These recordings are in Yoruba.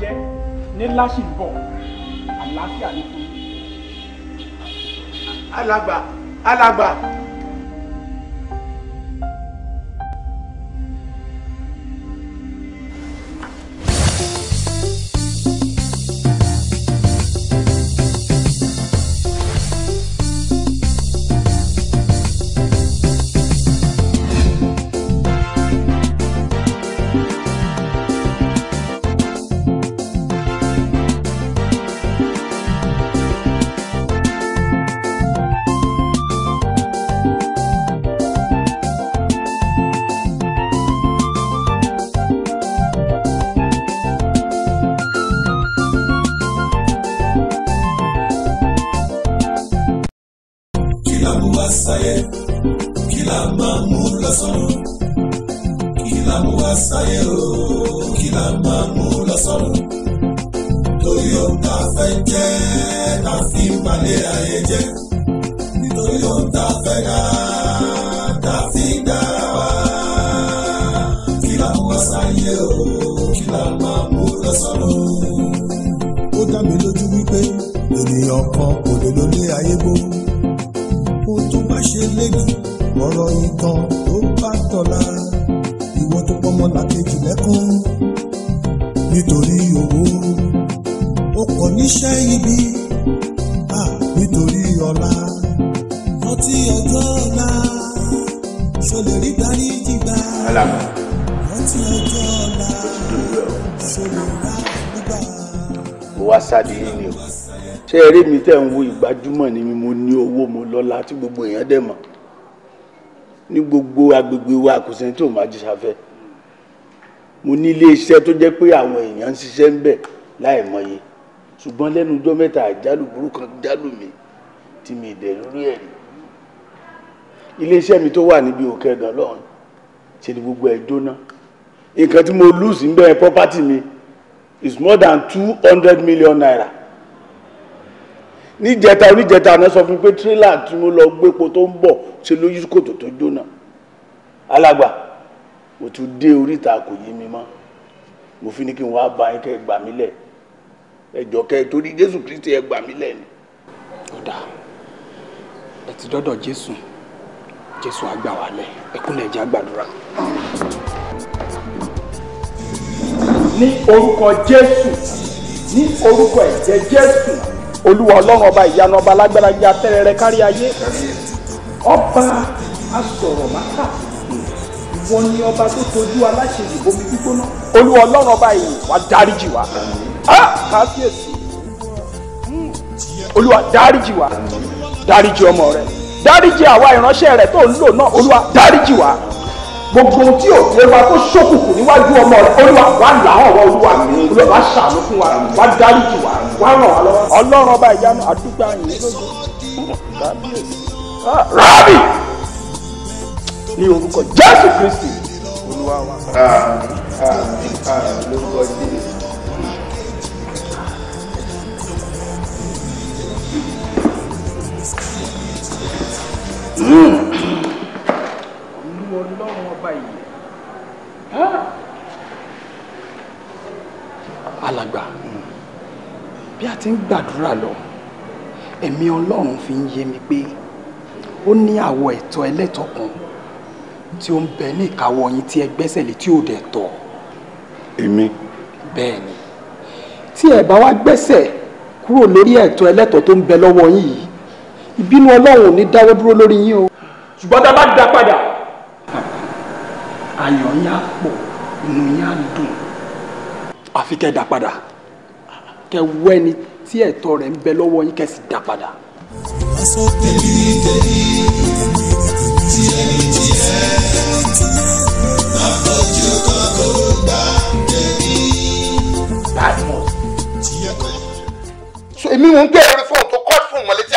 jẹ́ nílá sì ń bọ̀ àlàáfíà ni fún mi. alàgbà alàgbà. ṣé eré mi tẹ̀ ń wo ìgbájúmọ̀ ni mi mo ní owó mo lọ́lá tí gbogbo èèyàn dẹ̀ mọ̀ ní gbogbo agbègbè wa kò sẹ́ni tí ò máa jí sáfẹ́ mo ní ilé iṣẹ́ tó jẹ́ pé àwọn èèyàn ń ṣiṣẹ́ ń bẹ̀ láì mọye ṣùgbọ́n lẹ́nu ọjọ́ mẹ́ta àjálù burúkú jálù mi tí mi dẹ̀ lórí ẹ̀ rí ilé iṣẹ́ mi tó wà níbi òkè ẹ̀gàn lọ́hùn ṣe ni gbogbo ẹ̀ jóná nǹkan tí mo lose ń bẹ̀ property mi is more than two hundred million naira níjẹta oníjẹta àná sọ fún mi pé tírélà tí mo lọ gbépo tó ń bọ̀ ṣe ló yí kòtò tó jóná alàgbà mo tún dé oríta kò yí mi mọ́ mo fi ní kí n wá bá yín kẹ́ ẹ gbà mí lẹ̀ ẹ jọ̀ọ́ kẹ́ ẹ torí Jésù Kristi ẹ gbà mí lẹ̀ ni. ọ̀dà ẹ ti dọ́dọ̀ Jésù Jésù á gbà wá lẹ̀ ní orúkọ Jésù ní orúkọ ẹ̀jẹ̀ Jésù olúwa ọlọ́run ọba ìyanu ọba alágbára ya tẹ́rẹ̀ẹ́rẹ́ kárí ayé ọba asọ̀rọ̀ máta wọn ni ọba tó tojú aláṣẹ ìbò mi gbígbóná olúwa ọlọ́run ọba yìí wàá dáríjì wá ah, káfíyèsí hmm. olúwa dáríjì wá dáríjì ọmọ rẹ dáríjì àwa ìránṣẹ́ rẹ tó ń lò náà olúwa dáríjì wá gbogbo tí ò tẹ́ wa tó ṣókùnkùn níwájú ọmọ rẹ olúwa wà láwọn ọwọ́ olúwa mi olúwa ṣàánú fún wa wà dáríjì wa wà ràn wá lọ́wọ́. ọlọ́run ọba ìyanu àdúgbò àyìn lójú ah, rábì ní orúkọ jésù kristi olúwa wa. lórúkọ hmm ọlọ́run ọba yìí. alàgbà bí a ti ń gbàdúrà lọ ẹ̀mí ọlọ́run fi ń yé mi pé ó ní àwọn ẹ̀tọ́ ẹlẹ́tọ̀ọ́ kan tí ó ń bẹ ní ìkáwọ́ yín tí ẹ gbẹ́sẹ̀ lé tí ò dẹ̀ tọ́. èmi. bẹ́ẹ̀ ni tí ẹ bá wá gbẹ́sẹ̀ kúrò lórí ẹ̀tọ́ ẹlẹ́tọ̀ọ́ tó ń bẹ lọ́wọ́ yín yìí ìbínú ọlọ́run ò ní dáwọ́ dúró lórí yín o. ṣùgbọ́n tá a bá dá padà ayọ̀ yín á pọ̀ inú yín dùn àfi kẹ́ ẹ dá padà kẹ́ ẹ wọ ẹni tí ẹ̀tọ́ rẹ̀ ń bẹ lọ́wọ́ yín kẹ́ ẹ sì dá padà. so èmi ń gbé ẹrẹ fóònù tó kọ́ fún ìmọ̀lẹ́tì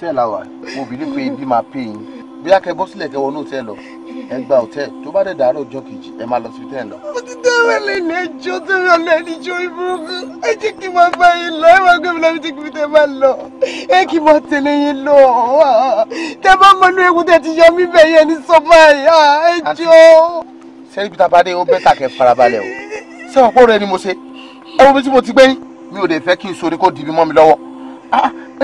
hòtẹ́ẹ̀lì la wà mo bìí pé ibi máa pè yín bí akẹ́ bọ́ sílẹ̀ kẹ́ wọnú hòtẹ́ẹ̀lì lọ ẹ gba hòtẹ́ẹ̀lì tó bá dẹ̀ dàárọ̀ ọjọ́ kejì ẹ máa lọ sí hòtẹ́ẹ̀lì lọ. mo ti dáwọ́ lé ní ẹjọ́ tó rẹ̀ lẹ́ níjọ́ ìbúrúkú ẹ jẹ́ kí n máa bá yín lọ ẹ máa gbé mi lọ bí tìkú tẹ máa lọ ẹ kí n máa tẹ̀lé yín lọ tẹ bá mọ inú ewu tẹ ti yọ mí bẹ́ẹ̀ yẹn ní sọ́bà yà ẹjọ́. sẹ́yìn peter bade ó bẹ́ẹ̀ tàkẹ́ farabalẹ̀ o sẹ́wọ̀n pọ̀ rẹ ni mo ṣe ẹ wo bí tí mo ti gbẹ́yìn mi ò lè fẹ́ kí n sorí kó dìbí mọ́ mi lọ́wọ́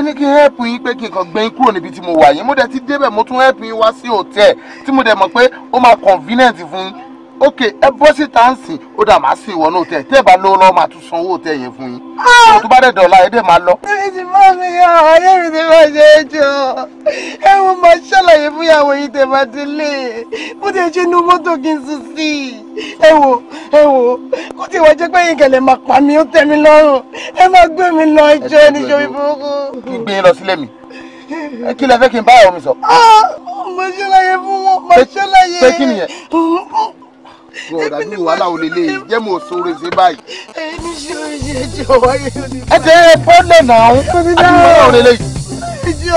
ní kí help yín pé kí n kàn gbé yín kúrò níbi tí mo wà yín mo dẹ̀ ti débẹ̀ mo tún help yín wá sí hòtẹ́ẹ̀ tí mo dẹ̀ mọ̀ pé ó máa convenient fún yín ok ẹ bọ́ síta ń sìn ó dà máa sí ìwọ náà tẹ tẹ bá lówó lọ́wọ́ máa tún san owó tẹ yẹn fún yín ọmọ ah! tó bá dẹ̀ dọ̀la ẹ dẹ̀ máa lọ. èmi ti máa mi yọ ayé mi ti máa ṣe é jọ ẹ wo máa ṣàlàyé fúyàwó yìí tẹ máa ti lé bó e. ti ṣe inú mọ́tò kí n sùn sí i ẹ wo ẹ wo kó ti wọ́n jẹ́ pé ìkẹlẹ̀ máa pa mi ó tẹ́ mi lọ́rùn ẹ máa gbé mi lọ ẹjọ́ ẹni ṣe mi fowó. kí n gbé yín lọ sílé mi kí lẹ fẹ́ kí n bá ẹ̀ omi sọ. Ah! mo ṣàlàyé fún wọn mo ṣàlàyé. pé kí nìyẹn god àbí wàhálà ò lélẹ̀ jẹ́ mo sọ̀rọ̀ ṣe báyìí. ẹni ṣe oṣù ẹjọ wáyé lónìí. ẹ tẹ ẹ bọ́lẹ̀ náà àbí wàhálà ò lélẹ̀. ìjọ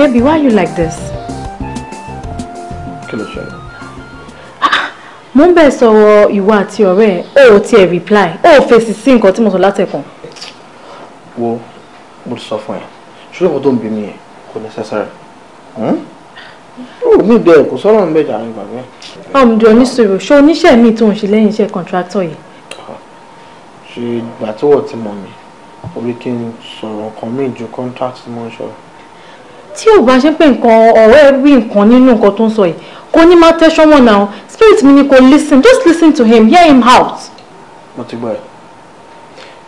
Baby, why are you like this? Kí ló ṣẹlẹ̀? Ah, mo ń you sọ̀rọ̀ ìwọ àti ọ̀rẹ́ ẹ̀, o reply, Oh, face is sí nǹkan tí mo sọ látẹ̀kàn. Wo, mo ti sọ fún ẹ, ṣùgbọ́n kò tó necessary. Hmm? Ó Oh, me kò sọ̀rọ̀ ń bẹ̀ jà ní gbàgbé. Ọ̀mùdí oníṣòro, ṣé oníṣẹ́ mi tó ń ṣe lẹ́yìn iṣẹ́ kọ̀ǹtráktọ̀ yìí? Ṣé ìgbà tí wọ́n ti mọ̀ mi, orí kí n sọ̀rọ̀ nǹkan mí ju kọ́ńtráktì mọ́ tí ò bá ṣe pé nǹkan ọ̀rẹ́ rí nǹkan nínú nǹkan tó ń sọ yìí kò ní máa tẹ́ṣọ́ mọ́ náà spirit mi ni kò listen just listen to him hear him out. mo ti gbọ́ ẹ̀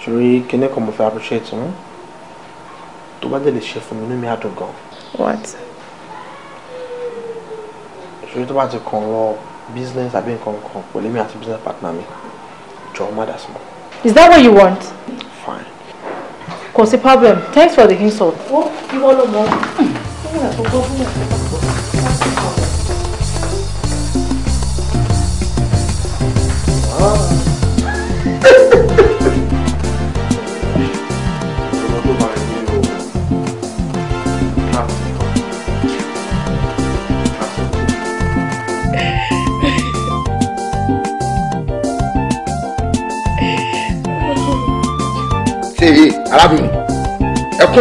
ṣòrí kíní kan mo fẹ́ appreciate wọn hmm? tó bá dẹ̀ lè ṣe fún mi inú mi á dùn gan. what. ṣòrí tó bá ti kàn rọ business àbí nǹkan kan pẹ̀lú mi àti business partner mi jọ má dà sí is that what you want. fine. kò sí problem thanks for the insult. Oh, ìwọ ló mọ̀ ọ́ fún ẹ̀kọ́ gbọ́ fún ẹ̀kọ́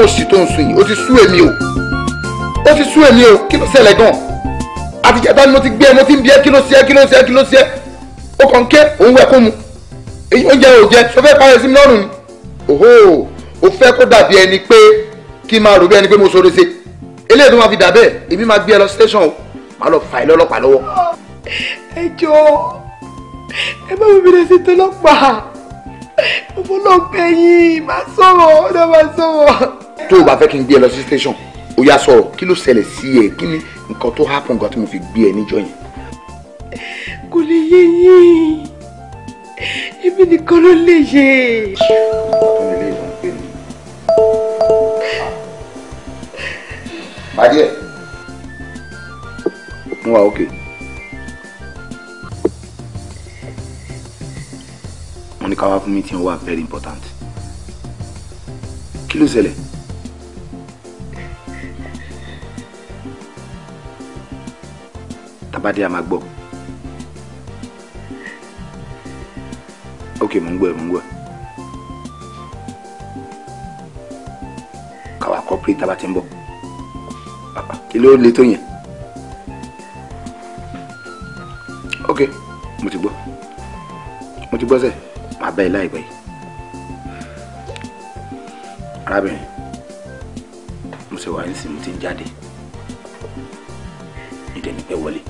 òsì tó ń sun yìí ó ti sú èmi o ó ti sú èmi o kí ló ṣẹlẹ̀ gan àtijọ́ta ni mo ti gbé ẹ mo ti ń bí ẹ kí ló ṣe ẹ kí ló ṣe ẹ kí ló ṣe ẹ ó kàn ń ké òun wẹ̀ kó mu èyí oúnjẹ ò jẹ sọ fẹ́ parẹ́ sí mi lọ́rùn ni òhó o fẹ́ kó dàbí ẹni pé kí n máa rò bí ẹni pé mo sọ̀rọ̀ ṣe eléyìí tó máa fi dà bẹ́ẹ̀ èmi máa gbé ẹ lọ station o máa lọ fà ẹ lọ́lọ́pàá lọ́wọ́. ẹ jọ ẹ bá mi bèrè sí tọlọ́pàá mo fọlọ́pẹ́ yín máa sọ̀rọ̀ ọ̀dọ́ máa sọ̀rọ̀. tó o bá fẹ́ kí n gbé ẹ lọ sí station ó yá sọ̀rọ̀ kí ló ṣẹlẹ̀ sí ẹ kí ni nǹkan tó happen gan tí mo fi gbé ẹ níjọ́ yẹn. kò lè yé yín èmi nìkan ló lè yé. pàdé ẹ mo wà ókè. wọ́n ní ká wá fún mi tí wọ́n wà very important kí ló ṣẹlẹ̀. tabadé a máa gbọ́. ok mò ń gbọ́ ẹ mò ń gbọ́ ẹ. káwa kọ́ pé taba ti ń bọ̀ kí ló le tó yẹn. ok mo ti gbọ́ mo ti gbọ́ sẹ́ màá bẹ́ ẹ láìpẹ́ arábìnrin mo ṣe wà ní sinmi tí ń jáde ìdẹ̀nipẹ́ wọlé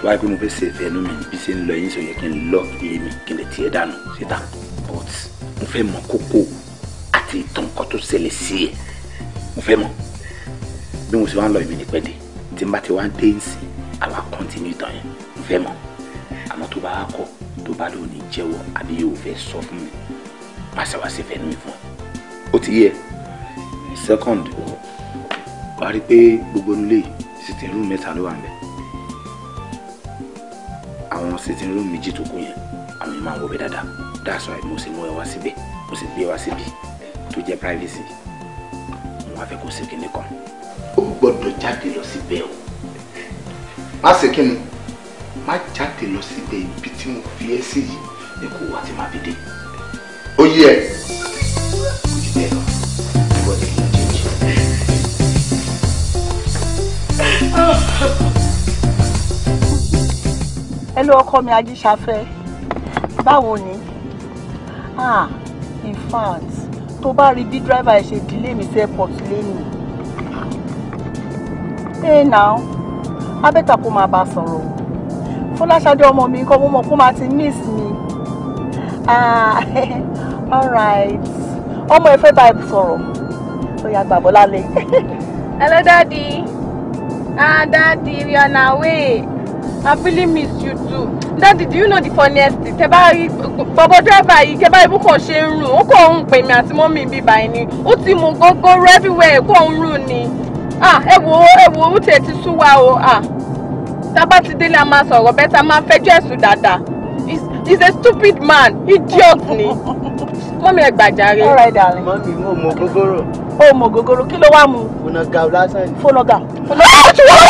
tó wáyé pé mo fẹ́ ṣe ẹnu mi bí ṣe ń lọ yín sọ yẹ kí n lọ èmi kìlẹ̀ tiẹ̀ dànù síta but mo fẹ́ mọ kókó àti ìtàn kan tó ṣẹlẹ̀ sí ẹ̀ mo fẹ́ mọ bí mo ṣe wá ń lọ èmi ní pẹ́ẹ́dẹ́ tí n bá ti wá ń dé nsì àwa kọ́ntínú ìtàn yẹn mo fẹ́ mọ àmọ́ tó bá kọ̀ tó bá lò ní jẹ́wọ́ àbí yóò fẹ́ sọ fún mi má ṣe mi fún ọ ó ti yẹ second wàá rí i pé gbogbo nílé sitting room mẹ́ta ló wà ń bẹ̀. ní méjì tó kù yẹn àmì máa wọ bẹ dáadáa that's why mo sì mú ẹ wá síbẹ̀ mo sì gbé wá síbi tó jẹ́ privacy mo wá fẹ́ kó ṣe kinní kan. o gbọ́dọ̀ jáde lọ síbẹ̀ o má ṣe kí ni má jáde lọ síbẹ̀ ibi tí mo fi ẹ́ sí yìí ni kò wá ti máa fi dé ó yẹ. Yeah. hello ọkọ mi ajíṣafẹ́ báwo ni ah in fact tó bá rí bí dírẹ́fà ẹ̀ ṣe dílé mi sí airport lẹ́yìn hey now abẹ́ta kó máa bá a sọ̀rọ̀ fọláṣadé ọmọ mi nǹkan mo mọ̀ kó máa ti miss mi ah alright ọmọ ẹ fẹ́ bá ẹ sọ̀rọ̀ ó yá gbàgbọ́ lálẹ́. hello daddy ah daddy we on our way. I really miss you too. Daddy, do you know the funniest thing? Tẹ́ bá rí bọ̀bọ̀ driver yìí, tẹ́ bá rí bó kàn ṣe ń rùn, ó kàn ń pè mí àti mọ́mì bíi báyìí ni. Ó everywhere, go ń rùn ni. Ah, ẹ wo ẹ wo ó tiẹ̀ ti sú o. Ah, tá a bá ti délé a máa sọ̀rọ̀ bẹ́ẹ̀ tá a máa fẹjọ́ ẹ̀sùn He's a stupid man, idiot ni. Mọ́mì ẹ gbàjáre. All right, darling. Mommy mo mọ gógóró. Ó mọ gógóró, kí ló wá mu? Fọlọ́gà lásán. Fọlọ́gà. Fọlọ́gà. Ah,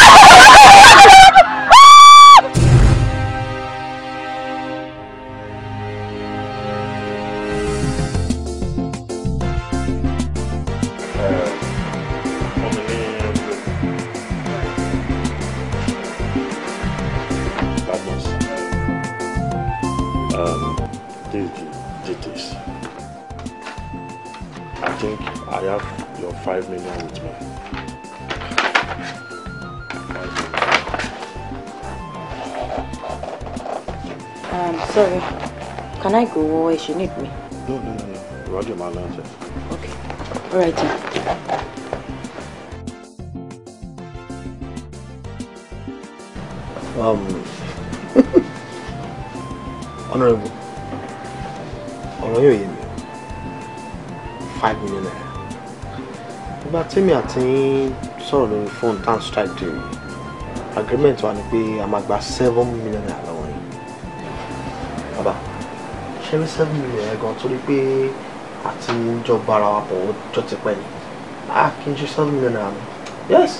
five minutes management. Um, sorry. Can I go or if you need me? No, no, no, no. Roger, my lantern. Okay. All right, then. Um, Honorable, tèmi àti sọ̀rọ̀ lórí fóònù town strike dé agreement wa ni pé a máa gba seven million naira lọ́wọ́ yìí bàbá ṣé ní seven million yẹn gan torí pé àti ìjọba ara wa pọ̀ ó jọ ti pẹ́ ni a kì í ṣe seven million naira mi yes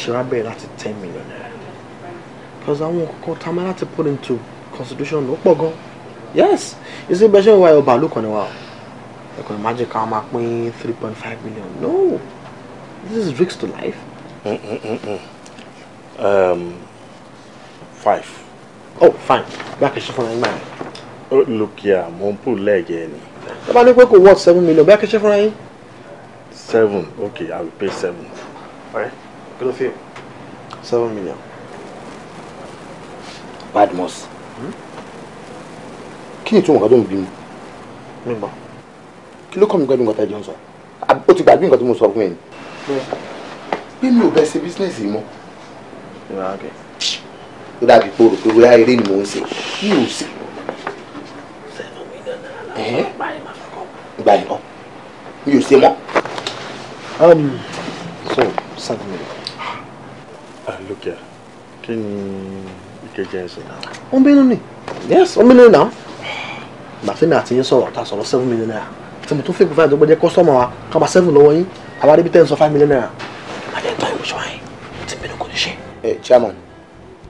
ṣe wá bẹ̀rẹ̀ láti ten million naira because àwọn kọ̀ọ̀kan tá a máa láti put into constitution. ó pọ̀ gan yes ìsìn bẹ́ẹ̀ ṣe ń wá ọba àlùkò ni wa o ẹ kò má jẹ́ ká máa three point five million no this is risk to life. Mm -mm -mm. mm. Um, five. oh fine bí a kì í look here mo ń pò lẹ́ẹ̀jẹ̀ ni. tó bá worth seven million bí a kì í ṣe seven okay i will pay seven. Alright. Good ló fi seven million. Badmus. Hmm. ni ìtumọ̀ ká tó ń bí mi. mi gbọ́ kí ló kọ́ mi gbẹ́bí nǹkan tẹ́jọ́ ń sọ o ti gbàgbé nǹkan tí mo sọ fún ẹ ni pé mi ò bẹ ṣe bísínẹ́sì mọ́ ó dàbí pé o rò pé bóyá eré ni mò ń ṣe mi ò ṣe gbà yìnbọn mi ò ṣe mọ́. Um, so serve me. ah look here kí ni ìkejì ẹ sọ. wọ́n bínú ni yes wọ́n bínú ni náà màfínà àti yín tá ta sọ̀rọ̀ seven million naira tí mo tún fẹ́ provide ọgbọ́n jẹ́ kọ́sọ́mọ̀ wa ká máa seven lọ́wọ́ yín àwa débi ten sọ five million naira àlẹ́ ìgbà ìwòsàn wa yín tí bínú kò ní ṣe. ẹ eh, chairman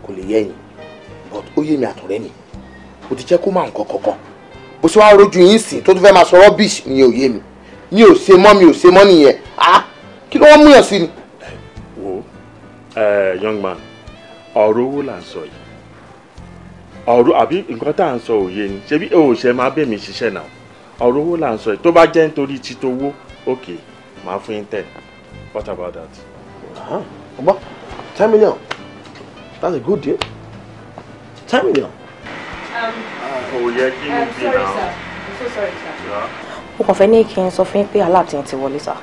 kò lè yẹ yín but ó yé mi àtọ̀rẹ́ mi kò ti jẹ́ kó máa nǹkan kankan bó ṣe wáá rojú yín sí tó tún fẹ́ máa sọ rubbish ìyẹn ò yé mi mi ò ṣe mọ́ mi ò ṣe mọ́ nìyẹn ah kí ló wọ́n mú yàn sí ni. wo young man ọ̀rọ̀ owó là ń sọ yìí ọ̀rọ̀ àbí nǹkan tá à ń sọ òye ni ṣebí òòṣẹ́ máa bẹ̀ mí ṣiṣẹ́ ọ̀rọ̀ owó là ń sọ yìí tó bá jẹ́ nítorí títí owó okay màá fún yín ten what about that. ọgbọ́n ten million that's a good deal ten million. kò um, ah, yẹ kí n um, bí náà. mo kàn fẹ́ ní kí n sọ fún yín pé aláàtẹ̀ ti wọlé sá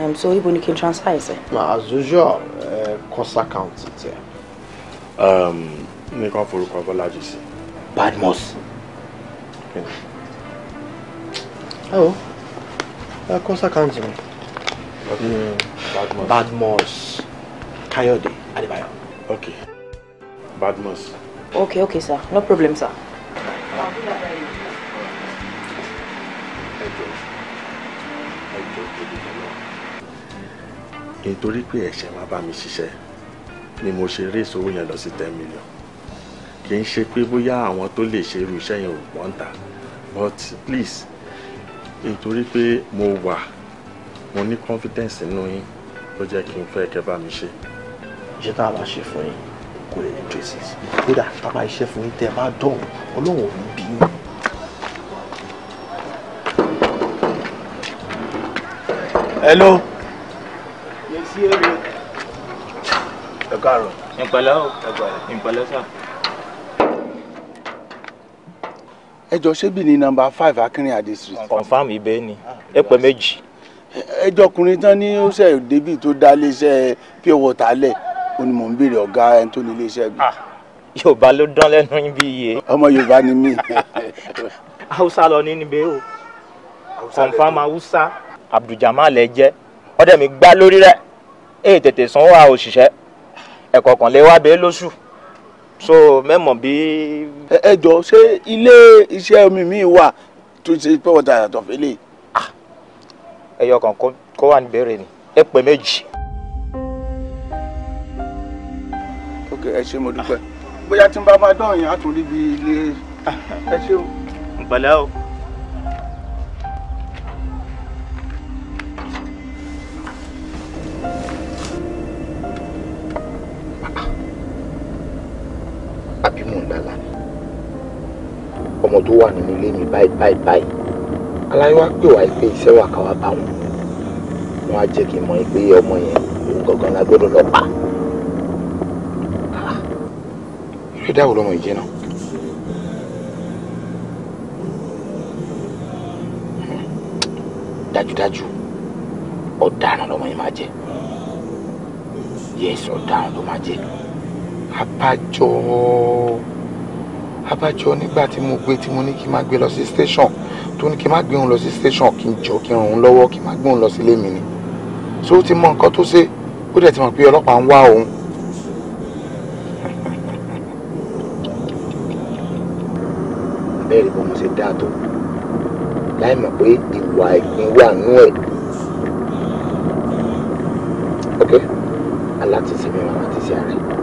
um, so ibo ni kí n transfer ẹ as usual cost account ti ẹ. Um, nìkan forúkọ bọ́lájì sí. Badmus. Okay. Evo, oh. ako uh, sa kanji mi. Mm, Badmus. Badmus. Kayode Adebayo. Okay. Badmus. Okay, okay, sir. No problem, sir. nítorí pé ẹ̀ṣẹ̀ máa bá mi ṣiṣẹ́ ni mo ṣe rí ìṣòwò yẹn lọ sí ten million kì í ṣe pé bóyá àwọn tó lè ṣe irú iṣẹ́ yẹn ò pọ̀ ń ta but please nítorí pé mo wà mo ní confidence nínú yín ló jẹ́ kí n fẹ́ kẹ́ bá mi ṣe. iṣẹ́ tá a bá ṣe fún yín kò lè ní traces kódà tá a bá iṣẹ́ fún yín tẹ́ ẹ bá dọ̀hún ọlọ́run ò ní bí yín. hello. yẹ sí èrè. ẹ káàárọ̀. ìpàlẹ́ o ìpàlẹ́ sáà. ẹ jọ ṣébì ní nọ́mbà five akínrin àdé confam ibẹ̀ ni ẹ pẹ méjì. ẹ jọ ọkùnrin tán ní ó ṣe débì tó dá iléeṣẹ́ pure water lẹ̀ ó ní mò ń béèrè ọ̀gá ẹni tó ní iléeṣẹ́ gbé. Ah, yorùbá ló dán lẹ́nu yín bí iye. ọmọ yorùbá ni mí. haúsá lọ ní níbẹ̀ o confam haúsá abduljamal ẹ jẹ́ ọdẹ mi gbá lórí rẹ̀ èyí tètè sanwó àwọn òṣìṣẹ́ ẹ̀kọ̀ọ̀kan lè wá lóṣù so mẹ́mọ̀ bí. ẹ jọ ṣé ilé iṣẹ́ omi mi wà tó ṣe pé wọ́n ta àtọ̀ fẹ́lẹ̀. Ah, ẹyọ kan kó wà níbẹ̀rẹ̀ ni ẹ pè méjì. ok ẹ ṣé mo dúpẹ́ bóyá tí n bá máa dán yẹn á tún rí bí ilé ah. ẹ ṣé o. ǹpẹ̀lẹ́ o. àbí mò ń lálà ọmọ tó wà nínú ilé mi báyìí báyìí báyìí aláyé wá pè wá pé iṣẹ́ wà káwá bá wọn wọn á jẹ́ kí n mọ̀ pé ọmọ yẹn òun gangan la gbọ́dọ̀ lọ pa yóò dáwọ́ lọ́mọ yìí jẹ́ náà. dájúdájú ọ̀daràn lọ́mọ yìí máa jẹ́ yẹ́sì ọ̀daràn ló máa jẹ́ abájọ abájọ nígbà tí mo gbé tí mo ní kí n má gbé lọ sí station tó ní kí n má gbé òun lọ sí station kí n jọ kí n ràn òun lọ́wọ́ kí n má gbé òun lọ sílé mi ni so ó ti mọ nǹkan tó ṣe ó dẹ̀ ti mọ̀ pé ọlọ́pàá ń wá òun. bẹ́ẹ̀ ni bọ́mọ ṣe dáa tó láì mọ̀ pé ìwà ìpín wà nú ẹ̀. ok aláti sinmi màmá ti ṣe àárẹ̀.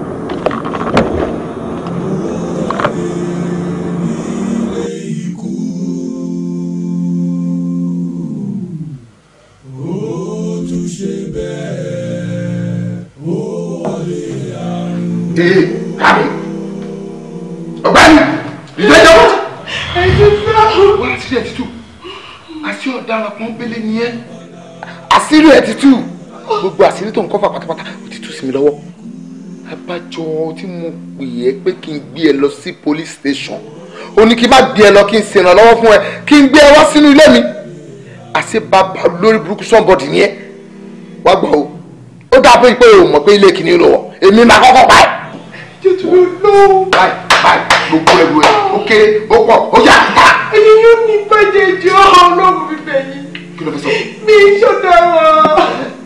àṣírí ẹ ti tú gbogbo àṣírí tó ń kọ́ fà pátápátá ó ti tú sí mi lọ́wọ́ abájọ tí mo pè é pé kí n gbé ẹ lọ sí police station ó ní kí n má gbé ẹ lọ kí n ṣèrànlọ́wọ́ fún ẹ kí n gbé ẹ wá sínú ilé mi àṣé bàbá lórí burúkú somebody ni ẹ wá gbọ́ o ó dáa pé ìpè ò mọ̀ pé ilé kìíní ló wọ̀ èmi máa kọ́kọ́ pa ẹ́. jẹjẹrẹ ló. báyìí báyìí gbogbo ẹrù ẹ ó kéré ó pọ̀ ó yà á. ẹni yóò ní bàjẹ́ jẹ́ ọlọ́run bíbẹ̀ yìí kí ló fẹ́ sọ. mi ìṣòdà wọn.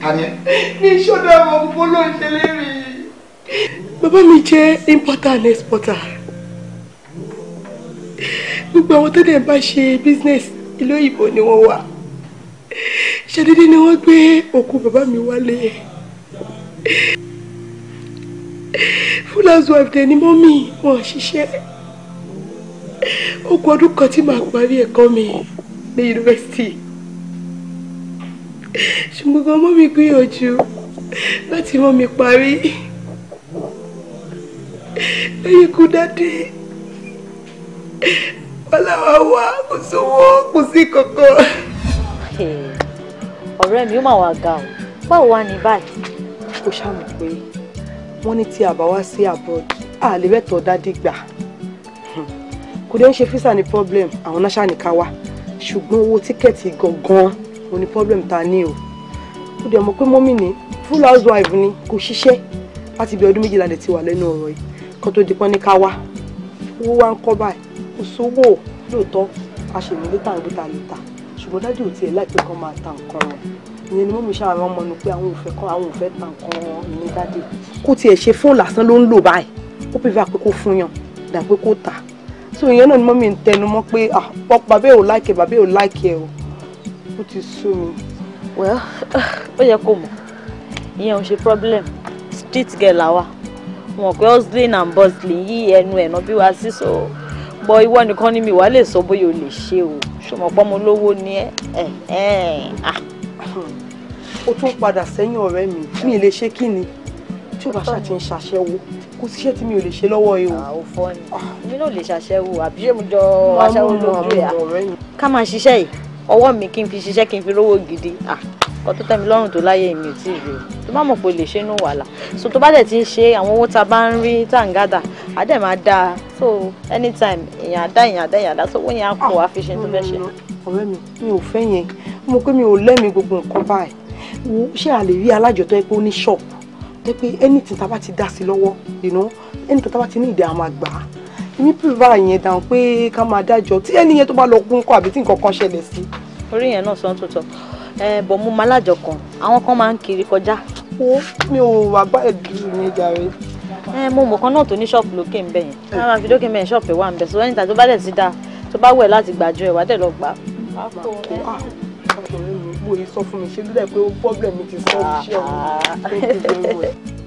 ta ni ẹ. mi ìṣòdà wọn gbogbo ló ń ṣẹlẹ̀ rí. bàbá mi jẹ́ importer and exporter gbogbo àwọn tó dẹ̀ bá ṣe business ìlú òyìnbó ni wọ́n wà ṣàdédé ni wọ́n gbé òkú bàbá mi wálé fúlàzù àbùdẹ ni mọ́mì wọn ṣiṣẹ́ ó kú ọdún kan tí màá parí ẹ̀kọ́ mi ní yunifásitì ṣùgbọ́n ọmọ mi gbìyànjú láti rán mi parí lẹ́yìn ikú dádé wàláwà wà kò sówó kò sí kankan. ọ̀rẹ́ mi ó mà wá ga o báwo wá ní báyìí kò ṣàmù pé wọ́n ní tí a bá wá sí abroad a lè rẹ́tọ̀ dádé gbà hmm. kò dé ń ṣe físà ní problem àwọn náṣà ní ká wá ṣùgbọ́n owó tíkẹ́ẹ̀tì gangan òun problem ta ní o ó dẹ̀ mọ̀ pé mọ́mì ni full housewife ni kò ṣiṣẹ́ láti bí ọdún méjìlá lè ti wà lẹ́nu ọ̀rọ̀ yìí kan tó di pọ́n ní ká wá owó wa ń kọ́ báyìí kò sówó lóòótọ́ a ṣe ìmúlé tá à ń gbé ta lè ta ṣùgbọ́n dájú ò tiẹ̀ láìpẹ́ kan máa ta nǹkan rẹ̀ ìyẹn ni mọ́mì ṣáà rán mọ́nu pé àwọn ò fẹ́ kan àwọn ò fẹ́ ta nǹkan ìní dájú kó tiẹ̀ ṣe fóònù lásán ló ń lò báyìí ó pè fà pé kó fún yàn dà pé kó tà so ìyẹn náà ni mọ́mì ń tẹnu mọ́ pé ah bàbá ò láìkẹ́ bàbá ò láìkẹ́ o ó ti sú well oh yeah, come. mọ̀ ìyẹn ò problem street girl làwa wọn pé hustling and bustling yí ẹnu ẹ̀nà bí wá sí so Boy, ìwọ nìkan ni mi wà lè sọ bóyá o lè ṣe o ṣùgbọ́n pọ́n mo lówó ni ẹ ẹ ẹ ah. o tún padà sẹ́yìn ọ̀rẹ́ mi mi lè ṣe kí ni tí o bá ṣáà ti ń ṣàṣẹ́wó kò síṣẹ́ tí mi ò lè ṣe lọ́wọ́ yìí o. àwọn fọ́ ni mi náà lè ṣàṣẹ́wó àbí ṣé mo jọ aṣẹ́wó lójú ẹ̀ ká máa ṣiṣẹ́ yìí ọwọ́ mi kí n fi ṣiṣẹ́ kí n fi rówó gidi nǹkan tó tẹ́ mi lọ́rùn tó láyé mi ò tí ì rí tó bá mọ̀ pé lè ṣe inú wàhálà so tó bá dẹ̀ ti ń ṣe àwọn owó tá a bá ń rí tá ń gádà á dẹ̀ máa dáa so anytime èèyàn àdá èèyàn àdá èèyàn àdá so wọ́n yẹn á kó wa fi ṣe tó fẹ́ ṣe. ọ̀rẹ́ mi mi ò fẹ́ yẹn mo pé mi ò lẹ́mi gbogbo nǹkan báyìí wo ṣé a lè rí alájọ tó pé ó ní ṣọ́ọ̀pù tó pé anything tá a bá ti dá sí lọ́wọ́ anything tá a bá ti ní ìdí àwọn àgbà ní pípa yẹn dáhùn pé ká máa dájọ́ tí ẹni yẹn tó bá lọ kún kọ àbí tí nǹkan kan ṣẹlẹ̀ sí. orí yẹn náà sọ́n tuntun ẹ bọ̀ mú ma lájọ kan àwọn kan máa ń kiri kọjá. wo mi ò wá gbá ẹ̀dùn yẹn jàre. ẹ mo mọ̀ kan náà tó ní ṣọ́ọ̀pù lókè ń bẹ̀ yẹn ká máa fi lókè mẹ́rin ṣọ́ọ̀pù ẹ̀ wà ń bẹ̀ sọ ẹnìta tó bá dẹ̀ ti dáa tó bá wẹ̀ láti gbàjọ ẹ̀ wá dẹ̀ lọ gbà á. Ah, ọkùnrin mi sọ fún mi ṣe ló pé ó bọ́ọ̀lù mi ti sọ ọ́ ah, ah,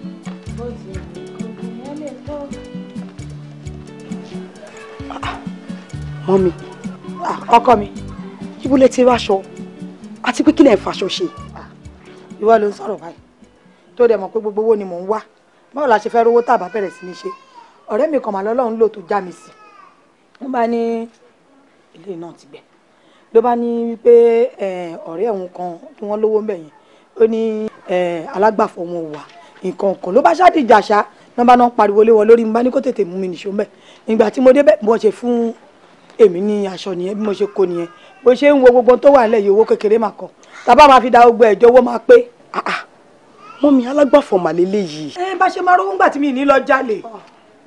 mọ́ mi ah, ọkọ mi ibo lè ti ráṣọ àti pé kí lè ń faṣọ ṣe ah, ìwọ ló ń sọ̀rọ̀ báyìí tó dẹ̀ mọ̀ pé gbogbo owó ni mò ń wá báwo la ṣe fẹ́ rówó tàbá bẹ̀rẹ̀ sí ní ṣe ọ̀rẹ́ mi kan mà lọ́lọ́run lò tó já mi sí wọ́n bá ní ilé náà ti gbẹ ló bá ní wípé ọ̀rẹ́ òun kan tí wọ́n lówó ń bẹ̀ yẹn ó ní alágbàfọ̀ wọn wà nǹkan kan ló bá ṣáàdì jàṣà nọ́mbà náà pariwo lé wọn lórí mo bá ní kó tètè mú mi nìṣó mbẹ́ ìgbà tí mo débẹ̀ mo ṣe fún èmi ní aṣọ nìyẹn bí mo ṣe kó nìyẹn bó ṣe ń wo gbogbo tó wà nílẹ̀ yìí owó kékeré máa kọ tàbá máa fi da gbogbo ẹ̀jọ́ owó máa pé mọ́ ah, ah. mi alágbàfọ̀ màlélẹ́ yìí. ẹ bá ṣe máa rówó ńgbà tí mi ní lọ jalè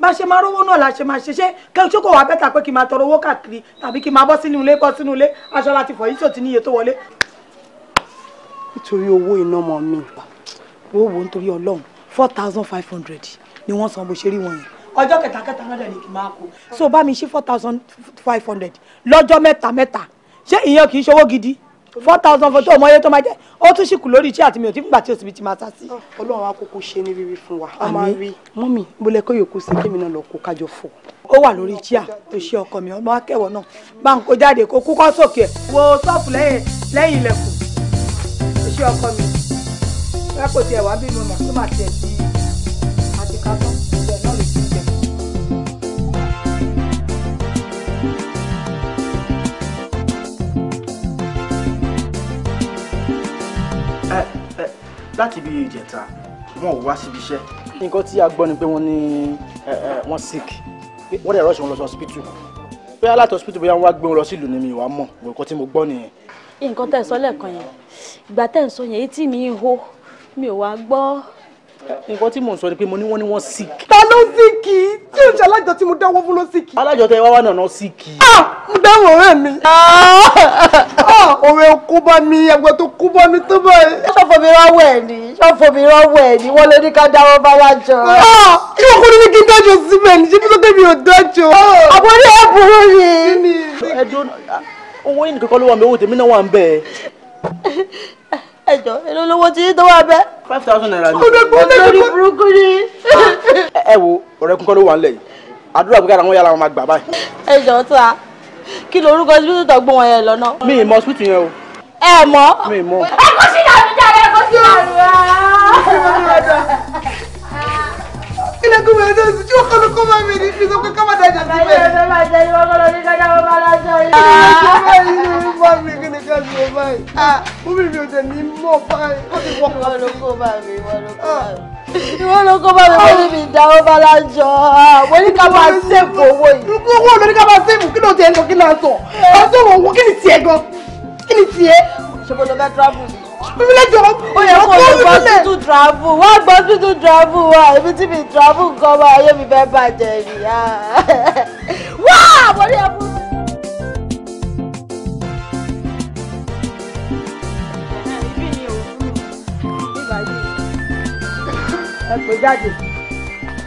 bá ṣe máa rówó náà la ṣe máa ṣe ṣe kẹ́ńtì kò wá bẹ́tà pé kí n máa tọrọ owó káàkiri tàbí kí n máa bọ́ sínú ilé bọ́ sínú ilé aṣọ láti fọ̀ yìí tí ò ti níye tó wọlé. nítorí owó iná mọ́ mi wọ́n wò nítorí ọlọ́run four thousand five hundred ni wọ́n san bó ṣe rí wọn yẹn ọjọ́ kẹta kẹta náà dẹ̀ ni kì máa kó so bá mi ṣí four thousand five hundred lọ́jọ́ mẹ́ta mẹ́ta ṣé ìyẹn kì í ṣowó gidi four thousand four tó ọmọ iye tó máa jẹ ó tún ṣìkù lórí iṣẹ́ àti mi ò tí nígbà tí òsibí ti máa sá sí. Ọlọ́run wa kókó ṣe ní rírí fún wa. àmì mọ́mì bólẹ̀ kó yòókù sí kémi náà lọ kó kájọ fò. ó wà lórí iṣẹ́ tó ṣe ọkọ mi ọmọ akẹ́wọ̀ náà bá ń kó jáde kó kú sókè wo sọ́ọ̀fù lẹ́yìn lẹ́yìn ilẹ̀kùn tó ṣe ọkọ mi lápò tiẹ̀ wá bínú mà tó má tiẹ̀ sí láti ibi ìjẹta wọn ò wá síbi iṣẹ́. nǹkan tí a gbọ́ ni pé wọ́n ní wọ́n sick wọ́n dẹ̀ rọ́ọ̀ṣì wọn lọ sí hospital bóyá láti hospital bóyá wọ́n wá gbé wọn lọ sí ìlú ni mi ìwà mọ̀ nǹkan tí mo gbọ́ nìyẹn. nǹkan tẹ̀ sọ lẹ́ẹ̀kan yẹn ìgbà tẹ̀ ń yẹn etí mi hó mi ò wá gbọ́ nǹkan tí mò ń sọ ni pé mo ní wọ́n ní wọ́n sick. ta ló sick tí o ṣe alájọ tí mo dáwọ́ fún ló sick. alájọ tẹ wá wà nànà sick. Ah! mo dáwọ́ ọ̀rẹ́ mi. Ah! Ah! ọ̀rẹ́ kú bá mi ẹgbẹ́ tó kú bá mi tó báyìí. ṣọ́fọ̀ mi rọ́wọ́ ẹ̀ ni ṣọ́fọ̀ mi rọ́wọ́ ẹ̀ ni wọ́n lé ní ká dáwọ́ bá wá jọ. kí wọ́n kún ní kí n dájọ́ síbẹ̀ ní ṣé kí sókè mi ò dájọ́. àbọ̀ ní ẹ̀bùrú mi. owó yìí nìkan kọ́ ló wà ń bẹ owó tèmi náà wà ń bẹ. ẹjọ èlò lówó tí tó wà bẹ. five thousand naira ni. ọdẹ kò lórí burúkú ni. ẹ wo ọ̀rẹ́ kúkọ ló wà ń lẹ yìí àdúrà pé kára wọn yára wọn máa gbà báyìí. ẹjọ tó a kí ló orúkọ sí tó gbọ́ wọn yẹn lọ́nà. mi ì mọ sweet yẹn o. ẹ mọ. mi ì mọ. ẹ kó sí ìdààmú jáde ẹ kó sí ìdààmú. Inaku wewe sio kama kama amenifiza kwa kama dada zipe. Ndio maana ni wako ni dada wa mara zoi. Ah, ni mfami kile kazi wa bai. Ah, mimi ndio tani mo bai. Kwa ni wako wako bai, wako Ìwọ ló kọ́ bá mi wọ́n níbi ìdáwọ́ Bọ́lájọ́. Mo ní ká máa sèpù owó yìí. Mo kọ́ owó mi ní ká máa sèpù kí ló ti ẹ̀ ń lọ kí ló ń sọ. Ọ̀sán òwò kí ni tiẹ̀ gan? Kí ni tiẹ̀? Ṣé mo lọ bẹ́ tíráfù bíbélì jọ̀rọ̀ ó yẹ kó o gbọ́ tuntun travel wá gbọ́ tuntun travel wá ibi tí mi travel gan wa ayé mi fẹ́ bàjẹ́ nìyá wá àbọ̀dé ẹ̀kú. ẹ pè jáde.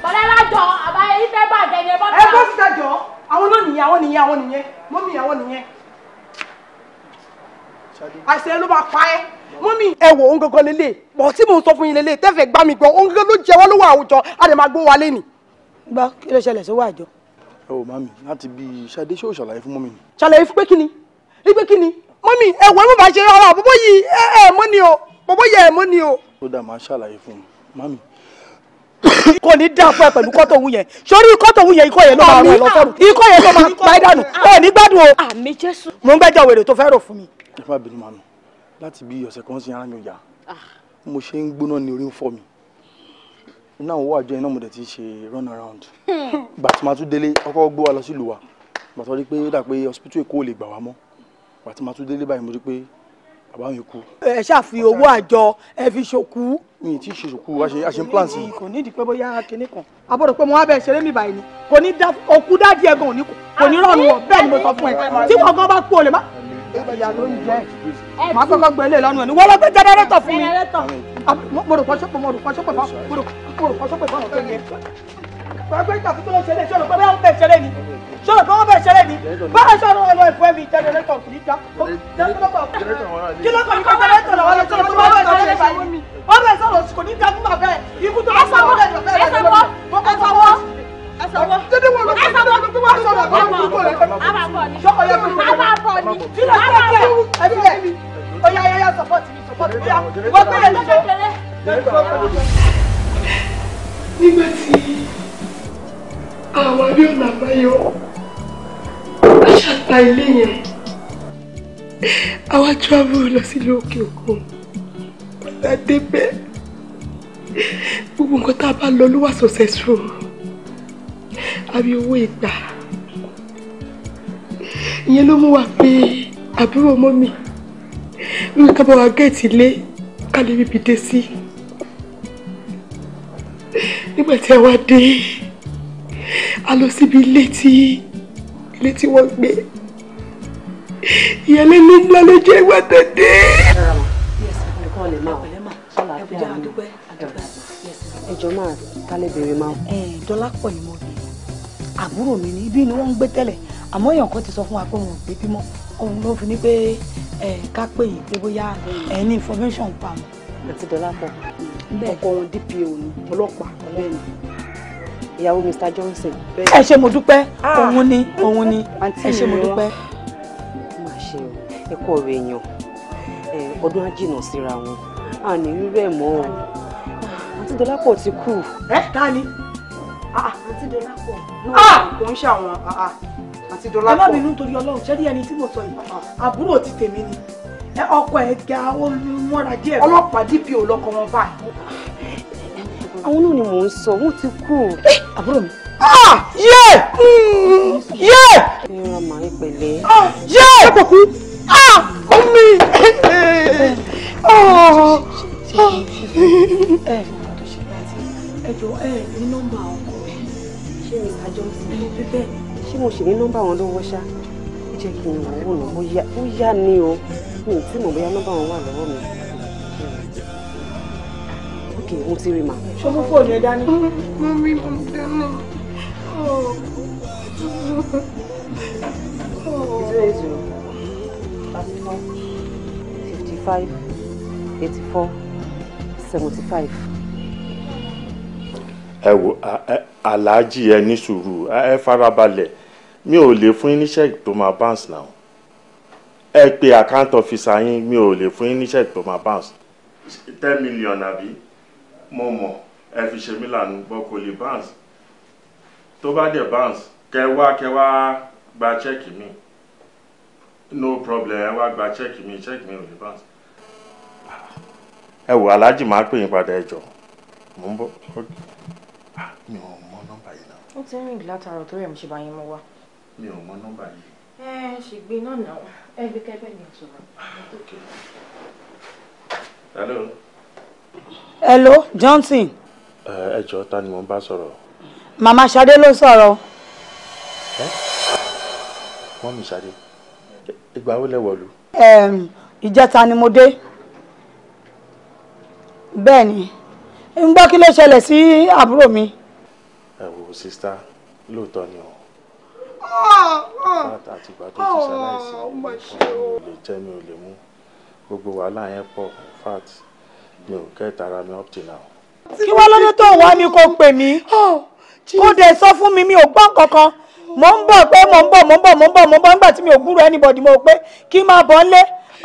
bọ̀dá lájọ àbáyé ife bàjẹ́ ni ẹ bọ́ ta. ẹ bọ́ síta jọ àwọn náà nìyẹn àwọn nìyẹn àwọn nìyẹn mọ́mí àwọn nìyẹn. àṣẹ ló máa pa ẹ́ mọ́mí. ẹ wo ohun gangan lélẹ̀ pọ̀ tí mò ń sọ fún yín lélẹ̀ tẹ́fẹ̀ gbá mi gan ohun gangan ló jẹ wá lówó àwùjọ a lè máa gbó wa lẹ́nì. gbá kí ló ṣẹlẹ̀ sówó àjọ. ẹ wò mami láti bí ṣadé ṣé o ṣàlàyé fún mọ́mí. ṣàlàyé fún pé kí ni pé kí ni mọ́mí ẹ wọ ẹ má bàa ṣe ọ̀rọ̀ àbúbọ̀ yìí ẹ mọ́ ni o bọ́bọ́ yẹ ẹ mọ́ ni o. ó dà máa ṣàlàyé fún mami kò ní dá fún ẹ pẹ̀lú kọ́tò òun yẹn sórí kọ́tò òun yẹn ikọ́ yẹn ló máa rọ lọ́sọ̀rọ̀ ikọ́ yẹn ló máa pa ẹ́ dànù ẹ ní gbádùn o. àmì jésù. mò ń gbẹ́jọ́ wèrè tó fẹ́ rò fún mi. ẹ má bínú màmí láti bí ọ̀sẹ̀ kan sí ara mi ò yá ah. mo ṣe ń gbóná ní orí ń fọ́ mi iná àwọn owó àjọ iná mo ti ṣe run around hmm. gbàtí màá tún délé ọkọ̀ gbó wa lọ sílùú wa gbàtọ́ rí pé ó dà pé hospital Èkó ò lè gbà wá mọ́ gbàtí màá tún délé báyìí mo rí pé bàbá mi kú. ẹ ṣàfi owó àjọ ẹ fi ṣòkú. mi tí ṣe ṣòkú a ṣe ń plan sí. kò ní ìdípẹ́ bóyá kinní kan abọ́dọ̀ pé mo wá bẹ́ẹ̀ ṣeré mi báyìí ni kò ní dá òkú dájú ẹ̀gàn òní kò ní rọrùn wọ̀ bẹ́ẹ̀ ni mo sọ fún ẹ tí kankan bá kú o lè má ìyá ló ń jẹ màá kọ́kọ́ gbé ilé lọ́nu ẹ̀ ní wọ́n lọ gbé jẹ́nẹ́rétọ̀ fún mi ah, mo rò pọ́ṣọ́pọ̀ mo rò pọ́ṣọ́pọ̀ fún mo rò pọ́ṣọ́pọ̀ fún ọ̀tọ̀ yẹn wọ́n gbé ìtàkùn tó lọ ṣẹlẹ̀ ṣọlọ pé bẹ́ẹ̀ ń bẹ̀ ṣẹlẹ̀ ni ṣọlọ pé wọ́n bẹ̀ ṣẹlẹ̀ ni báyọ̀ ṣọlọ ọlọ ẹ̀fọ́ ẹ̀mí jẹ́nẹ́rétọ̀ kì í já kí ló kọ́ ní jẹ́nẹ́rétọ̀ lọ́wọ́ lọ ṣọlọ pé wọ́n bẹ̀ ṣẹlẹ̀ báyìí wọ́n bẹ̀ sọ̀rọ̀ kò ní já fún bàbá ẹ̀ ikú tó bá sọ̀rọ̀ ẹ̀ ẹsọwọ ẹsọwọ ẹsọwọ abakọ ni abakọ ni abakọ ni oya oya oya support mi support mi ya wọ́n bẹ́ẹ̀ ní sọ. nígbà tí àwọn abíọ́nà àbáyọ wọ́n ṣàtà ilé yẹn àwa travel lọ sílùú òkè òkun ọ̀làdébẹ̀ gbogbo nǹkan tá a bá lọ ló wà successful àbí owó ìgbà ìyẹn ló mú wa pé àbúrò ọmọ mi lórí ká bá wa géètì ilé ká lè ríbi dé sí nígbà tí ẹ wá dé a lọ síbi ilé tí ilé tí wọ́n gbé ìyẹn lé ní ńlá ló jẹ́ ìwà tẹ̀dé. ẹ jọ máa tálẹ̀ bèrè máa. dọ́là pọ̀ ni mo àbúrò mi ni ibi ni wọ́n ń gbé tẹ́lẹ̀ àmọ́ èèyàn kan ti sọ fún wa pé òun ò gbé bímọ òun ló fi ní pé ẹ ká pè yín pé bóyá ẹ ní information pa mọ́. àti dọ́lápọ̀ ọkọ wọn DPO ni ọlọ́pàá bẹ́ẹ̀ ìyàwó Mr Johnson. ẹ ṣé mo dúpẹ́ ah. òun ni òun ni ẹ ṣé mo dúpẹ́. má ṣe o ẹ kọ ọ̀rọ̀ èèyàn ọdún á síra wọn a ní rírẹ mọ àti dọ́lápọ̀ ti kú. ẹ ta ni àǹtí dọ́là pọ̀ kò ń ṣàwọn Ah, dọ́là pọ̀. ẹ má bínú torí ọlọ́run ṣẹ́rí ẹni tí mo Ah, yìí àbúrò ti tèmi ni ọkọ ẹ̀ ga ó mọ́ra díẹ̀ ọlọ́pàá DPO lọ́kọ wọn báyìí. àwọn náà ni mò ń Ah, wọn ti kú àbúrò mi. yé yé. Ah, màá ń pẹ̀lẹ́. yé ọkùnkùn Ah, ẹ Ah, jọ ẹ ní nọ́mbà ọkọ ṣé mr johnson ló fi bẹ́ẹ̀ ṣé mo ṣì ní nọ́mbà wọn lọ́wọ́ ṣá ó jẹ́ kí n wò ó nà ó yá ni o mi ò tí mọ̀ bóyá nọ́mbà wọn wà lọ́wọ́ mi. ókè mo ti rí ma. ṣé mo fóònù ẹ dání. mo rí mo dáná. zero oh. eight zero oh. thirty four fifty five eighty four seventy five ẹ wò aláàjì ẹ ní sùúrù ẹ farabalẹ̀ mi ò lè fún yín níṣẹ́ tó máa bounce now ẹ pe account officer yín mi ò lè fún yín níṣẹ́ tó máa bounce ten million àbí mo mọ̀ ẹ fi ṣe mí lànà gbọ́ kò lè bounce tó bá dẹ̀ bounce kẹ wá kẹ wá gba check mi no problem ẹ wá gba check mi check mi ò lè bounce ah, ẹ wò aláàjì máa pè yín padà ẹ jọ mò ń bọ̀ mi ò mọ nọ́mbà yìí náà. ó ti ń rìn látara torí ẹ̀ mo ṣe bá yín mú wá. mi ò mọ nọ́mbà yìí. ẹ ṣègbè náà nà ó ẹ bí kẹ́bẹ́ ni ìtura. hello. hello Johnson. ẹ jọ̀ọ́ ta ni mo bá sọ̀rọ̀. màmá Ṣadé ló sọ̀rọ̀. mọ́mí Ṣadé ìgbà wo lẹ wọ̀lú. ìjẹta ni mo dé bẹ́ẹ̀ ni ń gbọ́ kí ló ṣẹlẹ̀ sí àbúrò mi ẹ wò sista lóòótọ́ ni o àtìgbà tó ti ṣaláìsí ah, ò lè jẹ mi ò lè mú gbogbo wàhálà yẹn pọ̀ in mi ò kẹta ara mi up till now. kí wọ́n lọ́dún tó wá ni kò pè mí oh, kó dẹ̀ sọ fún mi mi ò gbọ́ kankan mo ń bọ̀ pé mo ń bọ̀ mo ń bọ̀ mo ń bọ̀ mo ń bọ̀ nígbà tí mi ò gbúrò anybody mo pé kí n máa bọ̀ lé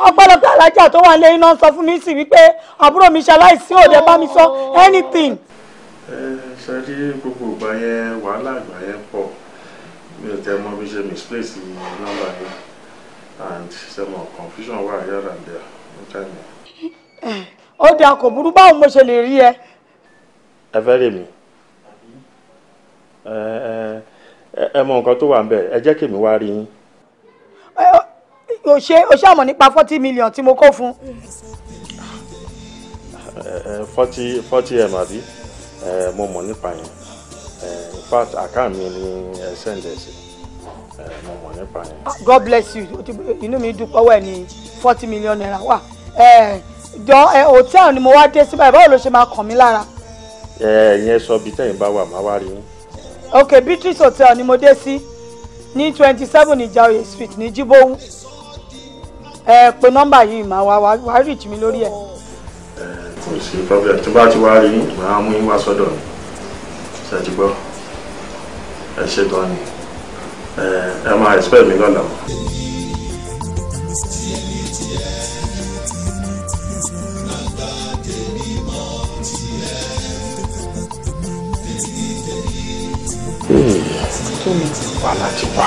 ọ̀pọ̀lọpọ̀ alájà tó wà lẹ́yìn náà sọ fún mi sí wípé àbúrò mi ṣaláìsí ò dẹ̀ bá mi sọ anything. Uh, ṣe rí gbogbo ìgbà yẹn wàhálà ìgbà yẹn pọ̀ mi ò tẹ́ mọ̀ bí ṣe misplace nọ́mbà yẹn and ṣe mọ̀ confusion wà yàrá ń dẹ̀ ní táìmù. ó dáa kò burú mo ṣe lè rí ẹ. ẹ fẹ́ rè mí ẹ mọ̀ nǹkan tó wà ń bẹ̀ ẹ jẹ́ kèmí wá rí yín o ṣe o ṣe àmọ̀ nípa forty million tí mo kó fún. forty forty m àbí. Eh, mo mọ̀ nípa yẹn eh, in fact àkáǹtì mi ni eh, ẹ sẹ́ǹdẹ̀ sí mo mọ̀ nípa yẹn. Ah, God bless you inú mi dúpọ̀ wẹ̀ ní forty million naira wà jọ hòtẹ́ẹ̀lì ni mo wá dé síbẹ̀ báwo ló ṣe máa kàn mí lára. ẹ̀yin sọ bí tẹ̀yìn bá wà máa wá rí yín. ok Beatrice hotel ni mo dé sí ní twenty seven Ìjàoyè street ní Jíbówú ẹ pè nọ́mbà yìí máa wá wá rí ìtì mi lórí ẹ̀ kò sí problem tó bá ti wá rí màá mú yín wá sọ́dọ̀ mi ṣáàtì gbọ́ ẹ ṣe gan ni ẹ máa expect mi lọ́la. Hmm. wàhálà ti wà.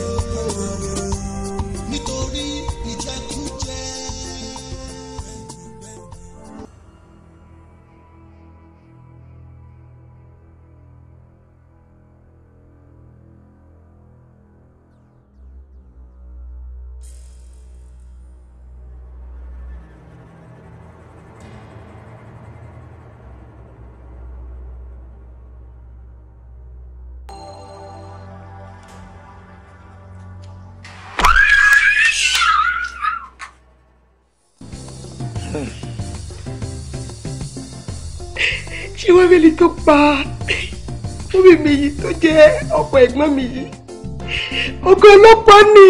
ṣé wọ́n mi lè tó pa omi mi yìí tó jẹ́ ọkọ ẹ̀gbọ́n mi yìí ọkọ ọlọ́pàá ni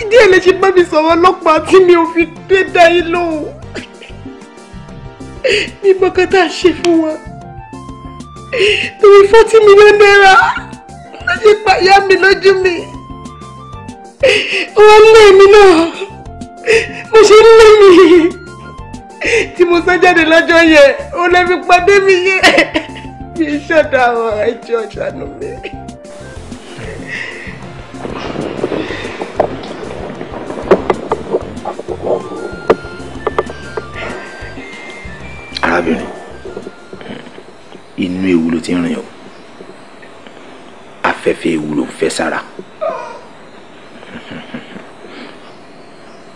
ìdí ẹ̀ lè ṣe bá mi sọ̀rọ̀ ọlọ́pàá tí mi ò fi dé dá yín lóhùn mi gbọ́kàn tá a ṣe fún wọn torí fọ́tí mílíọ̀nù náírà ló ṣe pa ìyá mi lójú mi wọ́n lé mi náà mo ṣe ń lé mi tí mo sá jáde lọ́jọ́ yẹn ó lè fi pàdé mi yé mi ṣọ̀dà àwọn ẹjọ́ ṣàánú mi. arábìnrin inú ewu ló ti ń rìn o afẹ́fẹ́ ewu ló ń fẹ́ sára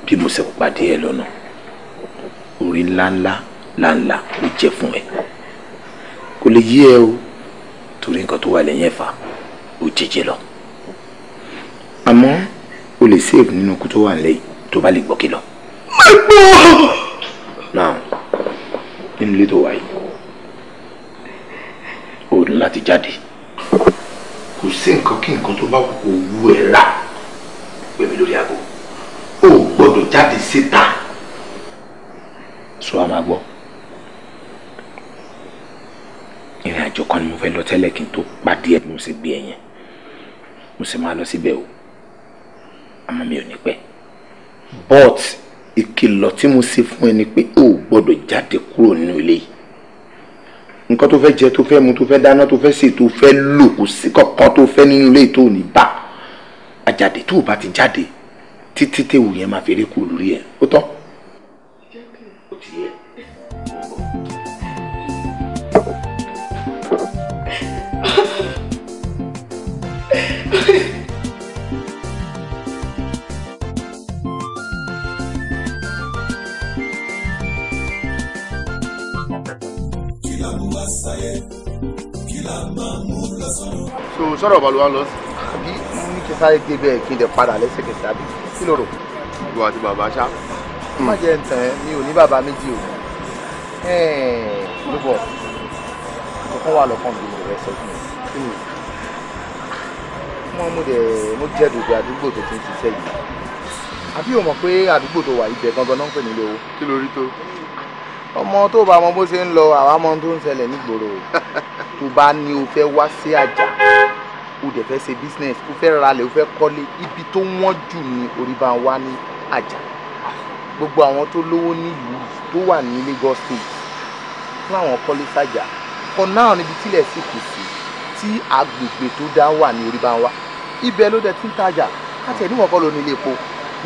bí mo ṣe pàdé ẹ lọ́nà orí ńláńlá láńlá kò jẹ́ fún ẹ kò lè yí ẹ o torí nǹkan tó wà lẹ́yìn ẹ̀fà ó jẹjẹ lọ àmọ́ o lè save nínú kú tó wà nílẹ̀ tó bá lè gbọ́ kí lọ. now nínú ilé tó wà yìí o ní láti jáde kò sí nǹkan kí nǹkan tó bá kò wú ẹ rà pèmí lórí aago o gbọ́dọ̀ jáde síta. sọ àmàgbọ́. So, ìrìn àjò kan ni mo fẹ́ lọ tẹ́lẹ̀ kí n tó pàdé ẹ̀ mo sì gbé ẹ yẹn mo sì máa lọ síbẹ̀ o àmọ́ mi ò ní pẹ́ but ìkìlọ̀ tí mo ṣe fún ẹ ni pé o ò gbọ́dọ̀ jáde kúrò nínú ilé yìí nǹkan tó fẹ́ jẹ tó fẹ́ mu tó fẹ́ dáná tó fẹ́ sè tó fẹ́ lò kò sí kankan tó fẹ́ nínú ilé tó ní bá àjàdè tó o bá ti jáde títí téwù yẹn máa fi eré kúrò lórí ẹ ó tán. sáyé kí la máa mú lọ sọ́run. so sọ̀rọ̀ balùwà lọ sí. àbí mo ní kí sáré dé bẹ́ẹ̀ kí n lè padà lẹ́sẹ̀kẹsẹ̀ àbí kí ló rò. ìwọ àti bàbá ṣá. má jẹ́ ntàn ẹ́ mi ò ní bàbá méjì o. ló bọ̀ kọ́kọ́ wà lọ́kàn mi rẹ̀ sọ fún mi. mo mú dẹ̀ mo jẹ́ dòdò àdúgbò tó ti ń ṣiṣẹ́ yìí. àbí o mọ̀ pé àdúgbò tó wà ibẹ̀ gangan náà ń pè nílé owó. kí ló rí tó ọmọ tó bá mọ bó ṣe ń lọ àwa mọ tó ń ṣẹlẹ̀ nígboro tó bá ní o fẹ́ wá sí àjà o dẹ̀ fẹ́ ṣe business o fẹ́ ralẹ̀ o fẹ́ kọ́lé ibi tó wọ́n jù ní orí bá wá ní àjà gbogbo àwọn tó lówó nílùú tó wà ní Lagos state láwọn kọ́lé sàjà for now níbi tílẹ̀ sì kù sí tí agbègbè tó dá wà ní orí bá wá ibẹ̀ ló dẹ̀ ti tajà láti níwọ̀n kọ́ ló ní ilé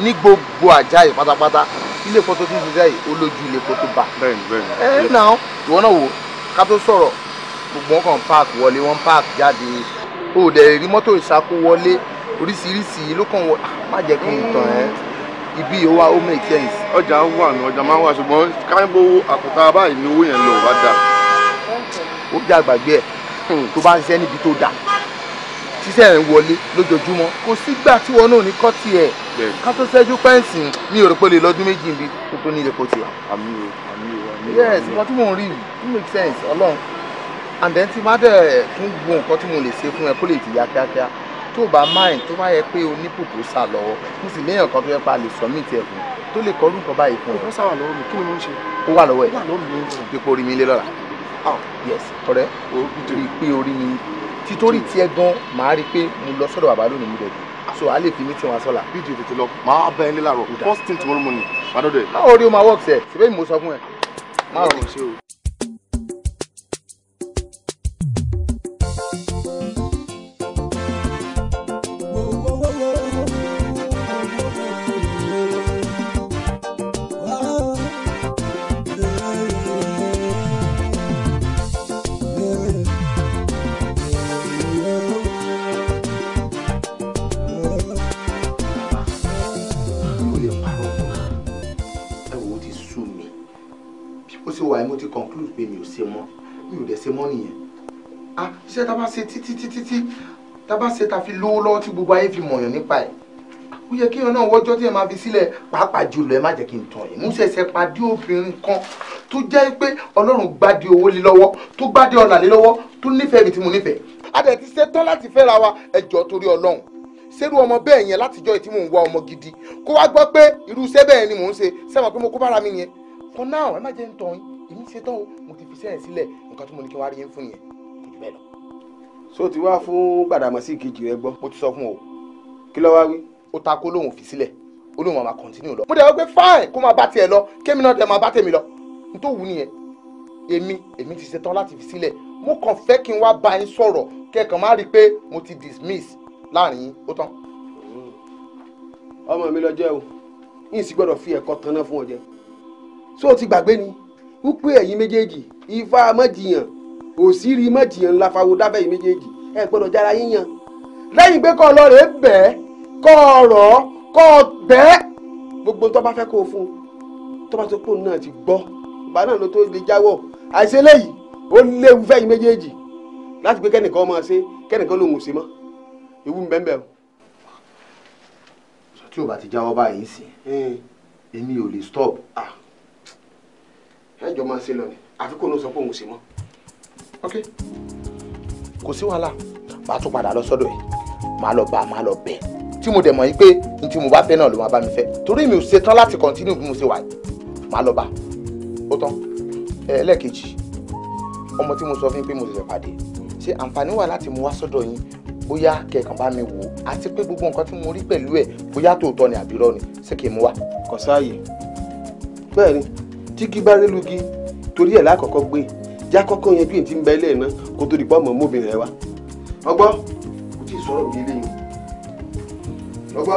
ní gbogbo àjà yìí ilé epo tó ti ń ṣiṣẹ́ yìí ó lójú ilé epo tó bá. bẹ́ẹ̀ni bẹ́ẹ̀ni. ẹ ẹ náà ìwọ náà wò ká tó sọ̀rọ̀ gbogbo wọn kàn park wọlé wọn park jáde o dẹ̀ rí mọ́tò ìsako wọlé oríṣiríṣi ló kàn wọ ah, má jẹ́ kí n tàn ẹ́ ibi yìí ó wá ó make sense. ọjà wà nù ọjà máa ń wà ṣùgbọ́n káyọ̀ àkùtà báyìí ni owó yẹn lọ wá dà. ó jà gbàgbé ẹ̀ hmm. tó bá ń ṣiṣẹ́ níbi tó dáa tíṣẹ́ ń wọlé lójoojúmọ́ kò sígbà tí wọn náà ní kọ́ tiẹ̀ ká tó ṣẹ́jú pẹ́ǹsì mi ò rò pé lè lọ́dún méjì níbi kó tó ní ìdẹ́kọ̀ tiwa. àmì o àmì o àmì o. yes nǹkan tí mò ń rí yìí it makes sense ọlọ́run and then tí má dẹ̀ tún gbọ́ nǹkan tí mo lè ṣe fún ẹ kó lè jìyà kíákíá tó bá mind tó bá yẹ pé o ní proposal lọ́wọ́ mo sì léèyàn kan tó yẹ pé a lè submit ẹ̀ fún tó lè kọ́ orúkọ báyìí fún ọ. proposal wà lọ́wọ́ mi kí ni mo ń ṣe. ó wà lọ́wọ́ ẹ̀ dípò orí mi lé lọ́la. yes ọ̀rẹ́ o nítorí pé orí mi títorí tiẹ̀ gan màá rí i pé mo lọ sọ́dọ̀ bàbá lónìí mo dẹ̀ dé so a lè fi mí tiwọn sọ́la. bí ju tètè lọ màá bẹ ẹ nílàrọ first thing tomorrow morning màá dọdọ ẹ. o máa work sẹ ṣe bẹ́ẹ̀ mo sọ fún ẹ. má rọrùn ṣe o. pé mi ò ṣe mọ́ mi ò dẹ̀ ṣe mọ́ nìyẹn ah iṣẹ́ tá a bá ṣe títí títí tí tá a bá ṣe ta fi lówó lọ́wọ́ tí gbogbo ayé fi mọ̀yàn nípa ẹ̀ ó yẹ kéèyàn náà wọ́jọ́ tí ẹ máa fi sílẹ̀ pàápàá jùlọ ẹ má jẹ́ kí n tàn yín mú ṣẹ̀ṣẹ̀ pàdé obìnrin kan tó jẹ́ pé ọlọ́run gbádé owó lé lọ́wọ́ tó gbádé ọlà lé lọ́wọ́ tó nífẹ̀ẹ́ mi tí mo nífẹ̀ẹ́ a dẹ̀ ti ṣetán láti fẹ́ra wa ẹjọ́ torí ọlọ́run ṣerú ọmọ bẹ́ẹ̀ yẹn látijọ́ tí mò ń wá ọmọ gidi kó wá gbọ́ pé irú iṣẹ́ bẹ́ẹ̀ ni mò ń ṣe sẹ́wọ̀n pé mo kó bára mi nìyẹn for now ẹ má jẹ́ ń tàn yín ṣetán o mo ti fi sẹ́yìn sílẹ̀ nǹkan tí mo ní kí n wá rí yín fún yẹn kò jù bẹ́ẹ̀ lọ. so ti wá fún Gbàdàmọ́sí ìkejì rẹ gbọ́ mo ti sọ fún o kí ló wá wí ó ta kó lóun fi sílẹ̀ ó lóun máa continue lọ. mo dẹ̀ wọ́n pé fine kó máa bá tiẹ̀ lọ kémi náà dẹ̀ máa bá tèmi lọ n tó wù nìyẹn èmi èmi ti ṣetán láti fi sílẹ̀ mo kàn fẹ́ kí n wá bá yín sọ̀rọ̀ kẹ́kàn má rí i pé mo ti dismiss láàrin yín ó tán. ọmọ mi lọ jẹ́ o yìí sì gbọ́dọ̀ fi ẹ̀kọ́ tanná fún ọ jẹ́ so o ti gbàgbé ni wípé ẹ̀yin méjèèjì ifá mọ̀jìyàn òsírí mọ̀jìyàn ńlá fáwọn dábẹ́ yìí méjèèjì ẹ gbọ́dọ̀ jára yíyan lẹ́yìn pé kọ́ ọ lọ́ọ̀rẹ́ bẹ́ẹ̀ kọ́ ọ rọ̀ kọ́ ọ bẹ́ẹ̀ gbogbo tó bá fẹ́ kó o fún un tó bá tó pò náà ti gbọ́ bàbá náà ló tó lè jáwọ́ àìsí eléyìí ó léwu fẹ́yìn méjèèjì láti pé kẹ́nìkan máa ṣe kẹ́nìkan lòun ò ṣe mọ́ ewu ń bẹ́ẹ̀ bẹ́ẹ̀ o. sọ tí o bá ti jáwọ́ báyìí sí èmi ò lè stop. Ah ẹjọ́ máa ṣe lọ ni àfi kó ló sọ pé òun ṣe mọ́ ok. kò sí wàhálà màá tún padà lọ sọ́dọ̀ ẹ̀ màá lọ bá a màá lọ bẹ̀ ẹ́ tí mo dẹ̀ mọ̀ yín pé n tí mo bá fẹ́ náà ló máa bá mi fẹ́ torí mi ò ṣetán láti kọ́ntínú bí mo ṣe wà yìí màá lọ bá ó tán ẹlẹ́ẹ̀kejì ọmọ tí mo sọ fún yín pé mo ṣẹ̀ṣẹ̀ pàdé ṣé àǹfààní wà láti mú wá sọ́dọ̀ yín bóyá kẹ̀kàn bá mi wò ó àti pé gbogbo nǹkan tí mo rí pẹ̀lú ẹ̀ bóyá tòótọ́ ni àbírọ́ ni ṣé kí n mú wá. kọ̀sáàyè bẹ́ẹ̀ ni tígi bá rélugi torí ẹ̀ lákọ̀ọ́kọ́ gbé já kọ́kọ́ yẹn bí n ti ń bẹ ilé iná kó tó di pọ́ mọ́ mọ́bìnrin rẹ wa ọgbọ́ kò tí ì sọ̀rọ̀ mi lẹ́yìn ọgbọ́.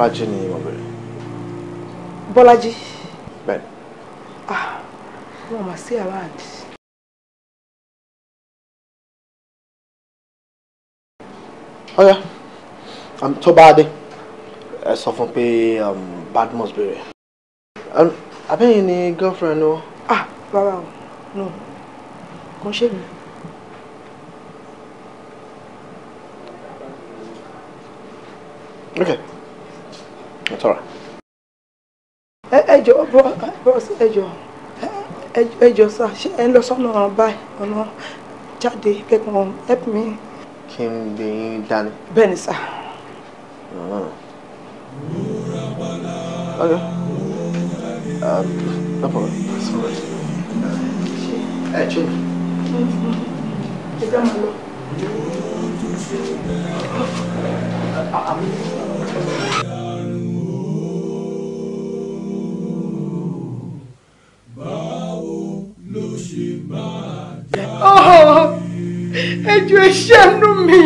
Bọ́lájí ni mo bèrè. Bọ́lájí? Ben. Ah, wọ́n máa sí around. Ọ̀ya, um, tó bá dé, ẹ sọ fún pé um, Badmus bèrè. Abẹ́yìn um, ni girlfriend wọn. Ah, rárá o, no, kò ń ṣe Okay. That's all right. Ẹ jọ̀ọ́ bros ẹ jọ̀ọ́ ẹ jọ̀ọ́ sá ṣé ẹ lọ sọ́nà báyìí ọ̀nà jáde kẹ́kọ̀ọ́ help me. Kim, n gbé yín dání. Bẹ́ẹ̀ni hmm. Okay. Um, no problem. That's all right. Ẹ ṣe. I'm ẹjọ ẹṣẹ ẹnu mi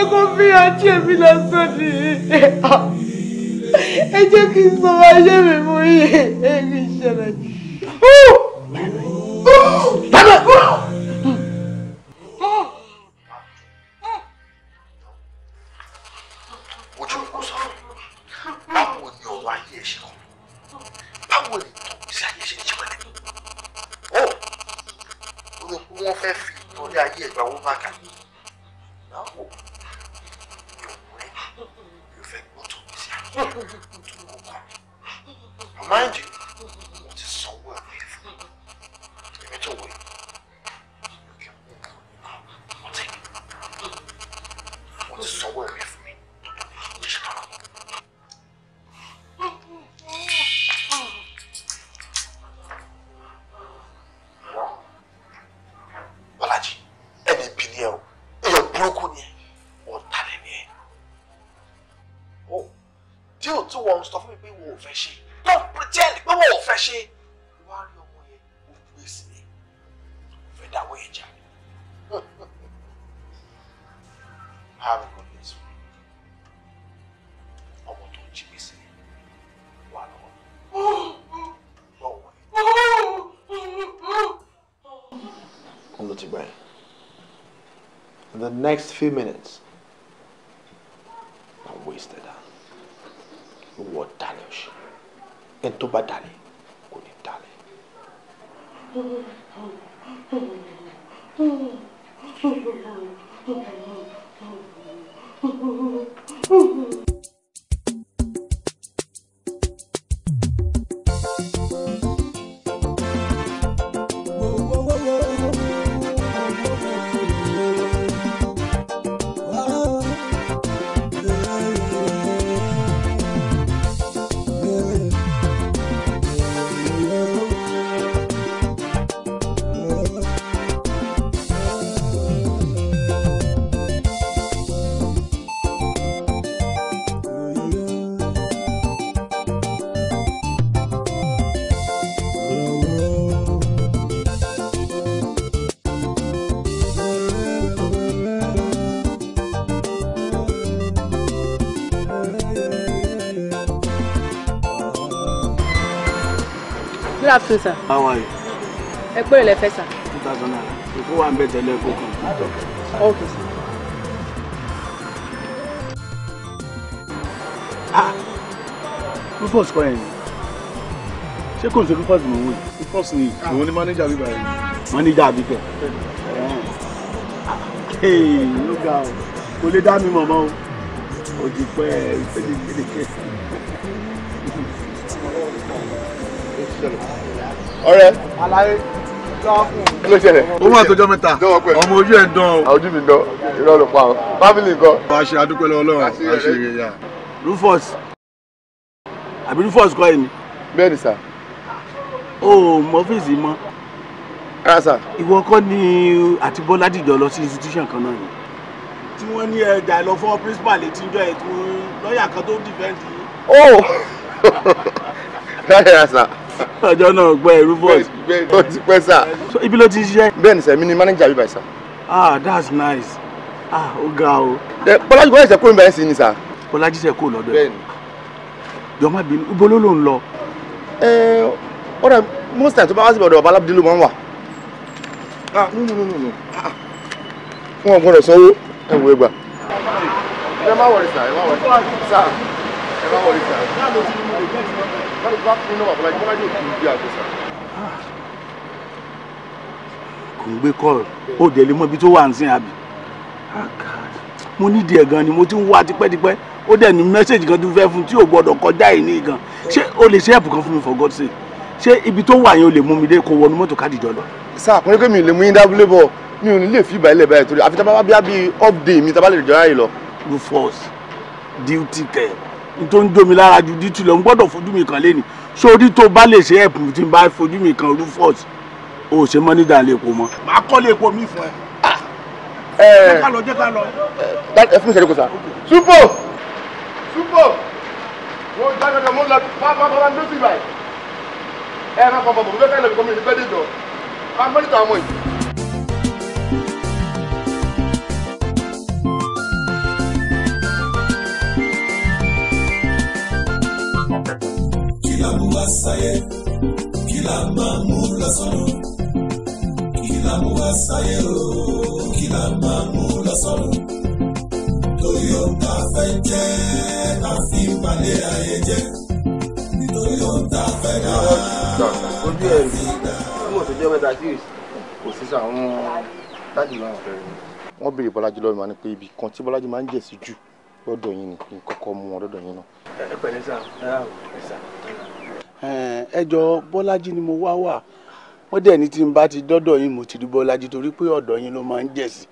ẹ kò fi àti èmi lásán ni ẹ jẹ́ kí n sọ wáyé mi mú yìí èmi ṣẹlẹ̀. next few minutes. I wasted What Ìwọ dalẹ̀ ọ̀ṣẹ́. tó afternoon sir. how are you. ẹ pé ìrẹ̀lẹ̀ fẹ́ sà. two thousand naira èkó wà ń bẹ̀ tẹ́lẹ̀ èkó kan. ok sir. ah rufus kọ́ ẹ̀yìn ṣé kò ń ṣe rufus mò ń wò yìí rufus ni òun ah. ni mánéjà bíbá yìí. mánéjà àbíkẹ́ ló ga o kò lè dá mi mọ̀ mọ́ o òjì pẹ́ ẹ́ ọ̀rẹ́. alaye kí ló ṣẹlẹ̀. ó wà tọjọ́ mẹ́ta ọmọ ojú ẹ̀ ń dán o. ojú mi dán irọ́ ló pa o family nǹkan. wàá ṣe adúpẹ́ lọ́wọ́ Ọlọ́run àṣeyẹ ya. Rufus àbí Rufus kọ́ ẹ̀ ni. bẹ́ẹ̀ ni sà. o mọ ọ́fíìsì mọ́. rárá sà. ìwọ kọ́ ni àti Bọ́lá dìjọ lọ sí institution kan náà ni. tí wọ́n ní ẹja lọ fọ́ principal létí ìjọ ẹ̀ tó lọ́ọ̀yà kan tó dìfẹ́ǹdì. ó rárá sà ọjọ́ náà gbọ́ ẹ̀rú bọ́ọ̀sì. ó ti pẹ́ sà. so ibi ló ti ṣiṣẹ́. bẹ́ẹ̀ni sẹ́mi ni manager bíbá sà. ah that's nice ah ó ga o. ẹ bọ́lájú bọ́lájú sẹ́kúrò níbẹ̀ sí ni sà. bọ́lájú sẹ́kúrò lọ́dọ̀ ẹ̀. jọ má bínú ibo ló ló ń lọ. ẹ ọ̀rẹ́ most time tó bá wá sí ọ̀dọ̀ babalábídé ló máa ń wà. Ah, ah, wọn gbọ́dọ̀ sanwó ẹ wọ ẹgbà. ẹ má wọrí sà ẹ má wọrí sà ẹ má wọrí sà. Báyìí bá fún mi náà Bàbá Bọ́lájí ò kì í gbé àgbẹ̀sà. Kò ń gbé kọ́ọ̀lù. Ó dẹ̀ lè mọ ibi tó wà nísìnyí àbí. Ah, mo ní ìdí ẹ̀ gan ni mo ti ń wá tipẹ́tipẹ́. Ó dẹ̀ ní mẹ́sẹ̀gì kan tó fẹ́ fún tí ò gbọ́dọ̀ kọjá yìí ní gan. o lè ṣe ẹ̀pù kan for God's sake? Ṣé ibi tó wà yẹn o lè mú mi dé kó wọnú mọ́tò káàdì jọ lọ? Sáà kò ní pé mi lè mú yín dábúlé bọ̀ mi ò ní lè fi ìbàlẹ̀ báyìí torí àfi tábà bá bí off day mi tábà lè jọ duty care tó ń domi lára ju dítú lọ n gbọ́dọ̀ fojú mi kan lẹ́nu sórí tó bá lè ṣe ẹ̀pù tí n bá fojú mi kan rufus o ṣe mọ́ nídà lẹ́kọ̀ọ́ mọ́. màá kọ́ lẹ́kọ̀ọ́ mi fún ẹ. Ah, jẹ́ ká eh. lọ jẹ́ ká lọ. ẹ fún ìṣẹ́jú kò sá. súpò súpò mo jáde ọ̀dọ̀ mo lọ bá bá bá lọ sí ibà ẹ̀ ẹ̀ má pọ̀ pọ̀ pọ̀ bẹ́ẹ̀ lọ bí kò mi ní bẹ́ẹ̀ dé jọ má mọ́nítà ọmọ yìí. la mú wá sáyé kí la máa mú lọ sọ́run kí la mú wá sáyé o oh. kí la máa mú lọ sọ́run torí ohun tá a fẹ́ jẹ́ a fi balẹ̀ ayé jẹ́ nítorí ohun tá a fẹ́ dá a fi dá. ọmọ tó jẹ́ mẹ́ta sí kò sí sàwọn dájú náà fẹ́rẹ̀ wọ́n béèrè bọ́lájú lọ́wọ́ ìmọ̀ ni pé ibì kan tí bọ́lájú máa ń jẹ̀ sí jù lọ́dọ̀ yín ni kí n kọ́kọ́ mú wọn lọ́dọ̀ yín náà. ẹ pẹ̀lẹ́ sá ẹ rà ó ẹ sá ẹjọ́ bọ́lájí ni mo wá wà wọ́n dẹ̀ ní tí n bá ti dọ́dọ̀ yín mo ti rí bọ́lájí torí pé ọ̀dọ̀ yín ló máa ń jẹ̀ sí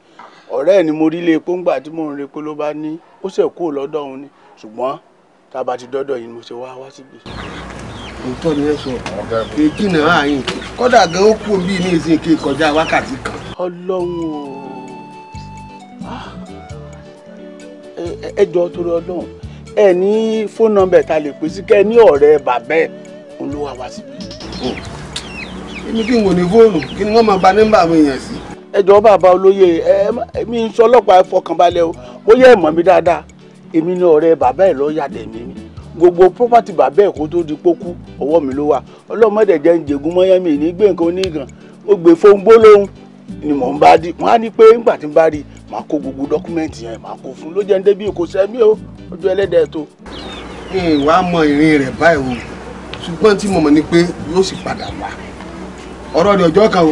ni mo rí lé epo tí mò ń repo ló bá ní ó sẹ̀ kúrò lọ́dọ̀ òun ni ṣùgbọ́n tá a bá ti dọ́dọ̀ yín mo ṣe wá wá síbi. òótọ́ ni ẹ sọ èjì náà àyìn kódà gan ó kú bí ní ìsìn kí kọjá wákàtí kan. ọlọ́run o ah. ẹjọ́ torí ọlọ́run ẹ ní fóònù nọ́mbà tá lè pèsè kẹ́ ẹ ní ọ̀rẹ́ bàbá ẹ̀ òun ló wá wá èmi kí n wò ní fóònù kí ni wọ́n máa bà nọ́mbà mi yàn sí. ẹ jọ̀ọ́ bàbá olóye ẹ ń sọ ọlọ́pàá ẹ o bóyá ẹ mọ̀ mi dáadáa èmi ni ọ̀rẹ́ bàbá ẹ̀ lọ́ọ́ yàdẹ̀ mi ni gbogbo property bàbá ẹ̀ kó tó di pókú ọwọ́ mi ló wà ọlọ́mọdé jẹ́ ń jẹ̀gún mọ́yámì ní gbé nǹkan onígan ó gbé fóun gbólóhùn ni mò ń bá di wọ́n á ní pé ńgbà tí ń bá rí màá kó gbogbo dọ́kúmẹ́ǹtì yẹn màá kó fún un ló jẹ́ ń débí kò sẹ́mi o ojú ẹlẹ́dẹ̀ẹ́ tó. ìwà mọ ìrìn rẹ̀ báyìí o ṣùgbọ́n tí mo mọ̀ ni pé yóò sì padà wá ọ̀rọ̀ rẹ̀ ọjọ́ kan o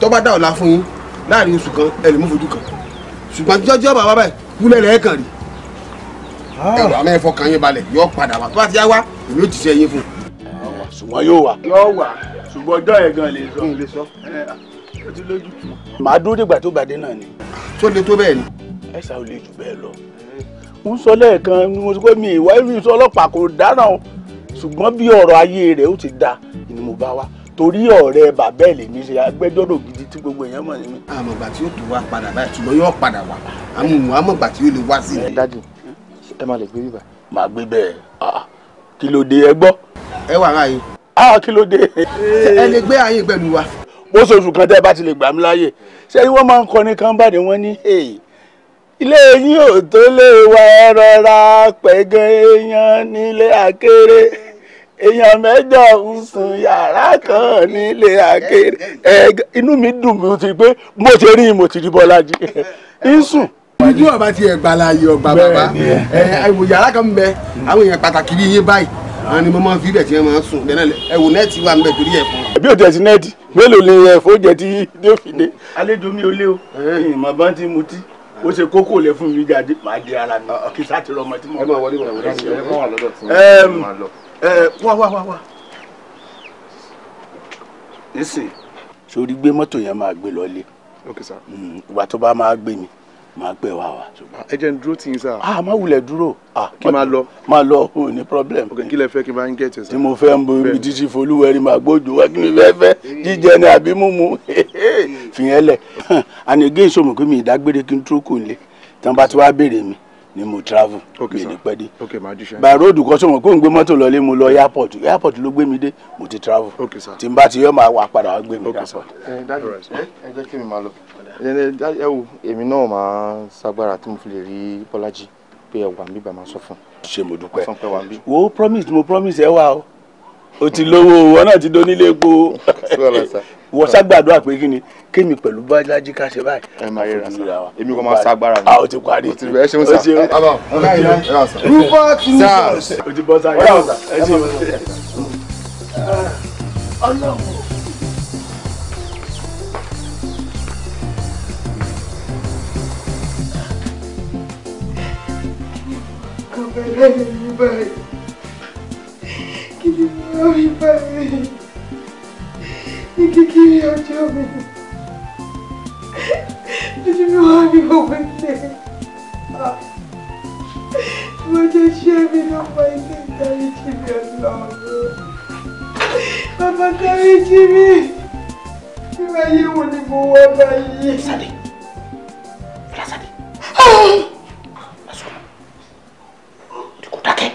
tó bá dá ọ̀la fún yín láàrin oṣù kan ẹ lè mú fojú kan ṣùgbọ́n tí ọjọ́ bàbá báyìí kúlẹ̀ rẹ̀ kàn rí ah. ẹ̀rọ àmọ́ ẹ̀fọ́ kan yín balẹ̀ yóò padà wá tó bá ti yá wá èmi ò ti ṣe yín fún un. ṣùgbọ́n yóò wà. yóò wà ṣùgbọ́n ọjọ́ yẹn gan lè sọ. lè sọ. dúró dìgbà tó bàdé náà ni. tó le tó bẹ́ẹ̀ ni. ẹ ṣùgbọ́n bí ọ̀rọ̀ ayé rẹ̀ ó ti da ni mo bá wá torí ọ̀rẹ́ bàbá ẹ̀ lèmi ṣe agbẹjọ́rò gidi tí gbogbo èèyàn mọ̀ nínú. àmọ́ tí yóò tó wá padà báyìí ṣùgbọ́n yóò padà wá àmọ́ ìwọ̀n tí yóò lè wá sí i. dájú ẹ má lè gbé bíbá. màá gbé bẹ́ẹ̀ ah, kí ló dé ẹ gbọ́. ẹ wà ara a ah, kí ló dé. ẹ lè gbé ayé pẹ̀lú wa. bó ṣe oṣù kan tẹ́ bá ti lè gbà mí láàyè ṣé wọ́n máa ń kọrin kan bá wọ́n ní ilé yín ò tó lè wá rọra pẹ̀gàn èèyàn nílé àkèrè èèyàn mẹ́jọ ń sùn yàrá kan nílé àkèrè inú mi dùn mí ti pé mo ti rí mo ti rí Bọ́lájí ń sùn. ojú ọba ti ẹgbà láàyè ọgbà bàbá ẹwò yàrá kan bẹ àwọn èèyàn pàtàkì bíi yín báyìí àwọn ni mo máa ń fi ibẹ̀ tí wọ́n máa ń sùn bẹ́ẹ̀ náà ẹwò nẹ́ẹ̀tì wà níbẹ̀ torí ẹ̀fọn. ẹbí òde ẹ̀sìn nẹ́ẹ̀tì mélòó ni ẹ̀fọ́ jẹ tí yóò fi dé. àlejò mi ò lé o ìmọ̀ bá ń ti mutí ó ṣe kókó lẹ fún mi jáde màá di ara mi ah, ah, kì í sáti rọmọ tí mo. ẹ wọlé wọlé wọlé ẹ máa wà lọ́dọ̀ tí máa lọ. wá wá wá wá nísìnyí sórí gbé mọ́tò yẹn máa gbé lọ lé hmm, tó bá máa gbé mi máa pè wá wa. ẹ jẹ́ n dúró tí n sá. a ah, máa wulẹ̀ dúró. Ah, kí máa lọ. máa o ní problem. ok kí lẹ fẹ́ kí n bá ń gẹ̀ tẹ̀sán. tí mo fẹ́ ń bo ibi títí folúwẹ̀rí máa gbójú wa kí mi fẹ́ fẹ́ jíjẹ ni àbí mímu fìyẹn lẹ̀. àná ìgé ìṣòwò kí mi ìdágbére kí n dúró kò lè tán bá ti wá béèrè mi ni mo travel mi ní pẹ́ dé by road kọ́ sọ̀rọ̀ kó n gbé mọ́tò lọlé mo lọ airport airport ló gbé mi dé mo ti travel tí n bá ti yọ máa wà padà wá gbé mi airport. Eh, eh, ẹ jẹ́ kí mi máa lọ ẹ wo èmi náà máa ṣagbára tí mo fi lè rí bọ́lájí pé ẹ wà ń bí bàmá sọ fún. ṣé mo dúpẹ́ wo promise mo promise ẹ wá o o ti lówó wọn náà ti donílé epo wọ ṣàgbàdo àpé kí ni kémi pẹ̀lú bọ́lájí ká ṣe báyìí. ẹ máa yẹra sa èmi kò máa ṣagbára mi. a ah, o ti parí o ti bẹ ẹ ṣeun sa rupert musa o ti bọ sa yẹra sa ẹ ṣeun sa. ọlọ́run. bẹ lẹ́yìn yìí báyìí kí ni mo rí báyìí ní kíkiri ọjọ́ mi lójú mi wá ní gbogbo ilé mo jẹ́ ṣé mi ló mọ ilé ìdáríjì mi ọlọ́run bàbá dáríjì mi ìwé yìí wò ni mo wọ́ báyìí. Fọlásàdé Fọlásàdé kò dákẹ́.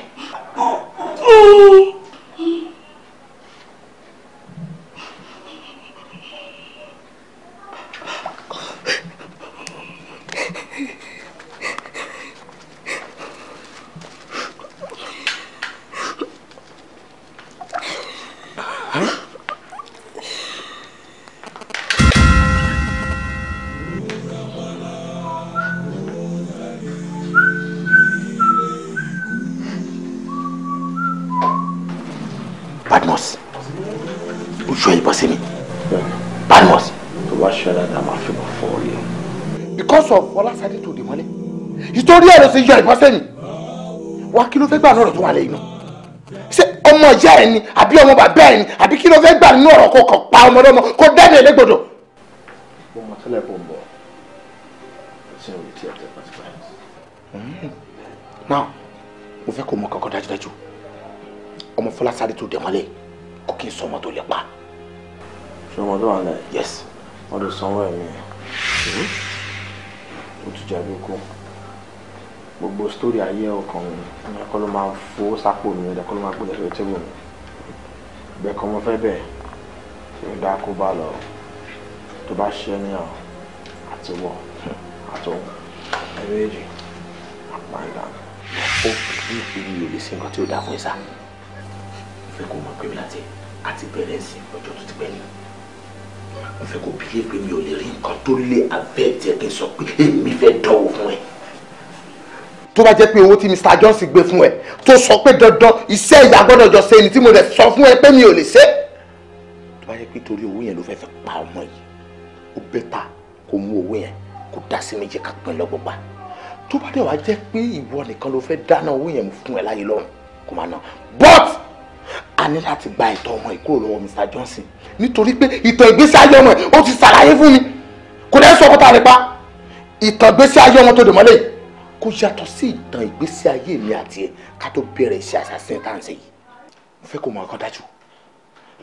Badmus ojú ẹ̀ bọ́ sí mi Badmus. tó bá ṣe dáadáa máa fi bọ̀ fọ́ rí ẹ. because of ọlásàdé tó dè mọ́lẹ̀ ìtòrí ẹ̀rọ ṣe yọ ìbọn sẹ́yìn wá kí ló fẹ́ gbà náà rẹ̀ tó wà lẹ́yìn náà no, ọmọ ìyá ẹ ni àbí ọmọ bàbá ẹ ni àbí kí ló fẹ́ gbà nínú ọ̀rọ̀ kó kàn pa ọmọ ọlọ́mọ kó dẹ́nu ẹlẹ́gbọ̀dọ̀. mo mọ tẹ́lẹ̀ kó ń bọ̀ ṣé o rí tí ẹ tẹ́ pátápátá. Hmm. now mo fẹ́ kó mọ kankan dájúdájú ọmọ fọlásáré tó dẹ̀mọ́lẹ̀ kò kí n sọ ọmọ tó lè pa. ṣé tó wà ń lẹ. yes. wọ́n lè sanwó ẹ̀mí ẹ̀ hmm? ó ti jẹ̀bi kú gbogbo sítórì ayé ọkàn mi ní ẹ̀kọ́ ló máa fowó sápò mi ẹ̀kọ́ ló máa gbọ́dọ̀ sórí tébù mi bẹ́ẹ̀ kọ́ mo fẹ́ bẹ́ẹ̀ ṣé ń dá kó bá lọ tó bá ṣiṣẹ́ ní àwọn àtiwọ́ àtọ̀hún ẹ̀rọ èjì àpáńdà ó kì í fi iye lè nǹkan tí ó dáa fún ìsà fẹ́ kó mọ̀ pé mi láti àti bẹ̀rẹ̀ sí ọjọ́ tó ti pẹ́ ni mo fẹ́ kó bílé pé mi ò lè rí nǹkan tó lé abẹ́ jẹ́ kí n sọ pé èmi fẹ́ dánwò fún ẹ. tó bá jẹ́ pé owó tí Mr. Johnson gbé fún ẹ tó sọ pé dandan iṣẹ́ ìyá gbọ́dọ̀ jọ ṣe ni tí mo rẹ̀ sọ fún ẹ pé mi ò lè ṣe. tó bá jẹ́ pé torí owó yẹn ló fẹ́ fẹ́ pa ọmọ yìí ó bẹ́tà kó mú owó yẹn kó dá sí méjì ká pín lọ́gbọ̀gbà tó bá dẹ̀ wá jẹ́ pé ìwọ nìkan ló fẹ́ dáná owó yẹn fún ẹ láyé lọ́rùn kó máa ná but a ní láti gba ìtọ̀ ọmọ ìkúrò lọ́wọ́ Mr Johnson nítorí pé ìtàn ìgbésí ayé ọmọ ẹ̀ ó ti ṣàlàyé fún mi kò dẹ́ sọ kọ́ta nípa ìtàn ìgbésí ayé ọmọ tó dè mọ́lẹ̀ kò yàtọ̀ sí ìtàn ìgbésí ayé mi àti ẹ̀ ká tó bẹ̀rẹ̀ iṣẹ́ àṣàṣe tá à ń ṣe yìí mo fẹ́ kó mọ ọkàn dájú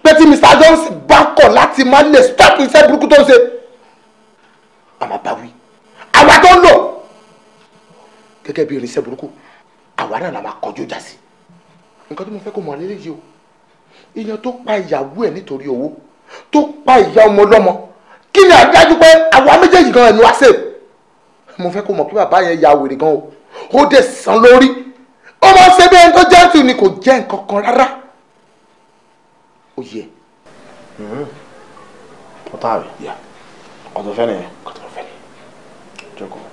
pé tí Mr Johnson bá kọ̀ láti má lè stop iṣẹ́ burúkú tó ń ṣe àmà bá wí àwa tó ń lò gẹ́gẹ́ bí irinṣẹ́ burúkú àwa náà la máa kọjú ìjà sí nǹkan tí mo fẹ́ kó mọ lélẹ́yìí o èèyàn tó pa ìyàwó ẹ̀ nítorí owó tó pa ìyá ọmọ ọlọ́mọ kí ni àdájú pé àwa méjèèjì gan ẹnu wá sè mo fẹ́ kó mọ̀ pé bàbá yẹn ya wèrè gan o ó dẹ̀ san lórí ó máa ń ṣe bí ẹni tó jẹ́ tù ni kò jẹ́ nǹkan kan rárá ó hmm. ọ̀tá rẹ̀ ọ̀tọ̀ fẹ́ nìyẹn ọ̀tọ̀ jókòó.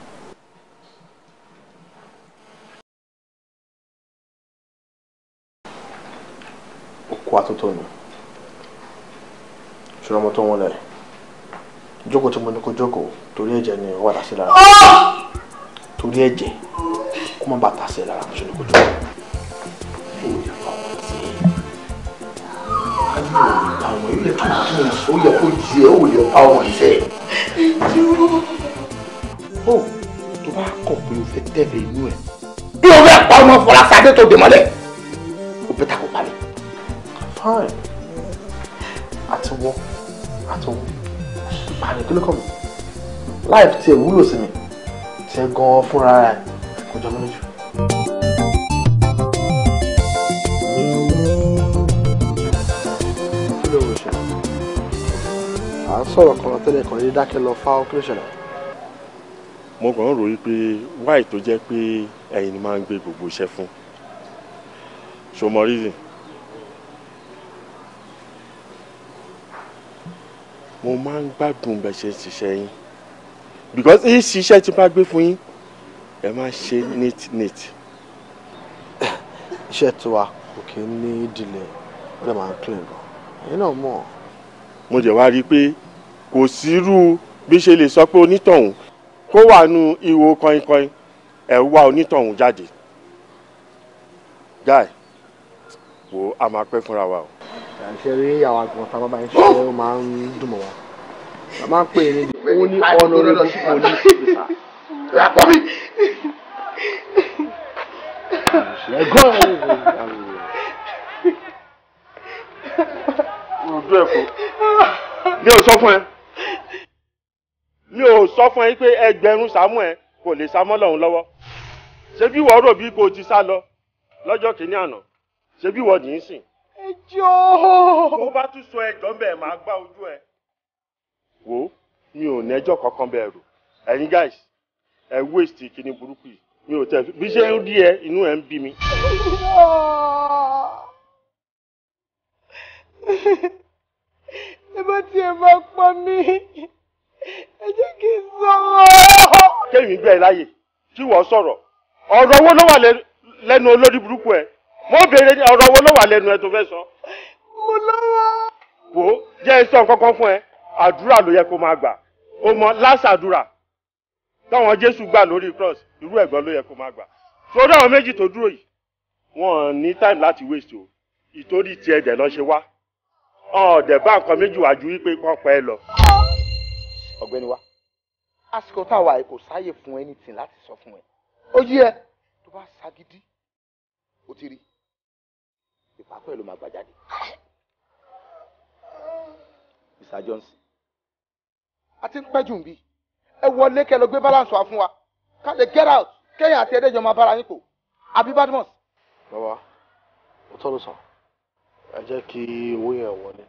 kó atótó nù ṣùgbọ́n ọmọ tó wọn lẹ̀ jókòó tí mo ní kó jókòó torí ẹ̀jẹ̀ ni wà láṣẹ lára torí ẹ̀jẹ̀ kó má bàa tàṣẹ lára mo ṣe ní kó jókòó. àwọn ilé tó dùn ó yẹ kó jí ẹ ó yẹ pa ọmọ ìfẹ́. ó tó bá kọ̀ pé o fẹ́ tẹ̀lé inú ẹ̀ bí o fẹ́ pa ọmọ Fọláṣadé tó dè mọ́lẹ̀ o bẹ́ẹ̀ ta kó pa mi fine àti wọ àti wọ ìpàdé kí ló kàn mí láìpẹ́ tí ẹ wúlò sí mi tí ẹ gan fúnra ẹ kò jọ mí lójú. à ń sọ̀rọ̀ kan tẹ́lẹ̀ kan yé dákẹ́ lọ fáwọn kí ló ṣẹlẹ̀. mo kàn ń ròyìn pé wáì tó jẹ́ pé ẹ̀yin ni máa ń gbé gbogbo iṣẹ́ fún ṣo mọ reason mo máa ń gbádùn bẹ̀ ṣe ṣiṣẹ́ yín because each iṣẹ́ tí bá gbé fún yín ẹ máa ṣe neat neat. iṣẹ́ tiwa kò kí ń ní delay ó lè máa ń clean gan ẹ̀yin náà mọ̀. mo jẹ̀ wá rí i pé kò sírú bí ṣe lè sọ pé onítọ̀hún kó wà nù ihò kọ́inkọ́in ẹ̀ wá onítọ̀hún jáde guy wo a máa pẹ́ fúnra wa o ṣe rí àwọn àgbọn tá a bá bá ń ṣe ó máa ń dùn mọ́ wa a máa ń pè é níbi ó ní honourable police officer. Lápọ̀ mi. Ṣẹ́gun ojú ẹ̀kọ́ mi ò sọ fún ẹ mi ò sọ fún ẹ pé ẹgbẹ̀rún sàmú ẹ kò lè sá mọ́ lọ́hùn ṣé bí wọ́n rò bí kò ti sá lọ lọ́jọ́ kìíní àná ṣé bí wọ́n dì sìn ẹjọ́. tó bá tún sọ ẹjọ́ bẹ́ẹ̀ máa gbá ojú ẹ. wo mi ò nẹ́jọ́ kankan bẹ́ẹ̀ rò ẹ̀yin guys ẹ waste kíní burúkú yìí mi ò tẹ̀ bí ṣe ń rí ẹ inú ẹ ń bí mi. ẹ bá tiẹ̀ máa pa mí ẹ jẹ́ kí n sọ̀rọ̀. kéwìn gbẹ́ ẹ láàyè kí wọ́n sọ̀rọ̀ ọ̀rọ̀ owó ló wà lẹ́nu olórí burúkú ẹ mo béèrè ní ọ̀rọ̀ wo ló wà lẹ́nu ẹ tó fẹ́ sọ. mo lọ́wọ́. wo jẹ́ sọ kankan fún ẹ àdúrà ló yẹ kó máa gbà ó mọ lásàdúrà táwọn Jésù gbà lórí cross irú ẹ̀gbọ́n ló yẹ kó máa gbà sórí àwọn méjì tó dúró yìí wọn ní time láti waste o ìtorí ti ẹ̀dẹ̀ lọ ṣe wá ọ̀dẹ̀ bá nǹkan méjì wájú wípé kán pẹ́ ẹ lọ. ọ̀gbẹ́ni wa àsìkò táwa ẹ̀ kò sáàyè fún anything láti sọ fún ẹ ó yí ẹ tó bá ṣagídí ó ti rí ìpapọ̀ ló máa gbà jáde. Mr. Johnson a ti ń pẹ́ jù ń bí ẹ wọlé kẹ lọ gbé balance wa fún wa ká lè get out kẹ́yìn àti ẹ̀dẹ́jọ́ máa bára yín pọ̀ àbí Badmus. bàbá ó tọ́ ló sọ ẹ jẹ́ kí owó yẹn wọlé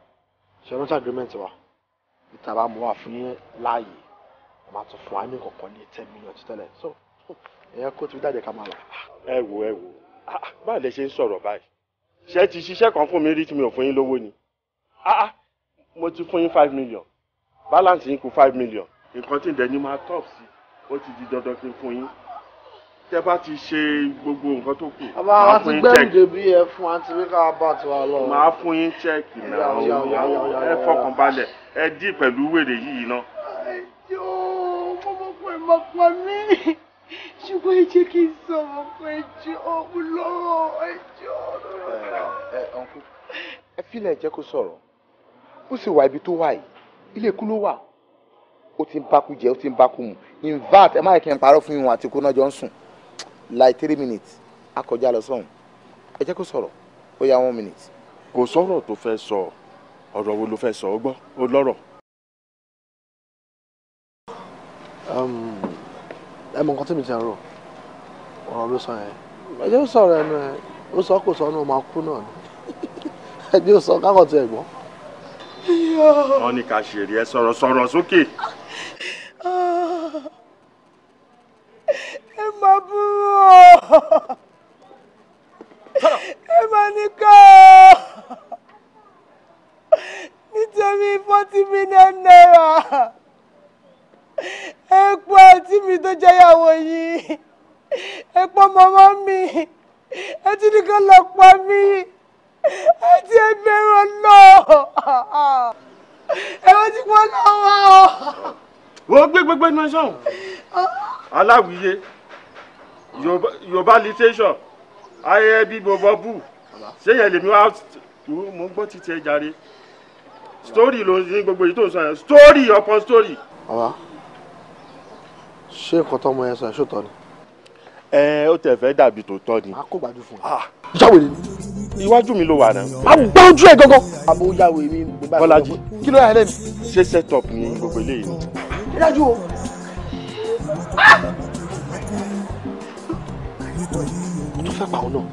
ṣe rántí agreement wa ìta bá mú wa fún yín láàyè màá tún fún wa ní kọ̀ọ̀kan ní ten million tẹ́lẹ̀ so ẹ̀yẹ kó ti fi dájẹ́ ká máa lọ. ẹ wo ẹ wo báyìí lè ṣe ń sọ̀rọ̀ báyìí ṣé ti ṣiṣẹ́ kan fún mi rí tí mi ò fún yín lówó ni ah, ah mo ti fún yín five million balance yín kù five million nǹkan tí ìdẹ́ni máa tọ̀ sí ó ti di dandan kí n fún yín tẹ bá ti ṣe gbogbo nǹkan tó kù. àbá wa ti gbẹ́ǹde bí ẹ fún àǹtí bí ká bá ti wá lọ. màá fún yín chẹ́ẹ̀kì náà ẹ fọkàn balẹ̀ ẹ dì pẹ̀lú wèrè yìí náà. yóò mo mọ̀ pé mo pọ̀ mí ṣùgbọ́n ẹ jẹ́ kí n sọ̀rọ̀ fún ẹjọ́ ọ̀hún lọ́rọ̀ ẹjọ́ ọ̀rọ̀. ẹ ọ̀nkú ẹ fílẹ̀ jẹ́ kó sọ̀rọ̀ ó sì wá ibi tó wà yìí ilé ikú ló wà ó ti ń bákú jẹ ó ti ń bákú mu in fact ẹ má yẹ kí n parọ́ fún ìwọ̀n àti kóná jọ ń sùn like three minutes a kọjá lọ sọ́hùn ẹ jẹ́ kó sọ̀rọ̀ ó yá one minute. kò sọ̀rọ̀ tó fẹ́ sọ ọ̀rọ̀ wo ló fẹ́ sọ ó gbọ́ ó lọ́rọ̀. Um, ẹ mọ nǹkan tí mi ti ń rò ọ̀rọ̀ ló sọ yẹn ẹ jẹ́ ó sọ̀rọ̀ ẹnu ẹ ó sọ kò sọ ọ́nà ọmọ akú náà ni ẹ jẹ́ ó sọ kákọ̀ tí ẹ gbọ́. wọ́n ní ká ṣe rí ẹ sọ̀rọ̀ sọ̀rọ̀ sókè. ẹ má búrò ẹ má ní ká nítorí forty million naira ẹ̀pọ̀ àti mi tó jẹ́yàwó yìí ẹ̀pọ̀ màmá mi ẹtí nìkan lọ pa mí ẹtí ẹgbẹ̀rún náà ẹ̀rọ ti pọ̀ náà wá o. wo gbégbégbé ní sọ̀hún ah. aláwìyé yorùbá literation ayẹyẹ bí bọbọ bù ṣé yẹn lèmi wá mo ń gbọ́ títí ẹ jàre story ló ń gbogbo yìí tó ń sọ yẹn story upon story. Baba ṣé nǹkan tọ́mọ yẹn sọ ẹ̀ ṣòtọ́ ni. ẹ ó tẹ fẹ́ dàbí tòótọ́ ni. a kò gbádùn fún un. Ah. ìyáwó ni. iwájú mi ló wà náà. a gbá ojú ẹ gangan. àmọ́ ó yàwó mi. bọ́lájí kí ló yà lẹ́nu. ṣé set up ni gbogbo eléyìí ni. ẹ dájú o. kò tó fẹ́ pa òun náà.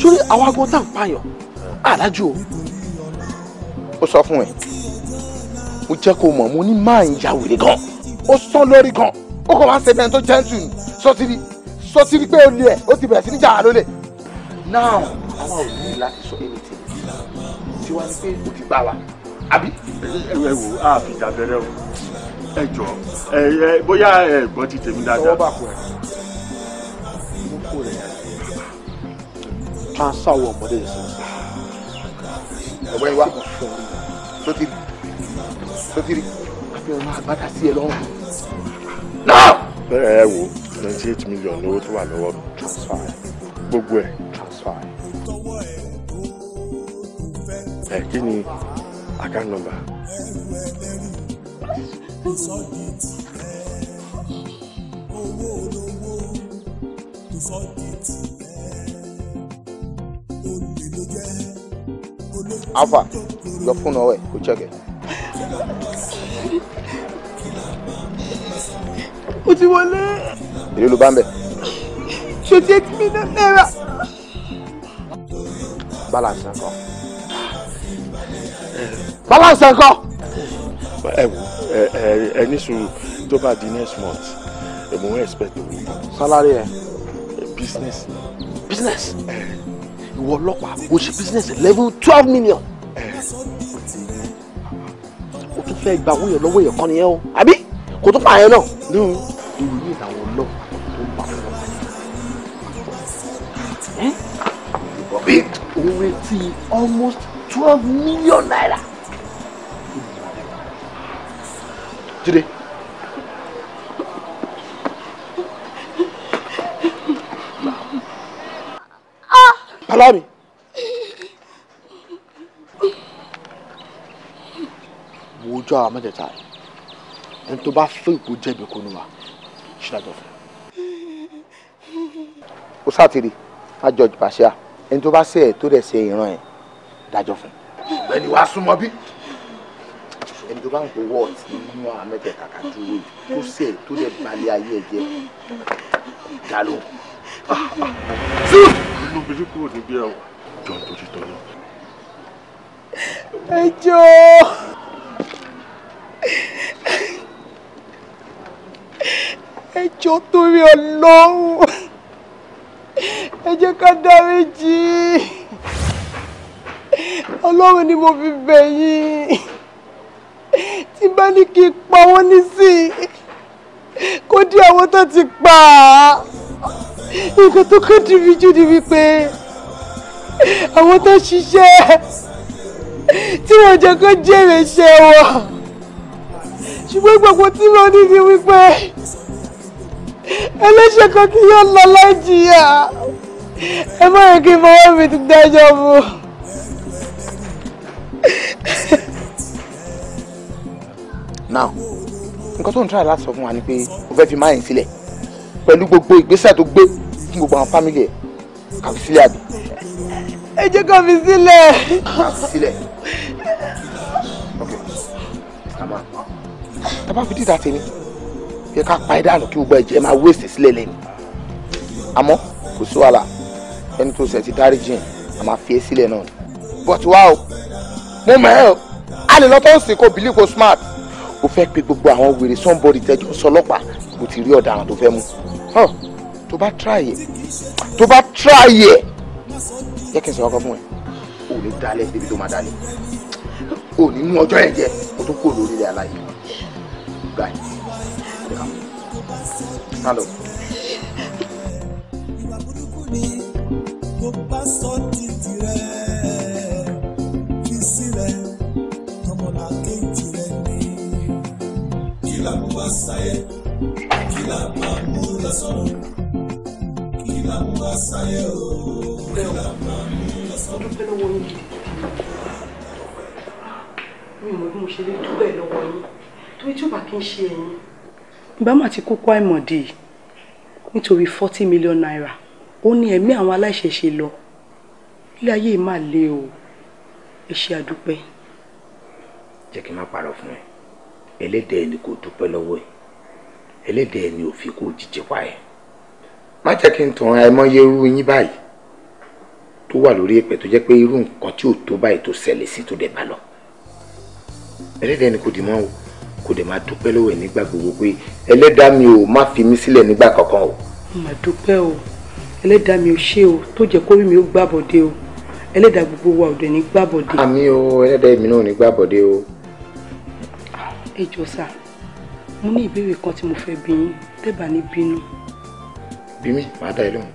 sórí àwọn agbọn tá à ń pààyàn àdájú o. ó sọ fún ẹ mo jẹ́ kó mọ̀ mo ní máa ń ya wèrè gan ó sán lórí gan ó kọ̀ wá ṣe bẹ́ẹ̀ tó jẹ́ǹtù ni sọtiri sọtiri pé olè ẹ̀ ó ti bẹ̀rẹ̀ sí ní jàrá lólè. now àwa ò ní láti sọ anything tí wàá ní pé o ti gbà wá àbí. ẹ wò á fi ìjà bẹ̀rẹ̀ o ẹ jọ ẹ ẹ bóyá ẹ gbọ́ ti tèmi dáadáa. ọwọ́ bá kú ẹ mú kó rẹ̀ transfer wọ ọmọdé yìí sọ. ọ̀wẹ́ wa sọtiri sọtiri a fi ọmọ àgbàdá sí ẹ lọ́rùn ẹ wo twenty eight million lówó tó wà lọ́wọ́ transfer gbogbo ẹ̀ transfer ẹ kí ni account number. Alpha, your phone away. Go check it mo ti wọlé. èlé ló bá ń bẹ̀. twenty eight million naira. balance ńkọ́. Eh. balance ńkọ́. ẹ wo ẹ ẹ ẹ ní sùúrù tó bá di next month ẹ mò ń expect owó. salary ẹ. Eh, business. business. ìwọ ọlọ́pàá o ṣe business level twelve million. Eh. o tún fẹ́ gba owó yẹn lọ́wọ́ yẹn kọ́ nìyẹn o àbí kò tún pààyàn náà. lóun ìlú ní ìtàwọn ọlọ́pàá tó ń pa wọn. bí òun retí almost twelve million naira. Jide. Palami. Mo jọ àwọn mẹ́tẹ̀ẹ̀ta yìí ẹni tó bá fẹ́ ìpò jẹ̀bi kò ní wa ṣílájọ fún un. ó sátìrì á jọjù pàṣẹ à ẹni tó bá ṣe ẹ tó dẹ̀ ṣe ìran ẹ dájọ́ fún un. ọ̀gbẹ́ni wàá súnmọ́ bí. ẹni tó bá ń gbowó ọtí nínú àmẹ́tẹ̀ kàkà dúró yìí tó ṣe ẹ tó dẹ̀ balẹ̀ ayé ẹ jẹ́ dàlú. olóbìnrin kúrò níbí ẹ wà jọ nítorí tọ́lọ́. ẹ jọ̀ọ́ ẹ jọ̀ọ́ torí Ọlọ́run ẹ jẹ́ ká dáríjì Ọlọ́run ni mo fi bẹ̀ yín tí bá ní kí n pa wọ́n nísìnyí kó dí àwọn tó ti pa á nǹkan tó kọ́ dìbí jù ni wípé àwọn tó ṣiṣẹ́ tí wọ́n jẹ́ kó jèrè iṣẹ́ ṣùgbọ́n gbogbo tí mo ní ni wípé ẹlẹ́ṣẹ̀ kan kì yóò lọ láì ẹ má yẹ kí fọwọ́ mi ti dájọ́ mu. now nǹkan tó ń try láti sọ fún wa ni pé o fẹ́ fi máa yìn sílẹ̀ pẹ̀lú gbogbo ìgbésẹ̀ tó gbé fún gbogbo àwọn fámìlì ẹ̀ kàfi sílẹ̀ àbí. ẹ jẹ́ kàfi sílẹ̀. kàfi sílẹ̀ tá bá fi dídà tèmi yẹ ká pa ẹ dànù kí gbogbo ẹ̀jẹ̀ máa wéèsì sílẹ̀ lẹ́nu àmọ́ kò sí wàhálà ẹni tó ṣe ti dárí jìn a máa fi ẹ sílẹ̀ náà ni. bọ́tù wa o mo mọ̀ ẹ́ o a lè lọ tó ń sìn kó bìlí kó smart o fẹ́ pe gbogbo àwọn wèrè sọ́ńbọ̀dì tẹ́jọ́ sọlọ́pàá kò ti rí ọ̀daràn tó fẹ́ mú tó bá try ẹ̀ tó bá try ẹ̀ yẹ kí n sọ ọkọ fún ẹ o lè dalẹ̀ débi tó máa dalẹ̀ o ní mú ọjọ́ yẹn jẹ o tó kó lórí aláyé good guy. Come. Hello. Kila mwa saye, kila Mi ò mọ bí mo ṣe lè dúpẹ́ lọ́wọ́ yín tó ojú bá kí n ṣe ẹ̀yìn. ìbámu àti kókó àìmọ̀dé nítorí forty million naira ó ní ẹ̀mí àwọn aláìṣẹ̀ṣe lọ ilé ayé yìí máa le o ẹ ṣe àdúpẹ́. jẹ́ kí n má parọ́ fún ẹ ẹlẹ́dẹ̀ẹ́ ni kò dúpẹ́ lọ́wọ́ ẹ ẹlẹ́dẹ̀ẹ́ ni ò fi kó jíjẹ wá ẹ má jẹ́ kí n tàn àìmọye irú yín báyìí tó wà lórí ẹ̀pẹ̀ tó jẹ́ pé irú nǹkan tí ò tó báyìí tó ṣẹlẹ̀ sí tó dẹ̀ bá lọ ẹlẹ́dẹ̀ẹ́ ni kò dì mọ́ o kò dẹ̀ máa dúpẹ́ lọ́wọ́ ẹ̀ nígbà gbogbo pé ẹlẹ́dàá mi ò má fi mí sílẹ̀ nígbà kankan o. mà dúpẹ́ o ẹlẹ́dàá mi ò ṣe o tó jẹ́ kórí mi ó gbàbọ̀dé o ẹlẹ́dàá gbogbo wa ò dẹ̀ ní gbàbọ̀dé. àmì o ẹlẹ́dàá mi náà ò ní gbàbọ̀dé o. ẹ jọ sá mo ní ìbéèrè kan tí mo fẹ́ bi yín tẹ́bà ní bínú. bí mi màá dá ẹ lóhùn.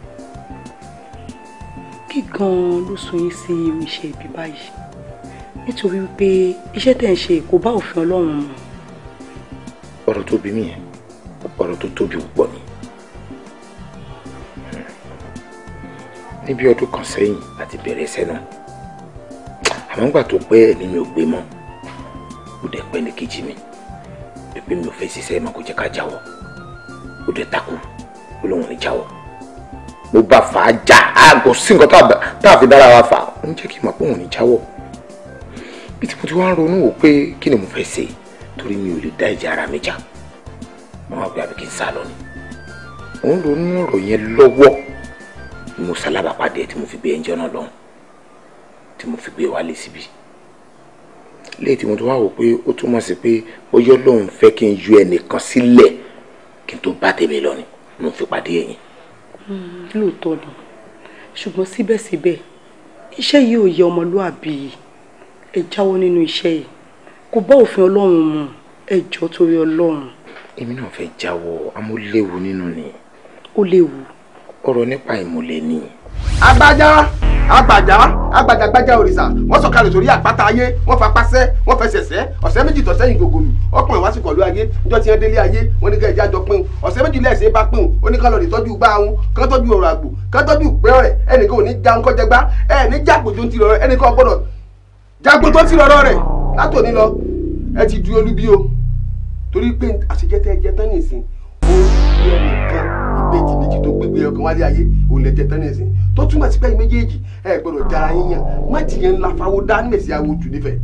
kí gan-an ló so yín sí irú iṣẹ́ ibi báyìí nítorí wípé iṣẹ́ tẹ̀ ń ṣe kò bá òfin ọlọ́run mu ọ̀rọ̀ tó bí mi yẹn ọ̀rọ̀ tó tóbi púpọ̀ ni. níbi ọdún kan sẹ́yìn àti bẹ̀rẹ̀ iṣẹ́ náà àmọ́ ńgbà tó pẹ́ ẹ̀mí mi ò gbé mọ́ ó dẹ̀ pẹ́ ní kejì mi pé mi ò fẹ́ ṣiṣẹ́ mọ́ kó jẹ́ ká jáwọ́ ó dẹ̀ takú ó lóun ní jáwọ́ mo bá fà á já aago sí nǹkan tá a fi dára wa fà ó ń jẹ́ kí n mọ̀ pé òun ní jáwọ́ bí tí mo ti wá ń ronú wò pé kí ni mo fẹ́ ṣe yìí torí mi ò lè dá ìjà ara mi jà wọn á gbé àbí kí n sá lọ ni mo ń ronú ọ̀rọ̀ yẹn lọ́wọ́ ni mo ṣalábàpàdé tí mo fi gbé ẹjọ́ náà lọ́hùn tí mo fi gbé e wálé síbi léyìí tí mo tún wá wò pé ó túmọ̀ sí pé bóyá lòun fẹ́ kí n ju ẹnìkan sílẹ̀ kí n tó bá tèmi lọ ni mo fi pàdé ẹ̀yìn. Hmm, lóòótọ́ ni ṣùgbọ́n síbẹ̀síbẹ̀ iṣẹ́ yìí ò yẹ ọmọlúàbí ẹ jáwọ́ nínú iṣẹ́ yìí kò bá òfin ọlọ́run mu ẹjọ́ torí ọlọ́run. èmi náà fẹ́ jáwọ́ amúléwu nínú ni. ó léwu. ọ̀rọ̀ nípa ìmùlẹ̀ ni. agbájá agbàjá agbàjàgbàjà òrìṣà wọ́n sọ̀kalẹ̀ sórí àpáta ayé wọ́n fa pàṣẹ wọ́n fẹsẹ̀ sẹ ọ̀sẹ̀ méjì tọ̀sẹ̀ yìí gògòlù ọkùnrin wá sí kọlu ayé njọ tiẹ délé ayé wọ́n ní ká ẹja jọ pín o ọ̀sẹ̀ méjì lẹsẹ bá pín o oníkàlọ lè tọ́jú gbá wọn kán tọ́jú ọ̀rọ̀ àgbò kán tọ́jú pẹ rẹ ẹnìkan ò ní já ńkọjẹgbá ẹ ní jágbó tó ń tirọ rẹ ẹnìkan gbọ́dọ̀ jágbó tó ń tirọ rẹ látòní lọ ẹ ti di olúbí o torí pé àṣejẹtẹ ẹjẹ tán nìsín ó yẹ nìkan ìbejì méjì tó gbégbé ọkàn wálé ayé òun lẹjẹ tán nìsín tó túmọ̀ sí pé méjèèjì ẹ gbọ́dọ̀ jara yín yàn má tìyẹn ńlá fáwọ́ dá mèsì àwọn ojú nífẹ̀ẹ́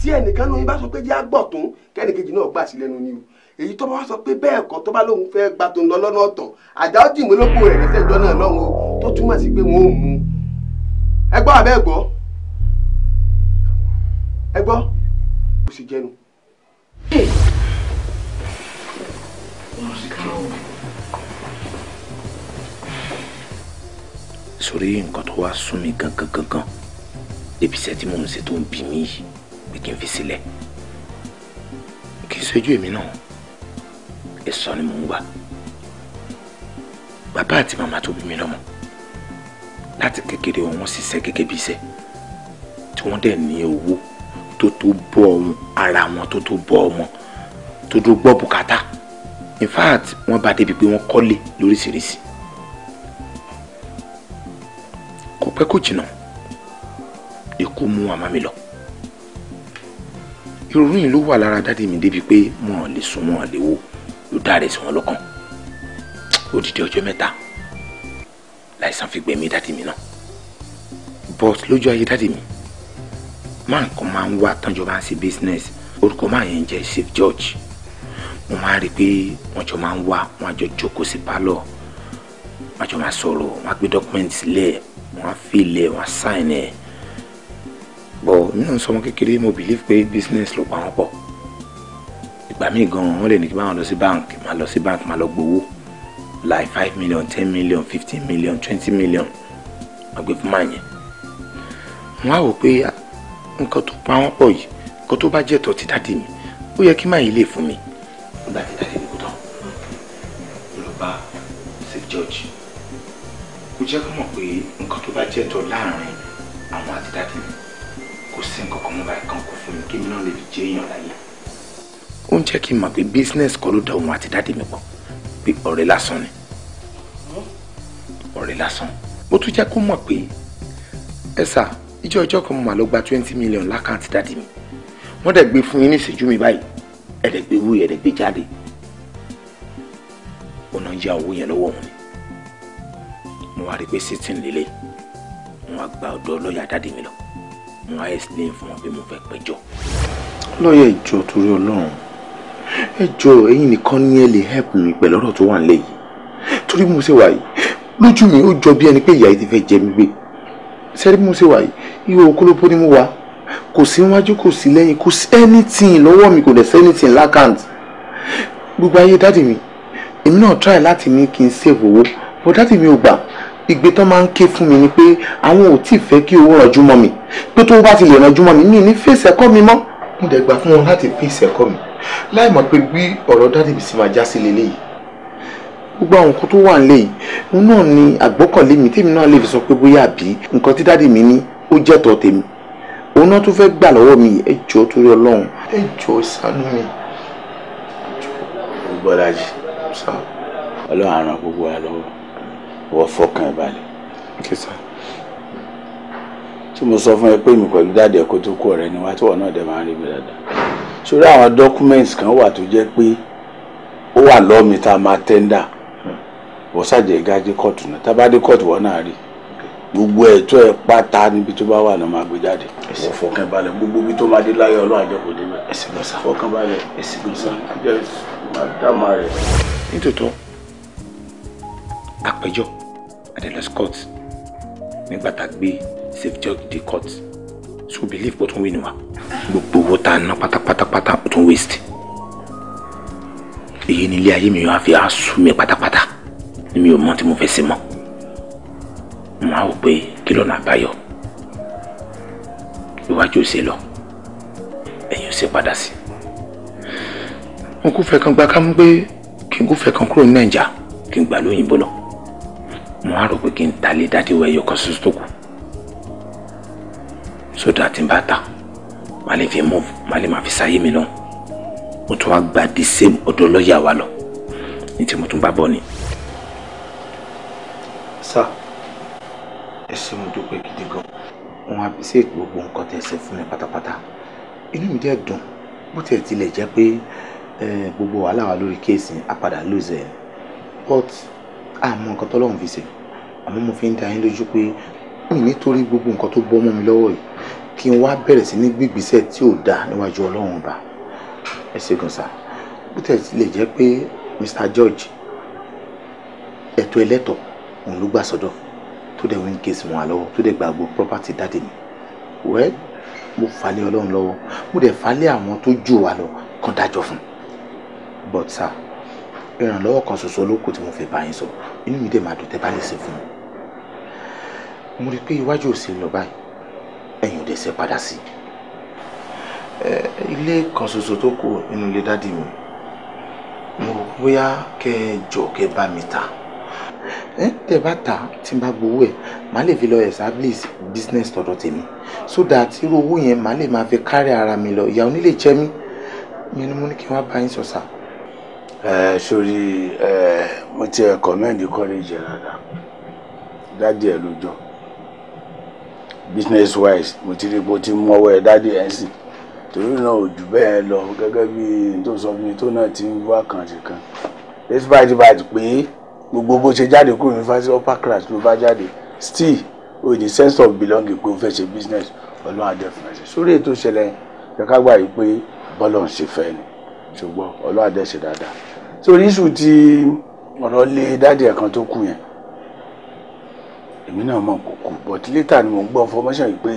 tí ẹnìkan náà yín bá sọ pé jẹ́ àgbọ̀tún kẹ́nìkejì náà gbà sí lẹ́nu ni o èyí tó bá wá sọ pé bẹ́ẹ̀ kọ́ tó bá lóun fẹ́ gba tó ń lọ lọ́nà ọ̀tọ̀ àjà ó dìmú lóko rẹ̀ lẹ́sẹ̀ ìjọ náà lọ́hùn o tó túmọ̀ sí pé wọ́n ò mú un ẹ gbọ́ àbẹ́ ẹ gbọ́ ẹ gbọ́ kò sì jẹnu sórí nǹkan tó wá sún mi gangan gangan débi iṣẹ́ tí mò ń ṣe tó ń bí mi pé kí n fi sílẹ̀ kì í ṣojú èmi náà ẹ̀sọ́ ni mò ń wà bàbá àti màmá tó bí mi lọ́mọ láti kékeré wọn ṣiṣẹ́ gẹ́gẹ́ bí iṣẹ́ tí wọ́n dẹ̀ ní owó tó tó bọ́ ọ̀hún ara wọn tó tó bọ́ ọmọ tó tó gbọ́ bùkátà in fact wọ́n bá débi pé wọ́n kọ́lé lóríṣiríṣi kò pẹ́ kò jìnnà ikú mú àmà mi lọ ìrònú yìí ló wà lára dáàdì mi débi pé wọn ò lè sùn wọn ò lè wò ló dáre sí wọn lọ́kàn odidi ọjọ́ mẹ́ta láìsàn fi gbẹ̀mí dáàdì mi náà but lójú ayé dáàdì mi máa nǹkan máa ń wà tánjọ máa ń ṣe business orúkọ máa yẹn jẹ́ Chief George mo máa rí i pé wọ́n jọ máa ń wà wọ́n á jọ jókòó sí pálọ̀ wọ́n á jọ máa sọ̀rọ̀ wọ́n á gbé document sílẹ̀ wọ́n á fi ilẹ̀ wọ́n á sign ẹ̀ bọ̀ nínú sọmọ kékeré mo believe pé business ló pa wọ́n pọ̀ ìgbà míì gan-an wọ́n lè ní kí n máa lọ sí bank máa lọ sí bank máa lọ gbowó like five million ten million fifteen million twenty million wọ́n gbé fún màá yẹn wọ́n á wò pé ah, nǹkan tó pa wọ́n pọ̀ yìí nǹkan tó bá jẹ́ tọ́ ti dáàdì mi ó yẹ kí má yìí lè fún mi. nígbà tí dáàdì mi kú tán mo lọ george kò jẹ́ kó mọ̀ pé nǹkan tó bá jẹ́ tọ́ láàrin àwọn àti dáàdì mi kò sí nǹkan kan mọ́ báyìí kan kò fún mi kí mi náà lè fi jẹ́ èèyàn láyé. ó ń jẹ́ kí n mọ̀ pé business kọ́ ló da òun àti dáàdì mi pọ̀ pé ọ̀rẹ́ lásán ni hm? ọ̀rẹ́ lásán mo tún jẹ́ kó mọ̀ pé ẹ sáà ìjọ ìjọ kan mo mà lọ gba twenty million lákàntì dáàdì mi wọ́n dẹ̀ gbé fún yín ní ìṣẹ́jú mi báyìí ẹ̀dẹ̀ gbé owó yẹn ẹ̀dẹ̀ gbé jáde ọ̀nà ya owó yẹn lọ́wọ́ wọn ni mo wá rí i pé sitting lélẹ̀ wọn á gba ọ̀dọ̀ lọ́ọ̀yà dáàdì mi lọ wọn á explain fún wọn pé mo fẹ́ pẹjọ́. lọ́ọ̀yà ìjọ torí ọlọ́run ẹ jọ ẹ̀yin nìkan ni ẹ lè help mi pẹ̀lú ọ̀rọ̀ tó wà nílẹ̀ yìí torí mo ṣe wà yìí lójú mi ó jọ bí ẹni pé ìyá yìí ti fẹ́ jẹ mi gbé sẹ́rí mo ṣe wà yìí ihò kólópó ni mo wà kò sí níwájú kò sí lẹ́yìn kò sí anything lọ́wọ́ mi kò dẹ̀ sí anything lákàntì gbogbo ayé dáàdì mi èmi náà try láti ní kí n save owó but dáàdì mi ò gbà ìgbé tán máa ń ké fún mi ni pé àwọn ò tí ì fẹ́ kí owó rànjú mọ́ mi pé tó bá ti lè rànjú mọ́ mi mi ní fèsì ẹ̀kọ́ mi mọ́ mo dẹ̀ gbà fún wọn láti fèsì ẹ̀kọ́ mi láì mọ̀ pé bí ọ̀rọ̀ dáàdì mi sì máa já sí leléyìí gbogbo àwọn nǹkan tó wà nílẹ̀ yìí òun náà ni àgbọ́kànlé mi tèmi náà lè fi sọ pé bóyá àbí nǹkan tí dáàdì mi ní ó jẹ́ tọ́ tèmi òun náà tún fẹ́ gbà lọ́wọ́ mi ẹ jọ̀ọ́ torí ọlọ́run ẹ jọ̀ọ́ ṣàánú mi. Bọ́lájì sá ọlọ́run àràn gbogbo wa lọ́wọ́ wọ́n fọkàn ẹ̀ balẹ̀. tí mo sọ fún ẹ pé mi pẹ̀lú dáàdì ẹ̀ kó tó kú ọ̀rẹ́ ni wá tí wọ́n náà dẹ̀ máa ń rí mi dáadáa wọ́n ṣàjẹ́ ìgájí kóòtù náà tá a bá dé kóòtù wọn náà rí gbogbo ẹ̀tọ́ ẹ̀ pátá níbi tó bá wà náà máa gbé jáde. ẹ̀sìn fọkàn balẹ̀ gbogbo ibi tó máa dé láyé ọlọ́run àjẹkù dé bẹ́ẹ̀. ẹ̀sìn lọ sá fọkàn balẹ̀ ẹ̀sìn lọ sá jẹ́ màdàmà rẹ̀. nítòótọ́ àpẹjọ adelos court nígbà tá a gbé safe judge dé court so believe pé ó tún wí ni wa gbogbo owó tá a ná pátápátápátá ó tún waste èyí ni ilé ayé mi yóò fi àásù mi pátápátá ni mi ò mọ tí mo fẹ́ ṣe mọ́ mo á wò pé kí lọ́nà àbáyọ iwájú ò ṣe lọ ẹ̀yìn ò ṣe padà sí. mo kú fẹ́ kan gba kámú pé kí n kú fẹ́ kan kúrò ní nàìjà kí n gbà lóyìnbó lọ mo á rò pé kí n ta lé dáadé wọ ẹyọ kan ṣoṣo tó kù sódà tí n bá ta màá lè fi move màá lè máa fi sáyé mi lọ mo tún wá gba the same ọ̀dọ̀ lọ́ọ̀yà wa lọ ní tí mo tún bá bọ̀ ni sá ẹ ṣé mo dúpẹ́ gidi gan wọn á ṣe gbogbo nǹkan tẹ́ ṣe fún mi pátápátá inú mi dẹ̀ dùn bó tiẹ̀ tilẹ̀ jẹ́ pé gbogbo wàhálà wa lórí kéèsì a lóòzẹ but àmọ́ nǹkan tọ́lọ́run fi ṣe àmọ́ mo fi ń da yín lójú pé mi nítorí gbogbo nǹkan tó bọ́ mọ́ mi lọ́wọ́ yìí kí n wá bẹ̀rẹ̀ sí ní gbígbésẹ̀ tí ò dáa níwájú ọlọ́run ọba ẹ ṣé gan sá bó tiẹ̀ tilẹ̀ jẹ́ pé Mr. George ẹ̀tọ́ ẹlẹ́tọ̀ọ́ òun ló gbà sọ́dọ̀ tó dẹ̀ win case mọ́ wa lọ́wọ́ tó dẹ̀ gba property dáàdì mi wẹ́ mo fà lé ọlọ́run lọ́wọ́ mo dẹ̀ fà lé àwọn tó jù wá lọ kàn dájọ́ fún but sir ìrànlọ́wọ́ kan ṣoṣo olóko tí mo fẹ́ bá yín sọ inú mi dẹ̀ máa dùn tẹ́ bá lè ṣe fún mi mo rí i pé iwájú ò sí lọ báyìí ẹ̀yìn ò dẹ̀ ṣe padà sí ilé kan ṣoṣo tó kù nínú ilé dádì mi mo bóyá kẹ́ jọ kẹ́ bá mi ta tẹ́ bá tà á tí n bá gbowó ẹ̀ màá lè fi lọ establish business tọ̀dọ̀ tèmi so that irú owó yẹn màá lè máa fi kárí ara mi lọ ìyà onílé jẹ mí mi ni mo ní kí n wá bá yín sọ sà. ẹ sori ẹ mo ti ẹ kọmẹ́ndì kọ́lẹ́jì rárá dádì ẹ lójọ business wise mo ti rí bó ti mú ọwọ́ ẹ dádì ẹ sì torí náà ò jù bẹ́ẹ̀ lọ gẹ́gẹ́ bí n tó sọ fún mi tó náà ti ń wá kàn sí kan despite the fact pé gbogbo bó ṣe jáde kúrò yunifásitì upper class ló bá jáde still o ní sense of belonging pé o fẹ́ ṣe business ọlọ́run adẹ́fẹ̀ẹ́ sórí ètò ìṣẹ̀lẹ̀ yẹn ká gbà yìí pé bọ́lọ̀ ń ṣe fẹ́ ni ṣùgbọ́n ọlọ́run adẹ́ṣe dáadáa sórí iṣu ti ọ̀rọ̀ lé dáàdì ẹ̀kan tó kù yẹn èmi náà mọ̀ kò kù but later ni mo ń gbọ́ information yìí pé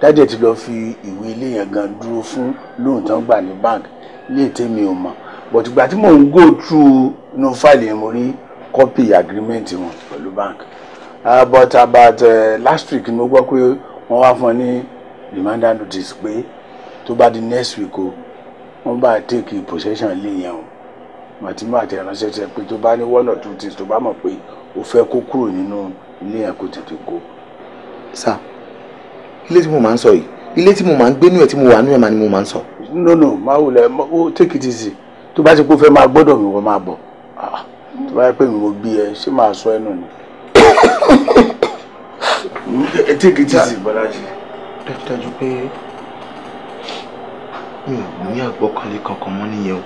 dáàdì ẹ̀ ti lọ fi ìwé ilé yẹn gan dúró fún lóun tán gbà ní bank ilé ìtẹ́mi ò mọ̀ but ìgbà tí mò ń go through inú fáìlì yẹn mo rí copy agreement wọn pẹ̀lú bank uh, but about uh, last week ni mo gbọ́ pé wọ́n wá fún ọ ní reminder notice pé tó bá di next week o wọ́n bá take possession lé yẹn o màtí mo àti ìránṣẹ́ ṣe pé tó bá ní one or two things tó bá mọ̀ pé o fẹ́ kó kúrò nínú ilé yẹn kó tètè kó. sir ilé tí mo máa ń sọ yìí ilé tí mo máa ń gbé nú tí mo wà nú máa ni mo máa ń sọ. no no máa wò lẹ take it easy tó bá ti kó fẹ́ máa gbọ́dọ̀ mi wọ́n máa bọ̀. Ah, tó bá yẹ pé mi ò gbé ẹ ṣé màá sọ ẹnu ni. etí kìtì sí bọ́lájì. dájúdájú pé mi ò ní àgbọ́kànlé kankan mọ́ nìyẹn o.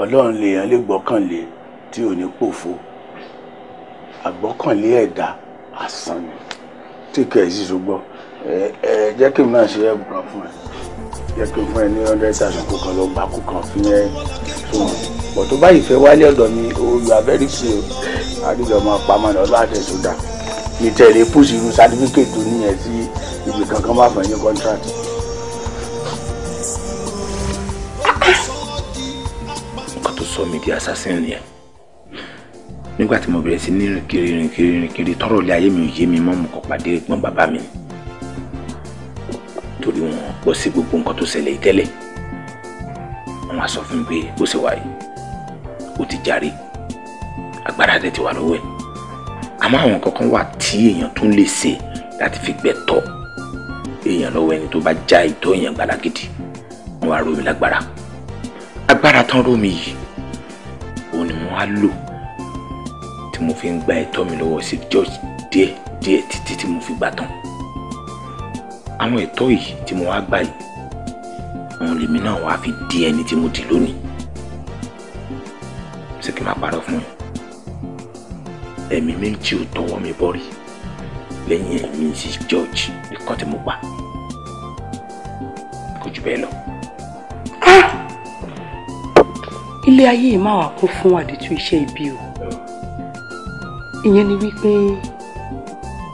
ọlọ́run lèèyàn lè gbọ́kànlé tí ò ní pòfo àgbọ́kànlé ẹ̀dá asán ni tí kẹ̀ ẹ́ sì ṣùgbọ́n ẹ ẹ jẹ́ kí n náà ṣe ẹ̀bùrọ̀ fún ẹ jẹ́ pé fún ẹ ní hundred thousand kó kan lọ gbà kó kan fi yẹn fún mi bọ̀ tó báyìí fẹ́ wálé ọ̀dọ̀ mi olùwà very free o àdìjọ máa pa mọ́ ọ̀dọ́ àtẹ̀tò dà mi tẹ̀lé push irú certificate tó níyẹn sí ibi kankan má fẹ́ ní contract. nǹkan tó sọ mi di assassin nìyẹn nígbà tí mo bẹ̀rẹ̀ sí ní rìnkiri rìnkiri rìnkiri tọrọ ilé ayé mi ò yé mi mọ́ mo kọ́ pàdé ẹ̀gbọ́n bàbá mi ni torí wọn kò sí gbogbo nǹkan tó ṣẹlẹ̀ yìí tẹ́lẹ̀ wọn á sọ fún mi pé bó ṣe wà yìí ó ti jàre agbára dẹ̀ ti wà lọ́wọ́ ẹ̀ àmọ́ àwọn kankan wà tí èèyàn tún lè ṣe láti fi gbẹ̀tọ́ èèyàn lọ́wọ́ ẹni tó bá já ìtọ́ èèyàn gbàlá gidi wọn á rómi lágbára agbára tán rómi yìí òun ni wọn á lò tí mo fi ń gba ẹ̀tọ́ mi lọ́wọ́ sí George díẹ̀ díẹ̀ títí tí mo fi gbà tán àwọn ẹ̀tọ́ yìí tí mo wá gbà yìí òun lèmi náà wàá fi di ẹni tí mo dì lónìí ṣé kí n máa parọ́ fún ẹ ẹ̀mí méjì ò tọwọ́ mi bọ́ rí lẹ́yìn ẹ̀mí sí George nìkan tí mo pa kò jù bẹ́ẹ̀ lọ. Ah! ilé ayé yìí máa wà kún fún àdìtú iṣẹ́ ibi o ìyẹn ni wípé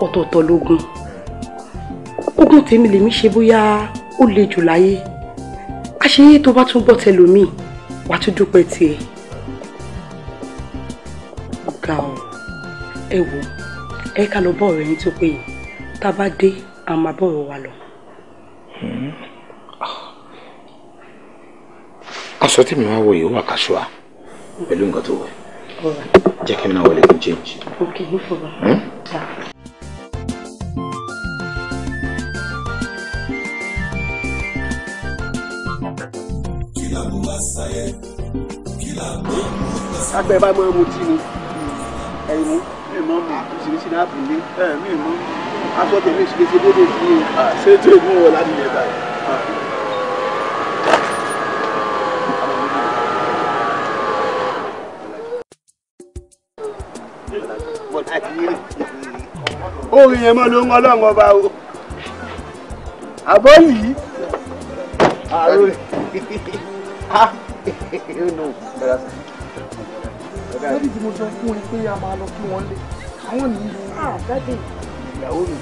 ọ̀tọ̀ọ̀tọ̀ lógún lọ́dọ̀ tèmi lèmi ṣe bóyá ó le jù láyé àṣeyé tó bá tún gbọ́ tẹlòmíì wàá tún dúpẹ́ tiẹ̀ ọ̀gá ọ̀ ẹ wò ẹ ká lọ bọ̀ ọ̀rẹ́ yín tó péye tá a bá dé a máa bọ̀rọ̀ wa lọ. aṣọ tí mi máa wọ yìí ó wà káṣúà pẹ̀lú nǹkan tó wọ̀ jẹ́ kí n náà wọlé kí n change. ok no problem. Hmm? Yeah. lágbẹ́ bá máa mutí ni ẹ̀yìn mú mi mọ́ mu oríṣiríṣi náà fi lé ẹ̀ mi mọ́ aṣọ tẹ̀lé ìṣiríṣi dédé sí i. ṣé tó ìmú wọn láti yẹ báyìí. orin yẹn mọ́ ló ń ọlọ́run ọba o àbọ̀ yìí àrò ah, ah. lórí tí mo sọ fún un pé a máa lọ kí wọ́n lé àwọn nìyí. Ah, dáàdì ìyàwó mi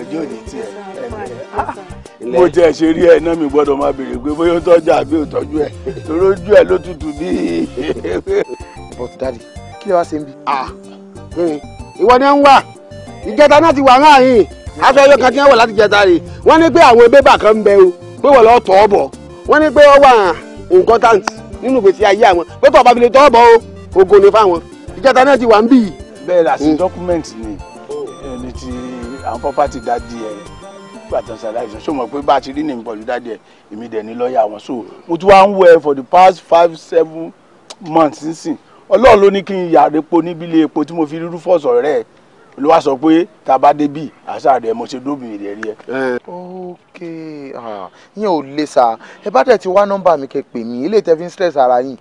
ojú òní tiẹ̀ ah, mo tiẹ̀ ṣe rí ẹ náà mi gbọ́dọ̀ máa béèrè pé bóyá ó tọ́jú àbí ó tọ́jú ẹ̀ torí ojú ẹ̀ ló tutù bí. but daddy kí lè wá ṣe ń bi. Ah, ìwọ ni ẹ ń wà ìjẹta náà ti wà láàyè aṣọ ẹyọ kan tí wọn wọ láti jẹta rè wọn ní pé àwọn bébà kan ń bẹ o pé wọn lọ tọ́ ọ bọ̀ wọn ní pé ó wà important nínú ìgbésí ayé àwọn pé tó ọba fi lè tọ́ ọ bọ̀ o ogo ni fáwọn ìjẹta náà ti wà ń bì yìí. bẹ́ẹ̀ la sí hmm. document ni oh. ẹni tí àwọn property dadi ẹ gbàtàn ṣàlàyé ṣó mọ̀ pé bá a ti rí ní pẹ̀lú dadi ẹ èmi dẹ̀ ní lọ́ọ̀yà wọn so mo ti wá ń wẹ̀ for the past five seven months sísìn ọlọ́run ló ní kí n yàrá epo níbi ilé epo tí mo fi rírú fọ̀sọ̀ rẹ̀ ló sọ pé tá bá débì àṣà rẹ mo ṣe dóbìnrin rẹ rí ẹ. ok ah, yín ò lè sá ẹ bá tẹ̀ ti wá nọ́mbà mi kẹ́ pè mí ilé ìtẹ́fín stress ara yín.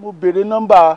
mo béèrè nọ́mbà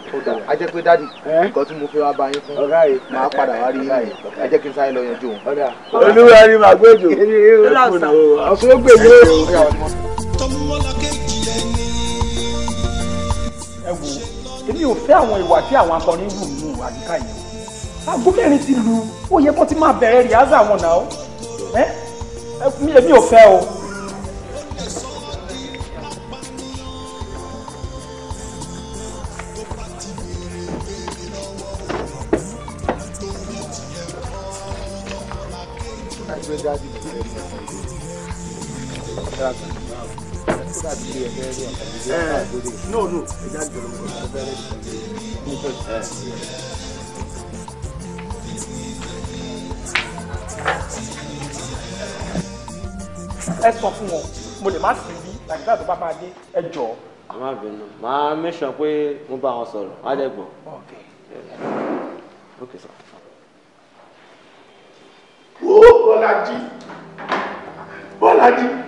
a jẹ́ pé dádì nǹkan tí mo fẹ́ wá bá yín fún máa padà wá rí yín ẹ jẹ́ kí n sáré lọ yanjú òun. olúwa ni màá gbèjò ọkùnrin gbèjò. ẹ wo èmi ò fẹ́ àwọn ìwà tí àwọn akọrin wù nù àyíká yẹn aago mẹ́rin ti lù ó yẹ kó ti máa bẹ̀rẹ̀ rìhásà wọn náà ẹ mi ò fẹ́ o. no no ẹja jọlọ ẹ sọ fún wọn mo lè má sí bí nàìjíríà tó bá máa dé ẹ jọ. ẹ má bínú màá mẹ́sàn pé mo bá wọn sọ̀rọ̀ wọ́n á dẹ̀ gbọ́. ok sir. wo Bọ́lájí Bọ́lájí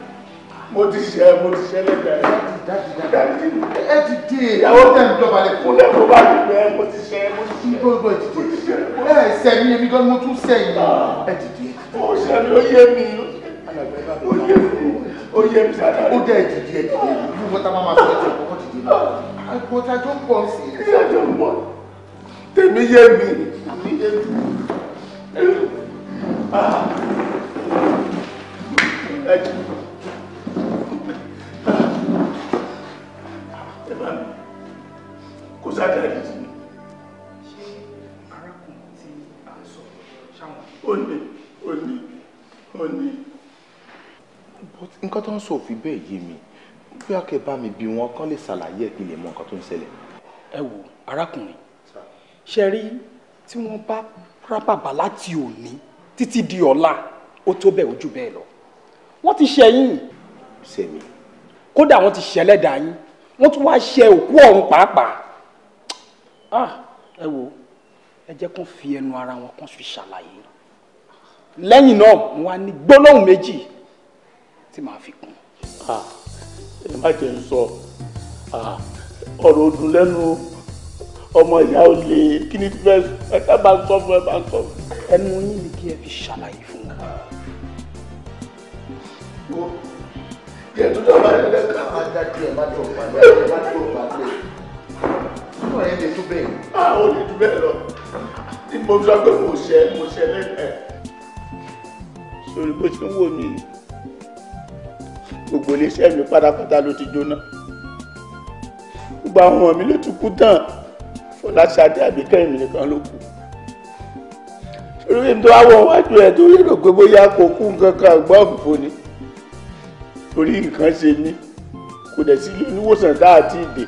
mo ti ṣe mo ti ṣe lẹ́gbẹ̀ẹ́. dájú ẹ ti di ìyàwó tẹ̀ ń dọ̀bà lè fún lẹ́ mo bá rí bẹ́ẹ̀ mo ti ṣe mo ti ṣe. gbogbo ẹ ti di ẹ ẹsẹ mi èmi gan mo tún sẹ́yìn ah. ẹ ti di. ó ṣe mi ó yé mi ó yé mi ó yé mi sáà. ó dẹ́ ẹ ti di ẹ ti di ìlú mọ́tà máa ma sọ ẹ ti ọkọ̀ kọ́ ti di náà. àgbọ̀tà tó ń pọ̀ sí i. ìyá tó ń pọ̀ tèmi yé mi tèmi yé mi. Thank ah. you. ẹ bá mi kò sáà dárí jì mí. ṣé arákùnrin tí a ń sọ ṣáwọn. ó ní ó ní ó ní. nǹkan tó ń sọ òfin bẹ́ẹ̀ yé mi bí akẹ́ bá mi bí wọn kán lè ṣàlàyé ẹ̀ kí n lè mọ nǹkan tó ń ṣẹlẹ̀. ẹ wo arákùnrin ṣe rí tí wọ́n bá rábàbà láti òní títí di ọ̀la ó tó bẹ́ẹ̀ ojú bẹ́ẹ̀ lọ wọ́n ti ṣẹ̀yìn. sẹ́mi. kódà wọ́n tún wá ṣe òkú ọ̀run pàápàá ah, ẹ wo ẹ jẹ́ kó fi ẹnu ara wọn kó fi ṣàlàyé lẹ́yìn náà mo wá ní gbólóhùn méjì tí màá fi kún. Ah, ẹ má jẹ́ ń sọ ah, ọ̀rọ̀ ọdún lẹ́nu ọmọ ìyá ò lè kí ni fẹ́ ẹ ká bá ń sọ fún ẹ bá ń sọ ẹnu yín ni kí ẹ fi ṣàlàyé fún wọn yẹ tó dọ̀ balẹ̀ lẹ́nu. má dájú ẹ má dọ̀ balẹ̀ ẹ má dọ̀ balẹ̀ nínú ẹ lè tún bẹ́ẹ̀. a ò lè tún bẹ́ẹ̀ lọ ni mo sọ pé mo ṣe mo ṣe lẹ́nu ẹ. sori bó ṣe ń wò mí gbogbo iléeṣẹ́ mi pátápátá ló ti jóná gbogbo àwọn ọmọ mi ló ti kú tán fọláṣadé àbíkẹ́ mi nìkan ló kù orí mi tó wájú ẹ tó yẹ kó bóyá kó kú nǹkan kan gbọ́ òfìfo ni torí nǹkan ṣe mí kò dẹ̀ sí ilé oníwòsàn tá a ti dè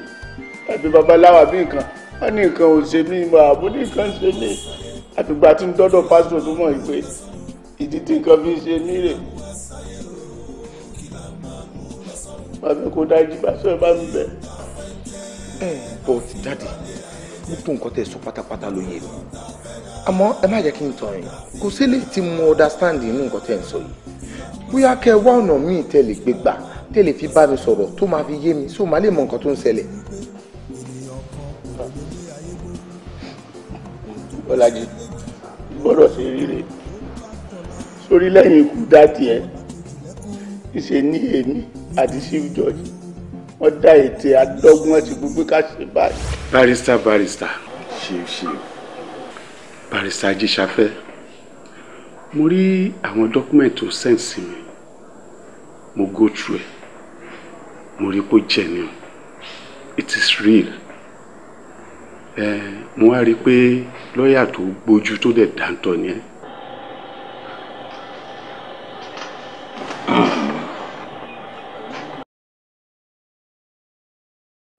àbí babaláwa bí nǹkan wọ́n ní nǹkan ò ṣe mí mọ́ àbó ní nǹkan ṣe mí àfìgbà tí ń dọ́dọ̀ pásítọ̀ tó mọ̀ pé ìdí tí nǹkan fi ń ṣe mí rè bàbá kò dájú bá sọ ẹ bá mi bẹ. ẹ bọ ti jáde gbogbo nǹkan tẹ sọ pátápátá ló yé mi àmọ́ ẹ má jẹ́ kí n tọrin kò sí lè ti mú understand nínú nǹkan tẹ ń sọ yìí bóyá kẹ́ ẹ wá ọ̀nà míì tẹ́ lè gbé gbà tẹ́ lè fi bá mi sọ̀rọ̀ tó máa fi yé mi só máa lè mọ nǹkan tó ń ṣẹlẹ̀. Bọ́lájí gbọ́dọ̀ ṣe rere sórí lẹ́yìn ikú dátì ẹ̀ ìṣe ní èmi àti chief judge wọ́n dá ète adọ́gbọ́n ti gbogbo ká ṣe báyìí. barrister barrister ṣe ṣe barrister ajíṣafẹ́ mo rí àwọn dọ́kúmẹ̀ntì tó send sí mi mo go through ẹ̀ mo rí pé genuine it is real ẹ mo wá rí i pé lọ́ọ̀yà tó gbójú tó dẹ̀ dáńtọ́ ni ẹ.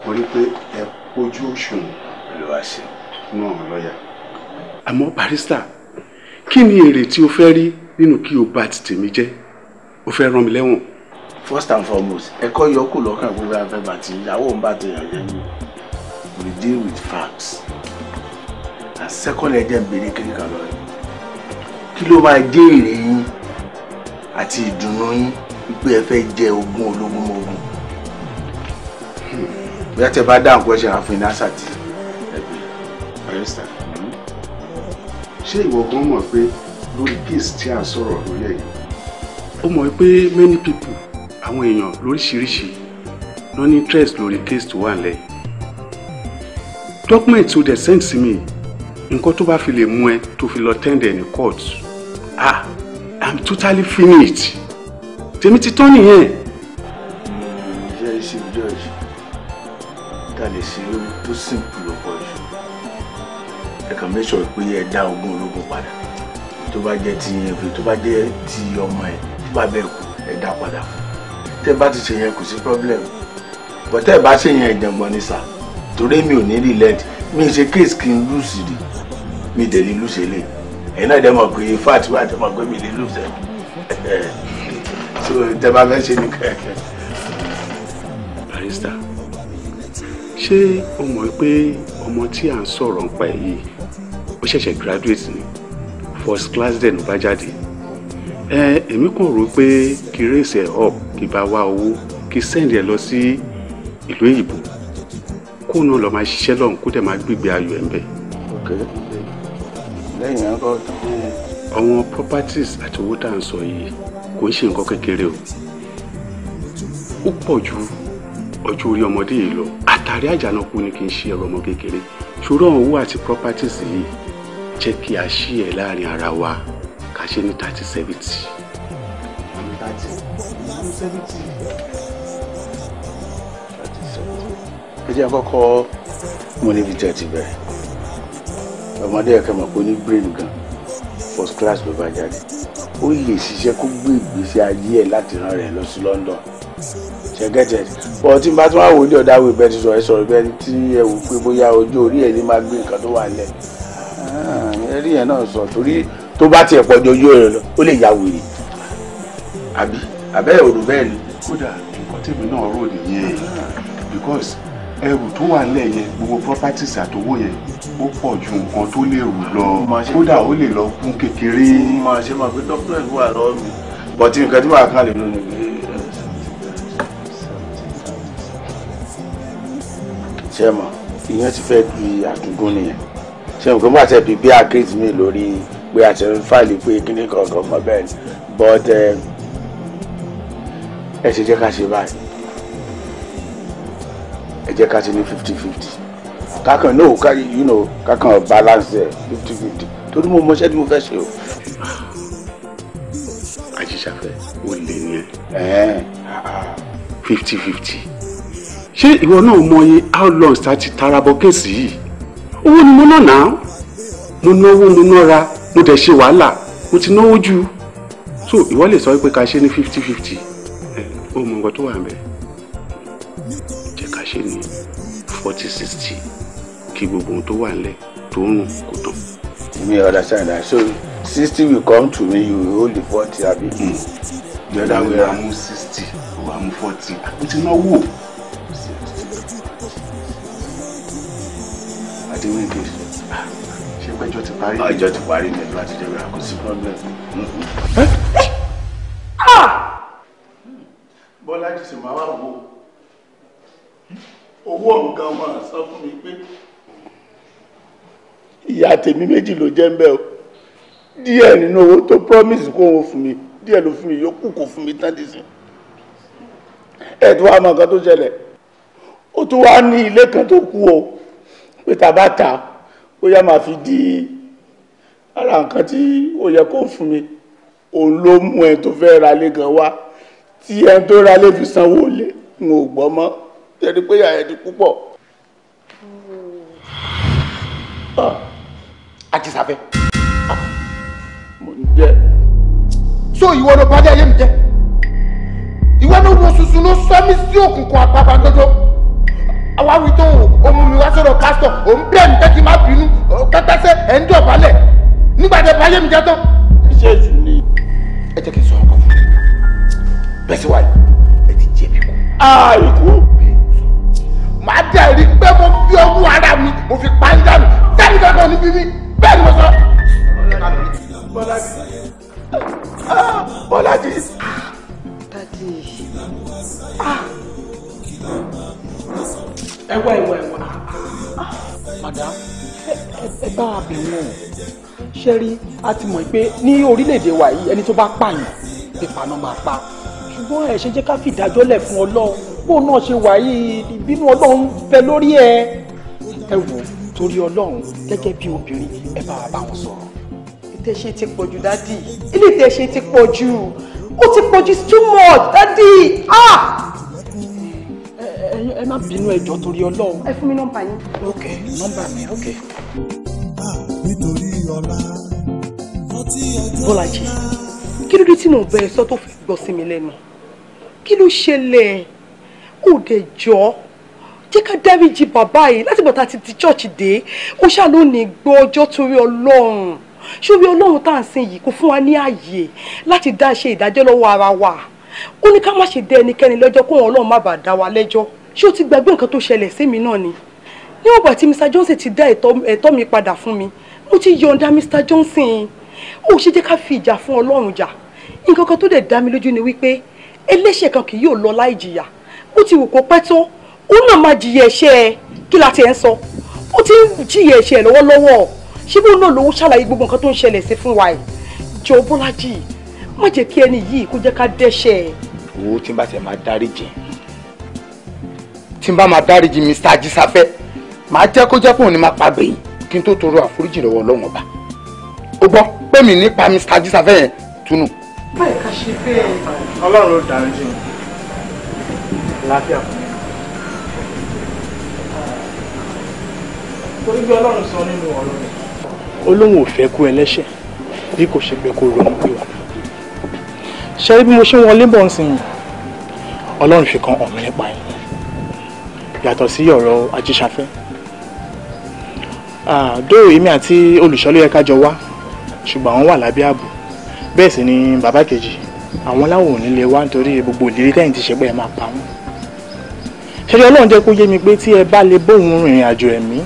mo rí i pé ẹ kójú òṣùwọ̀n ló wá náà lọ́ọ̀yà. àmọ́ barista kí ni èrè tí o fẹ́ rí nínú kí o bá ti tèmi jẹ́ o fẹ́ rán mi lẹ́wọ̀n. first and foremost ẹ̀kọ́ yọkù lọ́kàn gbogbo afẹ́ bàtí ìyàwó ń bá tèèyàn jẹ́ ní we deal with facts and second ẹ̀jẹ̀ bèrè kékeré lọ rẹ̀ kí ló máa jẹ́ èrè yín àti ìdùnnú yín wípé ẹ fẹ́ jẹ ogún ológun ogun hmm. bí a tẹ bá dáhùn question àfihàn asàtì ẹgbẹ́ barrister ṣé ìwọ gan mọ̀ pé lórí case tí a sọ̀rọ̀ lórí ẹ̀ yìí ó mọ̀ pé many people àwọn èèyàn lóríṣiríṣi ló ní interest lórí case tó wà lẹ́yìn document tó dẹ̀ send sí mi nǹkan tó bá fi lè mú ẹ tó fi lọ tender ní court ah i'm totally finished tèmi ti tán nìyẹn. ìyá ìsìn george ta lè ṣe lórí tó simple ẹ kàn make sure pé ẹ dá ogún ológun padà tó bá jẹ́ ti ẹ̀fẹ̀ tó bá jẹ́ ti ọmọ ẹ̀ tó bá bẹ́ẹ̀ kú ẹ dá padà fún tẹ́ bá ti ṣe yẹn kò sí problem but tẹ́ bá ṣe yẹn ìjàngbọ̀n ni sà torí mi ò ní rí lẹ́ẹ̀dì mi ṣe case kí n lùsì rí mi dẹ̀ ní lùsì lè ẹ̀yin náà dẹ̀ mọ̀ pé fat wà dẹ̀ mọ̀ pé mi ní lùsì ẹ̀ so tẹ́ bá fẹ́ ṣe ní kẹ́kẹ́. barista ṣé o mọ̀ pé ọmọ tí à ń sọ̀rọ̀ ń pa ẹ̀ yìí ṣẹ̀ṣẹ̀ graduate ni first class dẹ̀ ló bá jáde èmi kàn rò pé kí race ẹ̀ up kí bá wá owó kí send ẹ̀ lọ sí ìlú òyìnbó kó náà lọ́ọ́ máa ṣiṣẹ́ lọ́hùn kó dẹ̀ máa gbígbé ayọ̀ ẹ̀ ń bẹ̀. lẹ́yìn properties àti owó tá à ń sọ yìí kò ń ṣe nǹkan kékeré o ó pọ̀ ju ọjọ́ orí ọmọdé yìí lọ àtàrí àjànàkú ni kì í ṣe ẹ̀rọ ọmọ kékeré ṣùgbọ́n owó àti properties yìí jẹ́ kí a ṣí ẹ̀ láàrin ara wa ká ṣe ní thirty seventy. ẹ jẹ́ àkọ́kọ́ mo níbi jẹ́ ti bẹ̀rẹ̀ ọmọdé ẹ̀ka mọ̀ pé ó ní brain gan first class ló bá jáde ó lè ṣiṣẹ́ kó gbé ìgbésí ayé ẹ̀ láti rán rẹ̀ lọ sí London ṣẹ̀gẹ́tẹ̀ bọ́ tí n bá tún wà wò ní ọ̀dà àwọn ìbẹ́ ti sọ̀rọ̀ ẹ sọ̀rọ̀ bẹ́ẹ̀ tí ẹ wò pé bóyá ojú orí ẹ̀ ní máa gbé nǹkan tó wà lẹ̀. Ah ẹrí yẹn náà sọ torí tó bá tiẹ̀ pọ̀jọ yóò rẹ lọ ó lè ya wèrè àbí àbẹ́ òrò bẹ́ẹ̀ ni. kódà nǹkan tèmi náà rò nìyẹn because ẹrù tó wà nílẹ̀ yẹn gbogbo properties àtowó yẹn ó pọ̀ ju nǹkan tó lè rù lọ kódà ó lè lọ kún kékeré. mo máa ṣe máa pé dókítà ìlú wà lọ́wọ́ mi bọ̀ tí nǹkan tí wàá kàn lè lò ní pé. ṣé mo ìyẹn ti fẹ́ di àtúndún nìyẹn ṣe nǹkan mú àtẹ̀bí bí àkéjì mi lórí pé àtẹ̀rí fáìlì pé kíní kankan kan bẹ́ẹ̀ ni but eh, ẹ ṣe jẹ́ ká ṣe báyìí ẹ jẹ́ ká ṣe ní fifty fifty kakan no you know kakan balance there fifty fifty torí mo mọṣẹ́ tí mo fẹ́ ṣe o. àjíṣàfẹ́ ó lè ní ẹ fifty fifty ṣé ìwọ náà mọ how long ta ti tarabọ kéèsì yìí owó ni mo ná náà mo náwó mo nára mo dẹ̀ ṣe wàhálà mo ti náwó jù so ìwọ lè sọ pé ká ṣe ní fifty fifty ẹ o mọ nǹkan tó wà níbẹ̀ jẹ́ ká ṣe ní forty sixty kí gbogbo ohun tó wà nílẹ̀ tó ń rùn kò tán. mi understand that so sixty will come to me you hold the forty abi. Hmm. the other way around sixty wà forty àti náwó. ti wí bí ṣé péjọ ti parí. ọjọ́ ah, ti parí ní ẹ̀dùn àtijọ́ rẹ̀ kò sí problem. Eh? Ah! bọ́lá ti sì máa wá wo owó nǹkan máa sọ fún mi pé ìyá tèmi méjì ló jẹ́ ń bẹ́ o díẹ̀ nínú owó tó promise kó wọn fún mi díẹ̀ ló fún mi yókù kò fún mi tán ti sìn ẹ̀dùn àmọ̀ kan tó ṣẹlẹ̀ ó tún wá ní ilé kan tó kù o pé tá a bá ta bóyá màá fi dí ara nǹkan tí ó yẹ kó fún mi òun ló mú ẹ tó fẹ́ ra lé gan wá tí ẹ tó ra lé fi sanwó lé n ò gbọ́ mọ́ tẹ́lẹ̀ pé ìyá hmm. ah. ti púpọ̀. àjẹsàfẹ́ ah. mo ń jẹ́. so ìwọ ló padà yé mi jẹ ìwọ ló wo ṣùṣù ló sọ mí sí òkùnkùn àpapàǹdodo awáwí tó o mú mi wá sọ̀rọ̀ pásítọ̀ ò ń bẹ́ẹ̀ ní kẹ́kì má bínú kẹ́kẹ́sẹ́ ẹ̀ ń dọ̀bálẹ̀ nígbà tẹ báyé mi jẹ́ tán. iṣẹ́ èṣù ni. ẹ jẹ́ kí n sọ ọkọ fún mi bẹ́ẹ̀ sì wáyé ẹ ti jẹ̀bi kú. àìkú. màá dẹ̀ rí pé mo fi ọmú ara mi mo fi pa ń dànù sẹ́ni kankan ní bíbí bẹ́ẹ̀ ni mo sọ. bọ́lájì bọ́lájì. dadi. ah. ah ẹwà ẹwà ẹwà madam ẹ bá a bẹ̀ wọ́n ṣe rí a ti mọ̀ pé ní orílẹ̀-èdè wa yìí ẹni tó bá pààyàn pípa náà máa pa ṣùgbọ́n ẹ ṣe jẹ́ ká fi ìdájọ́ lẹ̀ fún ọlọ́run bóun náà ṣe wà yìí ìbínú ọlọ́run fẹ́ lórí ẹ ẹ wò torí ọlọ́run gẹ́gẹ́ bí obìnrin ẹ bá wa bá wọn sọ̀rọ̀. ìtẹ̀ṣe ti pọ̀ jù dádì ilé ìtẹ̀ṣe ti pọ̀ jù ó ti pọ̀ jù too much dádì ah má bínú ẹjọ́ torí ọlọ́run. ẹ fún mi nọ́mbà yín. ok nọ́mbà mi ok. Ah, nítorí ọlá ọtí ẹjọ́ Bọ́lájí kí ló dé tí mò bẹ ẹ sọ tó fi gbọ́ sí mi lẹ́nu kí ló ṣẹlẹ̀ ó dẹ̀ jọ jẹ́ ká dáríjì bàbá yìí láti bàtà ti di chọ́ọ̀chì dé ó ṣáà ló gbọ́ ọjọ́ torí ọlọ́run ṣóbi ọlọ́run tá à ń sìn yìí kò fún wa ní ààyè láti dá ṣe ìdájọ́ lọ́wọ́ ara wa ó ní ká má ṣe dẹ ẹnikẹ́ni lẹ́jọ́ kó wọn ọlọ́run má bàa dá wa lẹ́jọ́ ṣé o ti gbàgbé nǹkan tó ṣẹlẹ̀ sí mi náà ni níwọ̀n ìgbà tí Mr Johnson ti dá ẹ̀tọ́ mi padà fún mi mo ti yọ̀ǹda Mr Johnson ó ṣe jẹ́ ká fi ìjà fún Ọlọ́run jà nǹkan kan tó dẹ̀ dá mi lójú ni wípé ẹlẹ́ṣẹ̀ kan kì yóò lọ láì jìyà ó ti wù kó pẹ́ tó ó náà máa jìyà ẹ̀ṣẹ̀ ẹ kí la ti ẹ̀ ń sọ ó ti ń jìyà ẹ̀ṣẹ̀ lọ́wọ́lọ́wọ́ ṣé bí náà lówó ṣàlàyé gbogbo nǹkan tó ń ṣẹlẹ̀ sí fún wa yìí jọ Bọ́lájì má jẹ́ kí ẹni yìí kó jẹ́ ká dẹ́ṣẹ̀. owó tí n bá ṣe máa dárí jìn tí n bá máa dáríji Mr. Ajísáfẹ́ màá jẹ́ kó jẹ́ pé òun ni máa pàgbé yìí kí n tó tọrọ àforíjì lọ́wọ́ Ọlọ́run ọba ó gbọ́ pé mi nípa Mr. Ajísáfẹ́ yẹn túnú. bẹ́ẹ̀ ká ṣe bẹ́ẹ̀. Ọlọ́run ló dáríji mi láfíà fún mi. torí bí Ọlọ́run sọ nínú ọ̀rọ̀ rẹ̀. Ọlọ́hun ò fẹ́ kú ẹlẹ́ṣẹ̀ bí kò ṣe pé kó ronú pé wà ṣe bí mo ṣe wọlé bọ̀ yìí Ọlọ́run fi kan hàn mí yín yàtọ̀ sí ọ̀rọ̀ ajíṣafẹ́ ah, dóò èmi àti olùṣọ́ ló yẹ ká jọ wá ṣùgbọ́n àwọn wà lábẹ́ ààbò bẹ́ẹ̀ sì ni bàbá kejì àwọn láwọn ò ní lè wá nítorí gbogbo ìlérí tẹ́yìn ti ṣe pé ẹ máa pa wọ́n ṣẹṣẹ ọlọ́run jẹ́ kó yé mi pé tí ẹ bá lè bóun rìnrìn àjò ẹ̀mí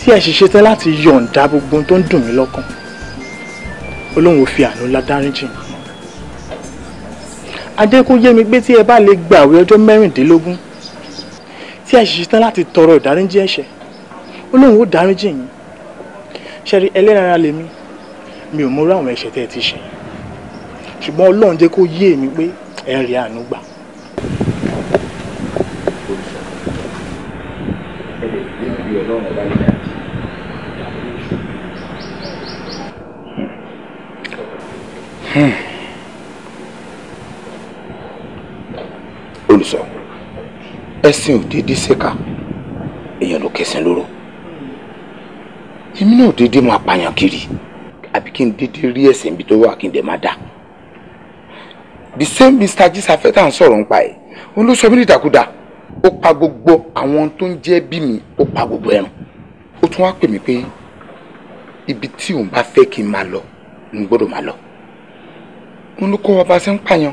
tí ẹ sì ṣetán láti yọ̀ǹda gbogbo tó ń dùn mí lọ́kàn olóhùn fi àánú ládáríjì adé kó yé mi pé tí ẹ bá lè gbàwé ọjọ́ mẹ́rìndínlógún tí ẹ ṣiṣẹ́ tán láti tọrọ ìdáríjì ẹ̀ṣẹ̀ ó lóun ó dáríjì yín ṣẹ́rí ẹlẹ́rìnra lèmi mi ò mọrú àwọn ẹ̀ṣẹ̀ tẹ́ ẹ ti ṣe ṣùgbọ́n ọlọ́run jẹ́ kó yé mi pé ẹ rí àánú gbà. Hmm. Hmm. olùsọ̀rọ̀ ẹ̀sìn ò déédéé ṣèkà èèyàn ló kẹsìn lóró èmi náà ò máa pààyàn kiri àbí kí n déédéé rí ẹ̀sìn ibi tó wà kí n dẹ̀ máa dà the same mr jisafẹ́ tá à ń sọ̀rọ̀ ń pa ẹ̀ òun ló sọ mí ní ìdàkudà ó pa gbogbo àwọn tó ń jẹ́ bí mi ó pa gbogbo ẹran ó tún wá pè mí pé ibi tí òun bá fẹ́ kí n máa lọ n gbọ́dọ̀ máa lọ òun ló kọ́ wa bá ṣe ń pààyàn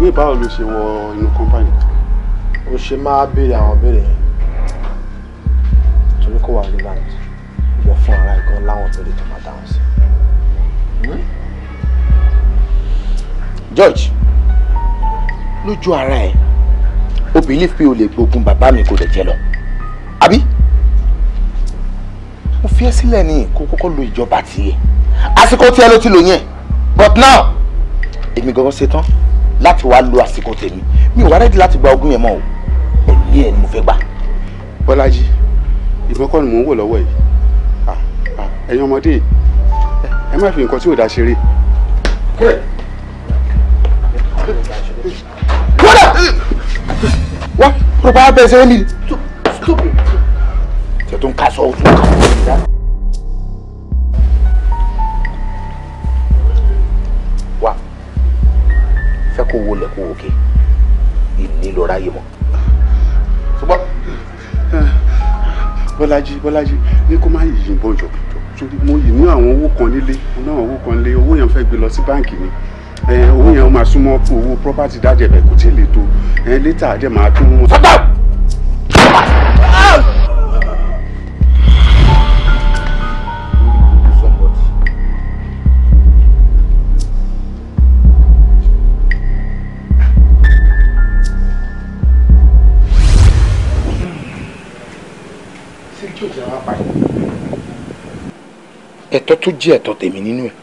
ìwé báwo ló ṣe wọ inú kọ́mpáìnì. ó ṣe máa béèrè àwọn béèrè yẹn torí kò wà relevant wọ fún ara ẹ̀ gan láwọn tó lè tó máa dáhùn sí. Hmm? George lójú ara ẹ̀ o believe pé o lè gbógun bàbá mi kò lè jẹ lọ àbí mo fi ẹ́ sílẹ̀ ní kó kọ́kọ́ lo ìjọba tiẹ̀ àsìkò tí ẹ ló ti lò yẹn but now èmi gangan ṣe tán láti wá lo àsìkò tèmi mi ò wá rẹ́dí láti gba ogún yẹn mọ́ o ẹ̀mí ẹ̀ ni mo fẹ́ gbà. bọ́lájí ìbọn kọ́ ni mò ń wò lọ́wọ́ yìí ẹ̀yin ọmọdé ẹ má fi nǹkan tí ò dá ṣeré. wọ́dà wá rọ̀bà abẹ́ ṣe é nìyí. tó ń kásọ̀ ó tún kásọ̀ ó tún dá. kó wọlé kó òkè ìnílò ráyè mọ́. ṣùgbọ́n bọ́lájí bọ́lájí ní kó má yìnbọn jọ mo yìí ní àwọn owó kan nílé mo ní àwọn owó kan nílé owó yẹn fẹ́ gbé lọ sí báǹkì ni owó yẹn máa súnmọ́ owó property dájẹ̀ bẹ̀ kò tí ì lè tó létà àjẹmọ́ àtúnwò. sọ́tọ̀. ẹ̀tọ́ tó jẹ́ ẹ̀tọ́ tèmi nínú ẹ̀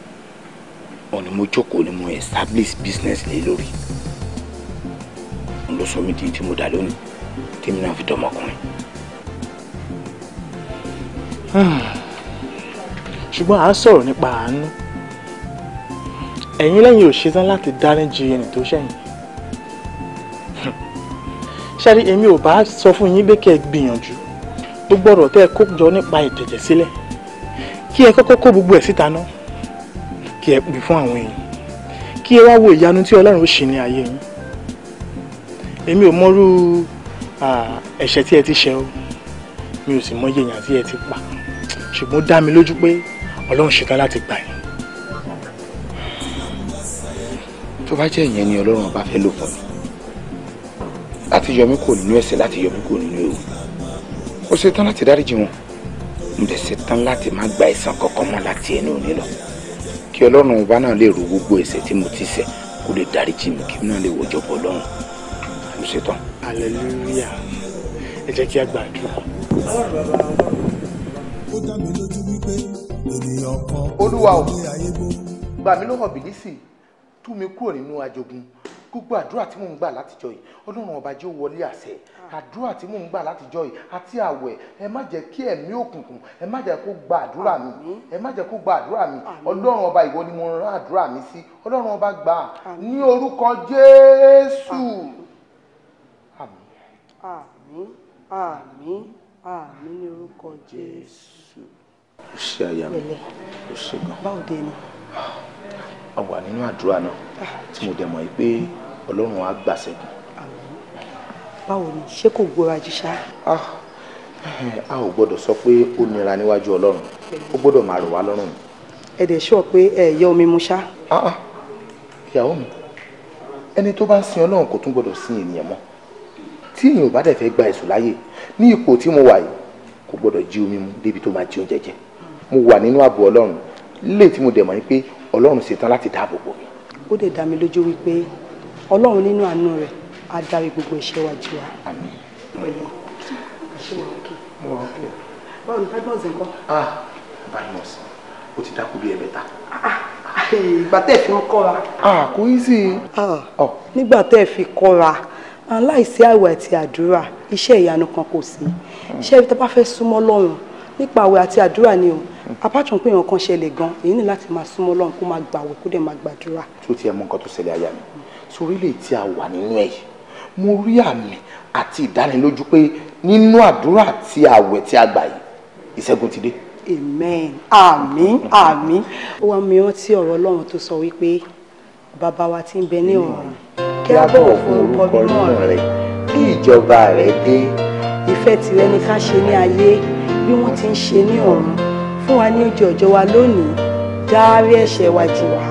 ọ̀nà mo jókòó ni mo establish business lé lórí ló sọ mí di tí mo dà lónìí tèmi náà fi dọmọkùnrin. ṣùgbọ́n à ń sọ̀rọ̀ nípa àánú ẹ̀yin lẹ́yìn ò ṣetán láti dáríjì ẹni tó ṣẹ̀yìn ṣáàrí èmi ò bá sọ fún yín pé kẹ́ ẹ gbìyànjú gbogbo ọ̀rọ̀ tẹ́ ẹ kó jọ nípa ìtẹ̀jẹ̀ sílẹ̀ kí ẹ kọ́kọ́ kó gbogbo ẹ̀ síta ná kí ẹ pè fún àwọn èèyàn kí ẹ wá wo ìyanu tí ọlọ́run ó ṣe ní ayé yín èmi ò mọrú ẹ̀ṣẹ̀ tí ẹ ti ṣe o mi ò sì mọ iye èèyàn tí ẹ ti pa ṣùgbọ́n ó dá mi lójú pé ọlọ́run ṣetán láti gbà yín. tó bá jẹ́ ìyẹn ni ọlọ́run bá fẹ́ lò fún mi àti yọmí kò nínú ẹ̀ṣẹ̀ láti yọmí kò nínú ewu ó ṣetán láti dáríjì wọn mo dẹ̀ ṣetán láti má gba ẹ̀san kankan mọ́ láti ẹnu òní lọ kí ọlọ́run ọba náà lè ro gbogbo ẹ̀ṣẹ̀ tí mo ti ṣẹ̀ kó lè dáríjì mi kí náà lè wọjọ́ bọ̀ lọ́run mo ṣetán. hallelujah ẹ jẹ́ kí a gbàdúrà. ó dá mi lójú wípé ènìyàn kan. olúwa ò gbà mí lọ́wọ́ bìlísì tú mi kúrò nínú ajogun gbogbo àdúrà tí mò ń gbà látijọ́ yìí ọlọ́run ọba jẹ́ wọlé àṣẹ àdúrà tí mò ń gbà látijọ́ yìí àti àwẹ̀ ẹ má jẹ́ kí ẹ̀mí òkùnkùn ẹ má jẹ́ kó gba àdúrà mi ẹ má jẹ́ kó gba àdúrà mi ọlọ́run ọba ìwọ ni mo rán àdúrà mi sí ọlọ́run ọba gbà ní orúkọ jésù. àmín àmín àmín ní orúkọ jésù. ó ṣe àyà mi ó ṣe gan. báwo dé ni. a wà nínú àdúrà náà tí mo dẹ̀ mọ̀ yìí pé ọlọ́run á gbàṣẹ́gun báwo ni ṣé kò gbóra jù ṣá. Ah, a ò gbọ́dọ̀ sọ pé ó nira níwájú ọlọ́run ó gbọ́dọ̀ máa rọ̀ wá lọ́rùn. ẹ dẹ̀ sọ pé ẹ yọ omi mu ṣá. Ah, ah. ìyàwó mi ẹni tó bá ń sin ọlọ́run kò tún gbọ́dọ̀ sin ènìyàn mọ́ tí èèyàn bá dẹ̀ fẹ́ gba èṣù láyè ní ipò tí mo wà yìí kò gbọ́dọ̀ jí omi mu débi tó máa jí oúnjẹ jẹ mo wà nínú ààbò ọlọ́run lè tí mo dẹ̀ mọ̀ ní pé ọlọ́run ṣetán láti dáàbò bò mí. ó dẹ̀ dá mi lójú wípé ọlọ́run nínú àánú rẹ̀ á dárí gbogbo iṣẹ́ wa jù wá. àmín. mo wà ókè. báwo ni fábíọ́n ah báyọ̀ sí o ti dákú bí ẹ̀mẹ́ta. Ah, ìgbà tẹ́ ẹ̀ fi kọ́ra. ah kò í sí. Ah, oh. nígbà tẹ́ ẹ̀ fi kọ́ra aláìsí àwẹ̀ àti àdúrà iṣẹ́ ìyanu kan kò sí hmm. iṣẹ́ ibi tá a bá fẹ́ súnmọ́ lọ́run nípa àwẹ̀ àti àdúrà ni o hmm. apart from pé èèyàn kan ṣẹlẹ̀ gan èyí ní láti máa súnmọ́ lọ́run kó máa gbàwẹ̀ kó dẹ̀ máa gbàdúrà. tí ó ti ẹ̀ mọ nǹkan tó ṣẹlẹ̀ àyà mi hmm. sórí lè tí a nínú ẹ̀ mo rí àmì àti ìdánilójú pé nínú àdúrà àti ààwẹ̀ tí a gbà yìí ìṣẹ́gun ti dé. amen àmín àmín. ó wá mi rántí ọ̀rọ̀ ọlọ́run tó sọ wípé bàbá wa ti ń bẹ ní ọ̀run kí a bọ̀wọ̀ fún orúkọ mímọ́ rẹ̀ kí ìjọba rẹ̀ dé. ìfẹ́ tìrẹ ni ká ṣe ní ayé bí wọ́n ti ń ṣe ní ọ̀run fún wa ní ojú ọjọ́ wa lónìí dárí ẹ̀ṣẹ̀ wa jì wá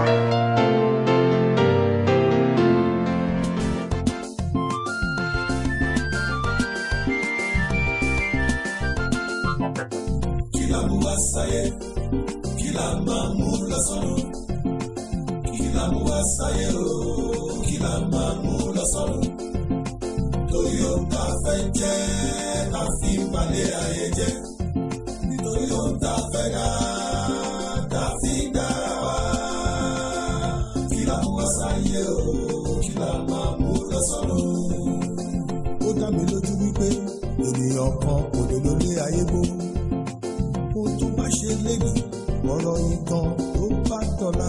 sọ́run kí la mú wá sáyé o kí la máa mú lọ sọ́run torí ohun tá a fẹ́ jẹ́ la fi ń balẹ̀ ayé jẹ́ nítorí ohun tá o kí la máa mú lọ ó dá mi lójú wípé ènìyàn kan kò lè ayé bó ó tún bá ṣe lébi ọ̀rọ̀ yìí kan dọ̀la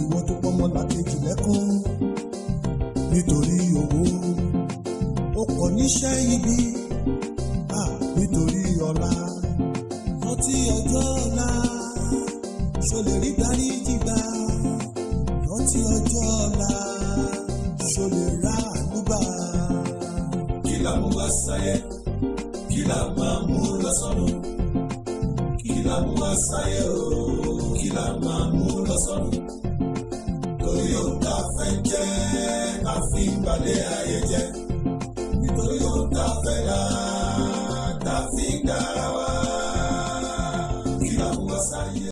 ìwọ tó pọ́nmọ làkejì lẹ́kún nítorí owó ó kọ̀ níṣẹ́ ibi nítorí ọ̀la rántí ọjọ́ ọ̀la ṣo lè rí darí jìgbà rántí ọjọ́ ọ̀la ṣo lè rà àdúgbà. kí la mú wá sáyé kí la máa mú lọ sọ́run kí la mú wá sáyé ooo la máa mú lọ sọ́run. Torí ohun tá a fẹ́ jẹ́, a fi ń balẹ̀ ayé jẹ́. Nítorí ohun tá a fẹ́ dáa.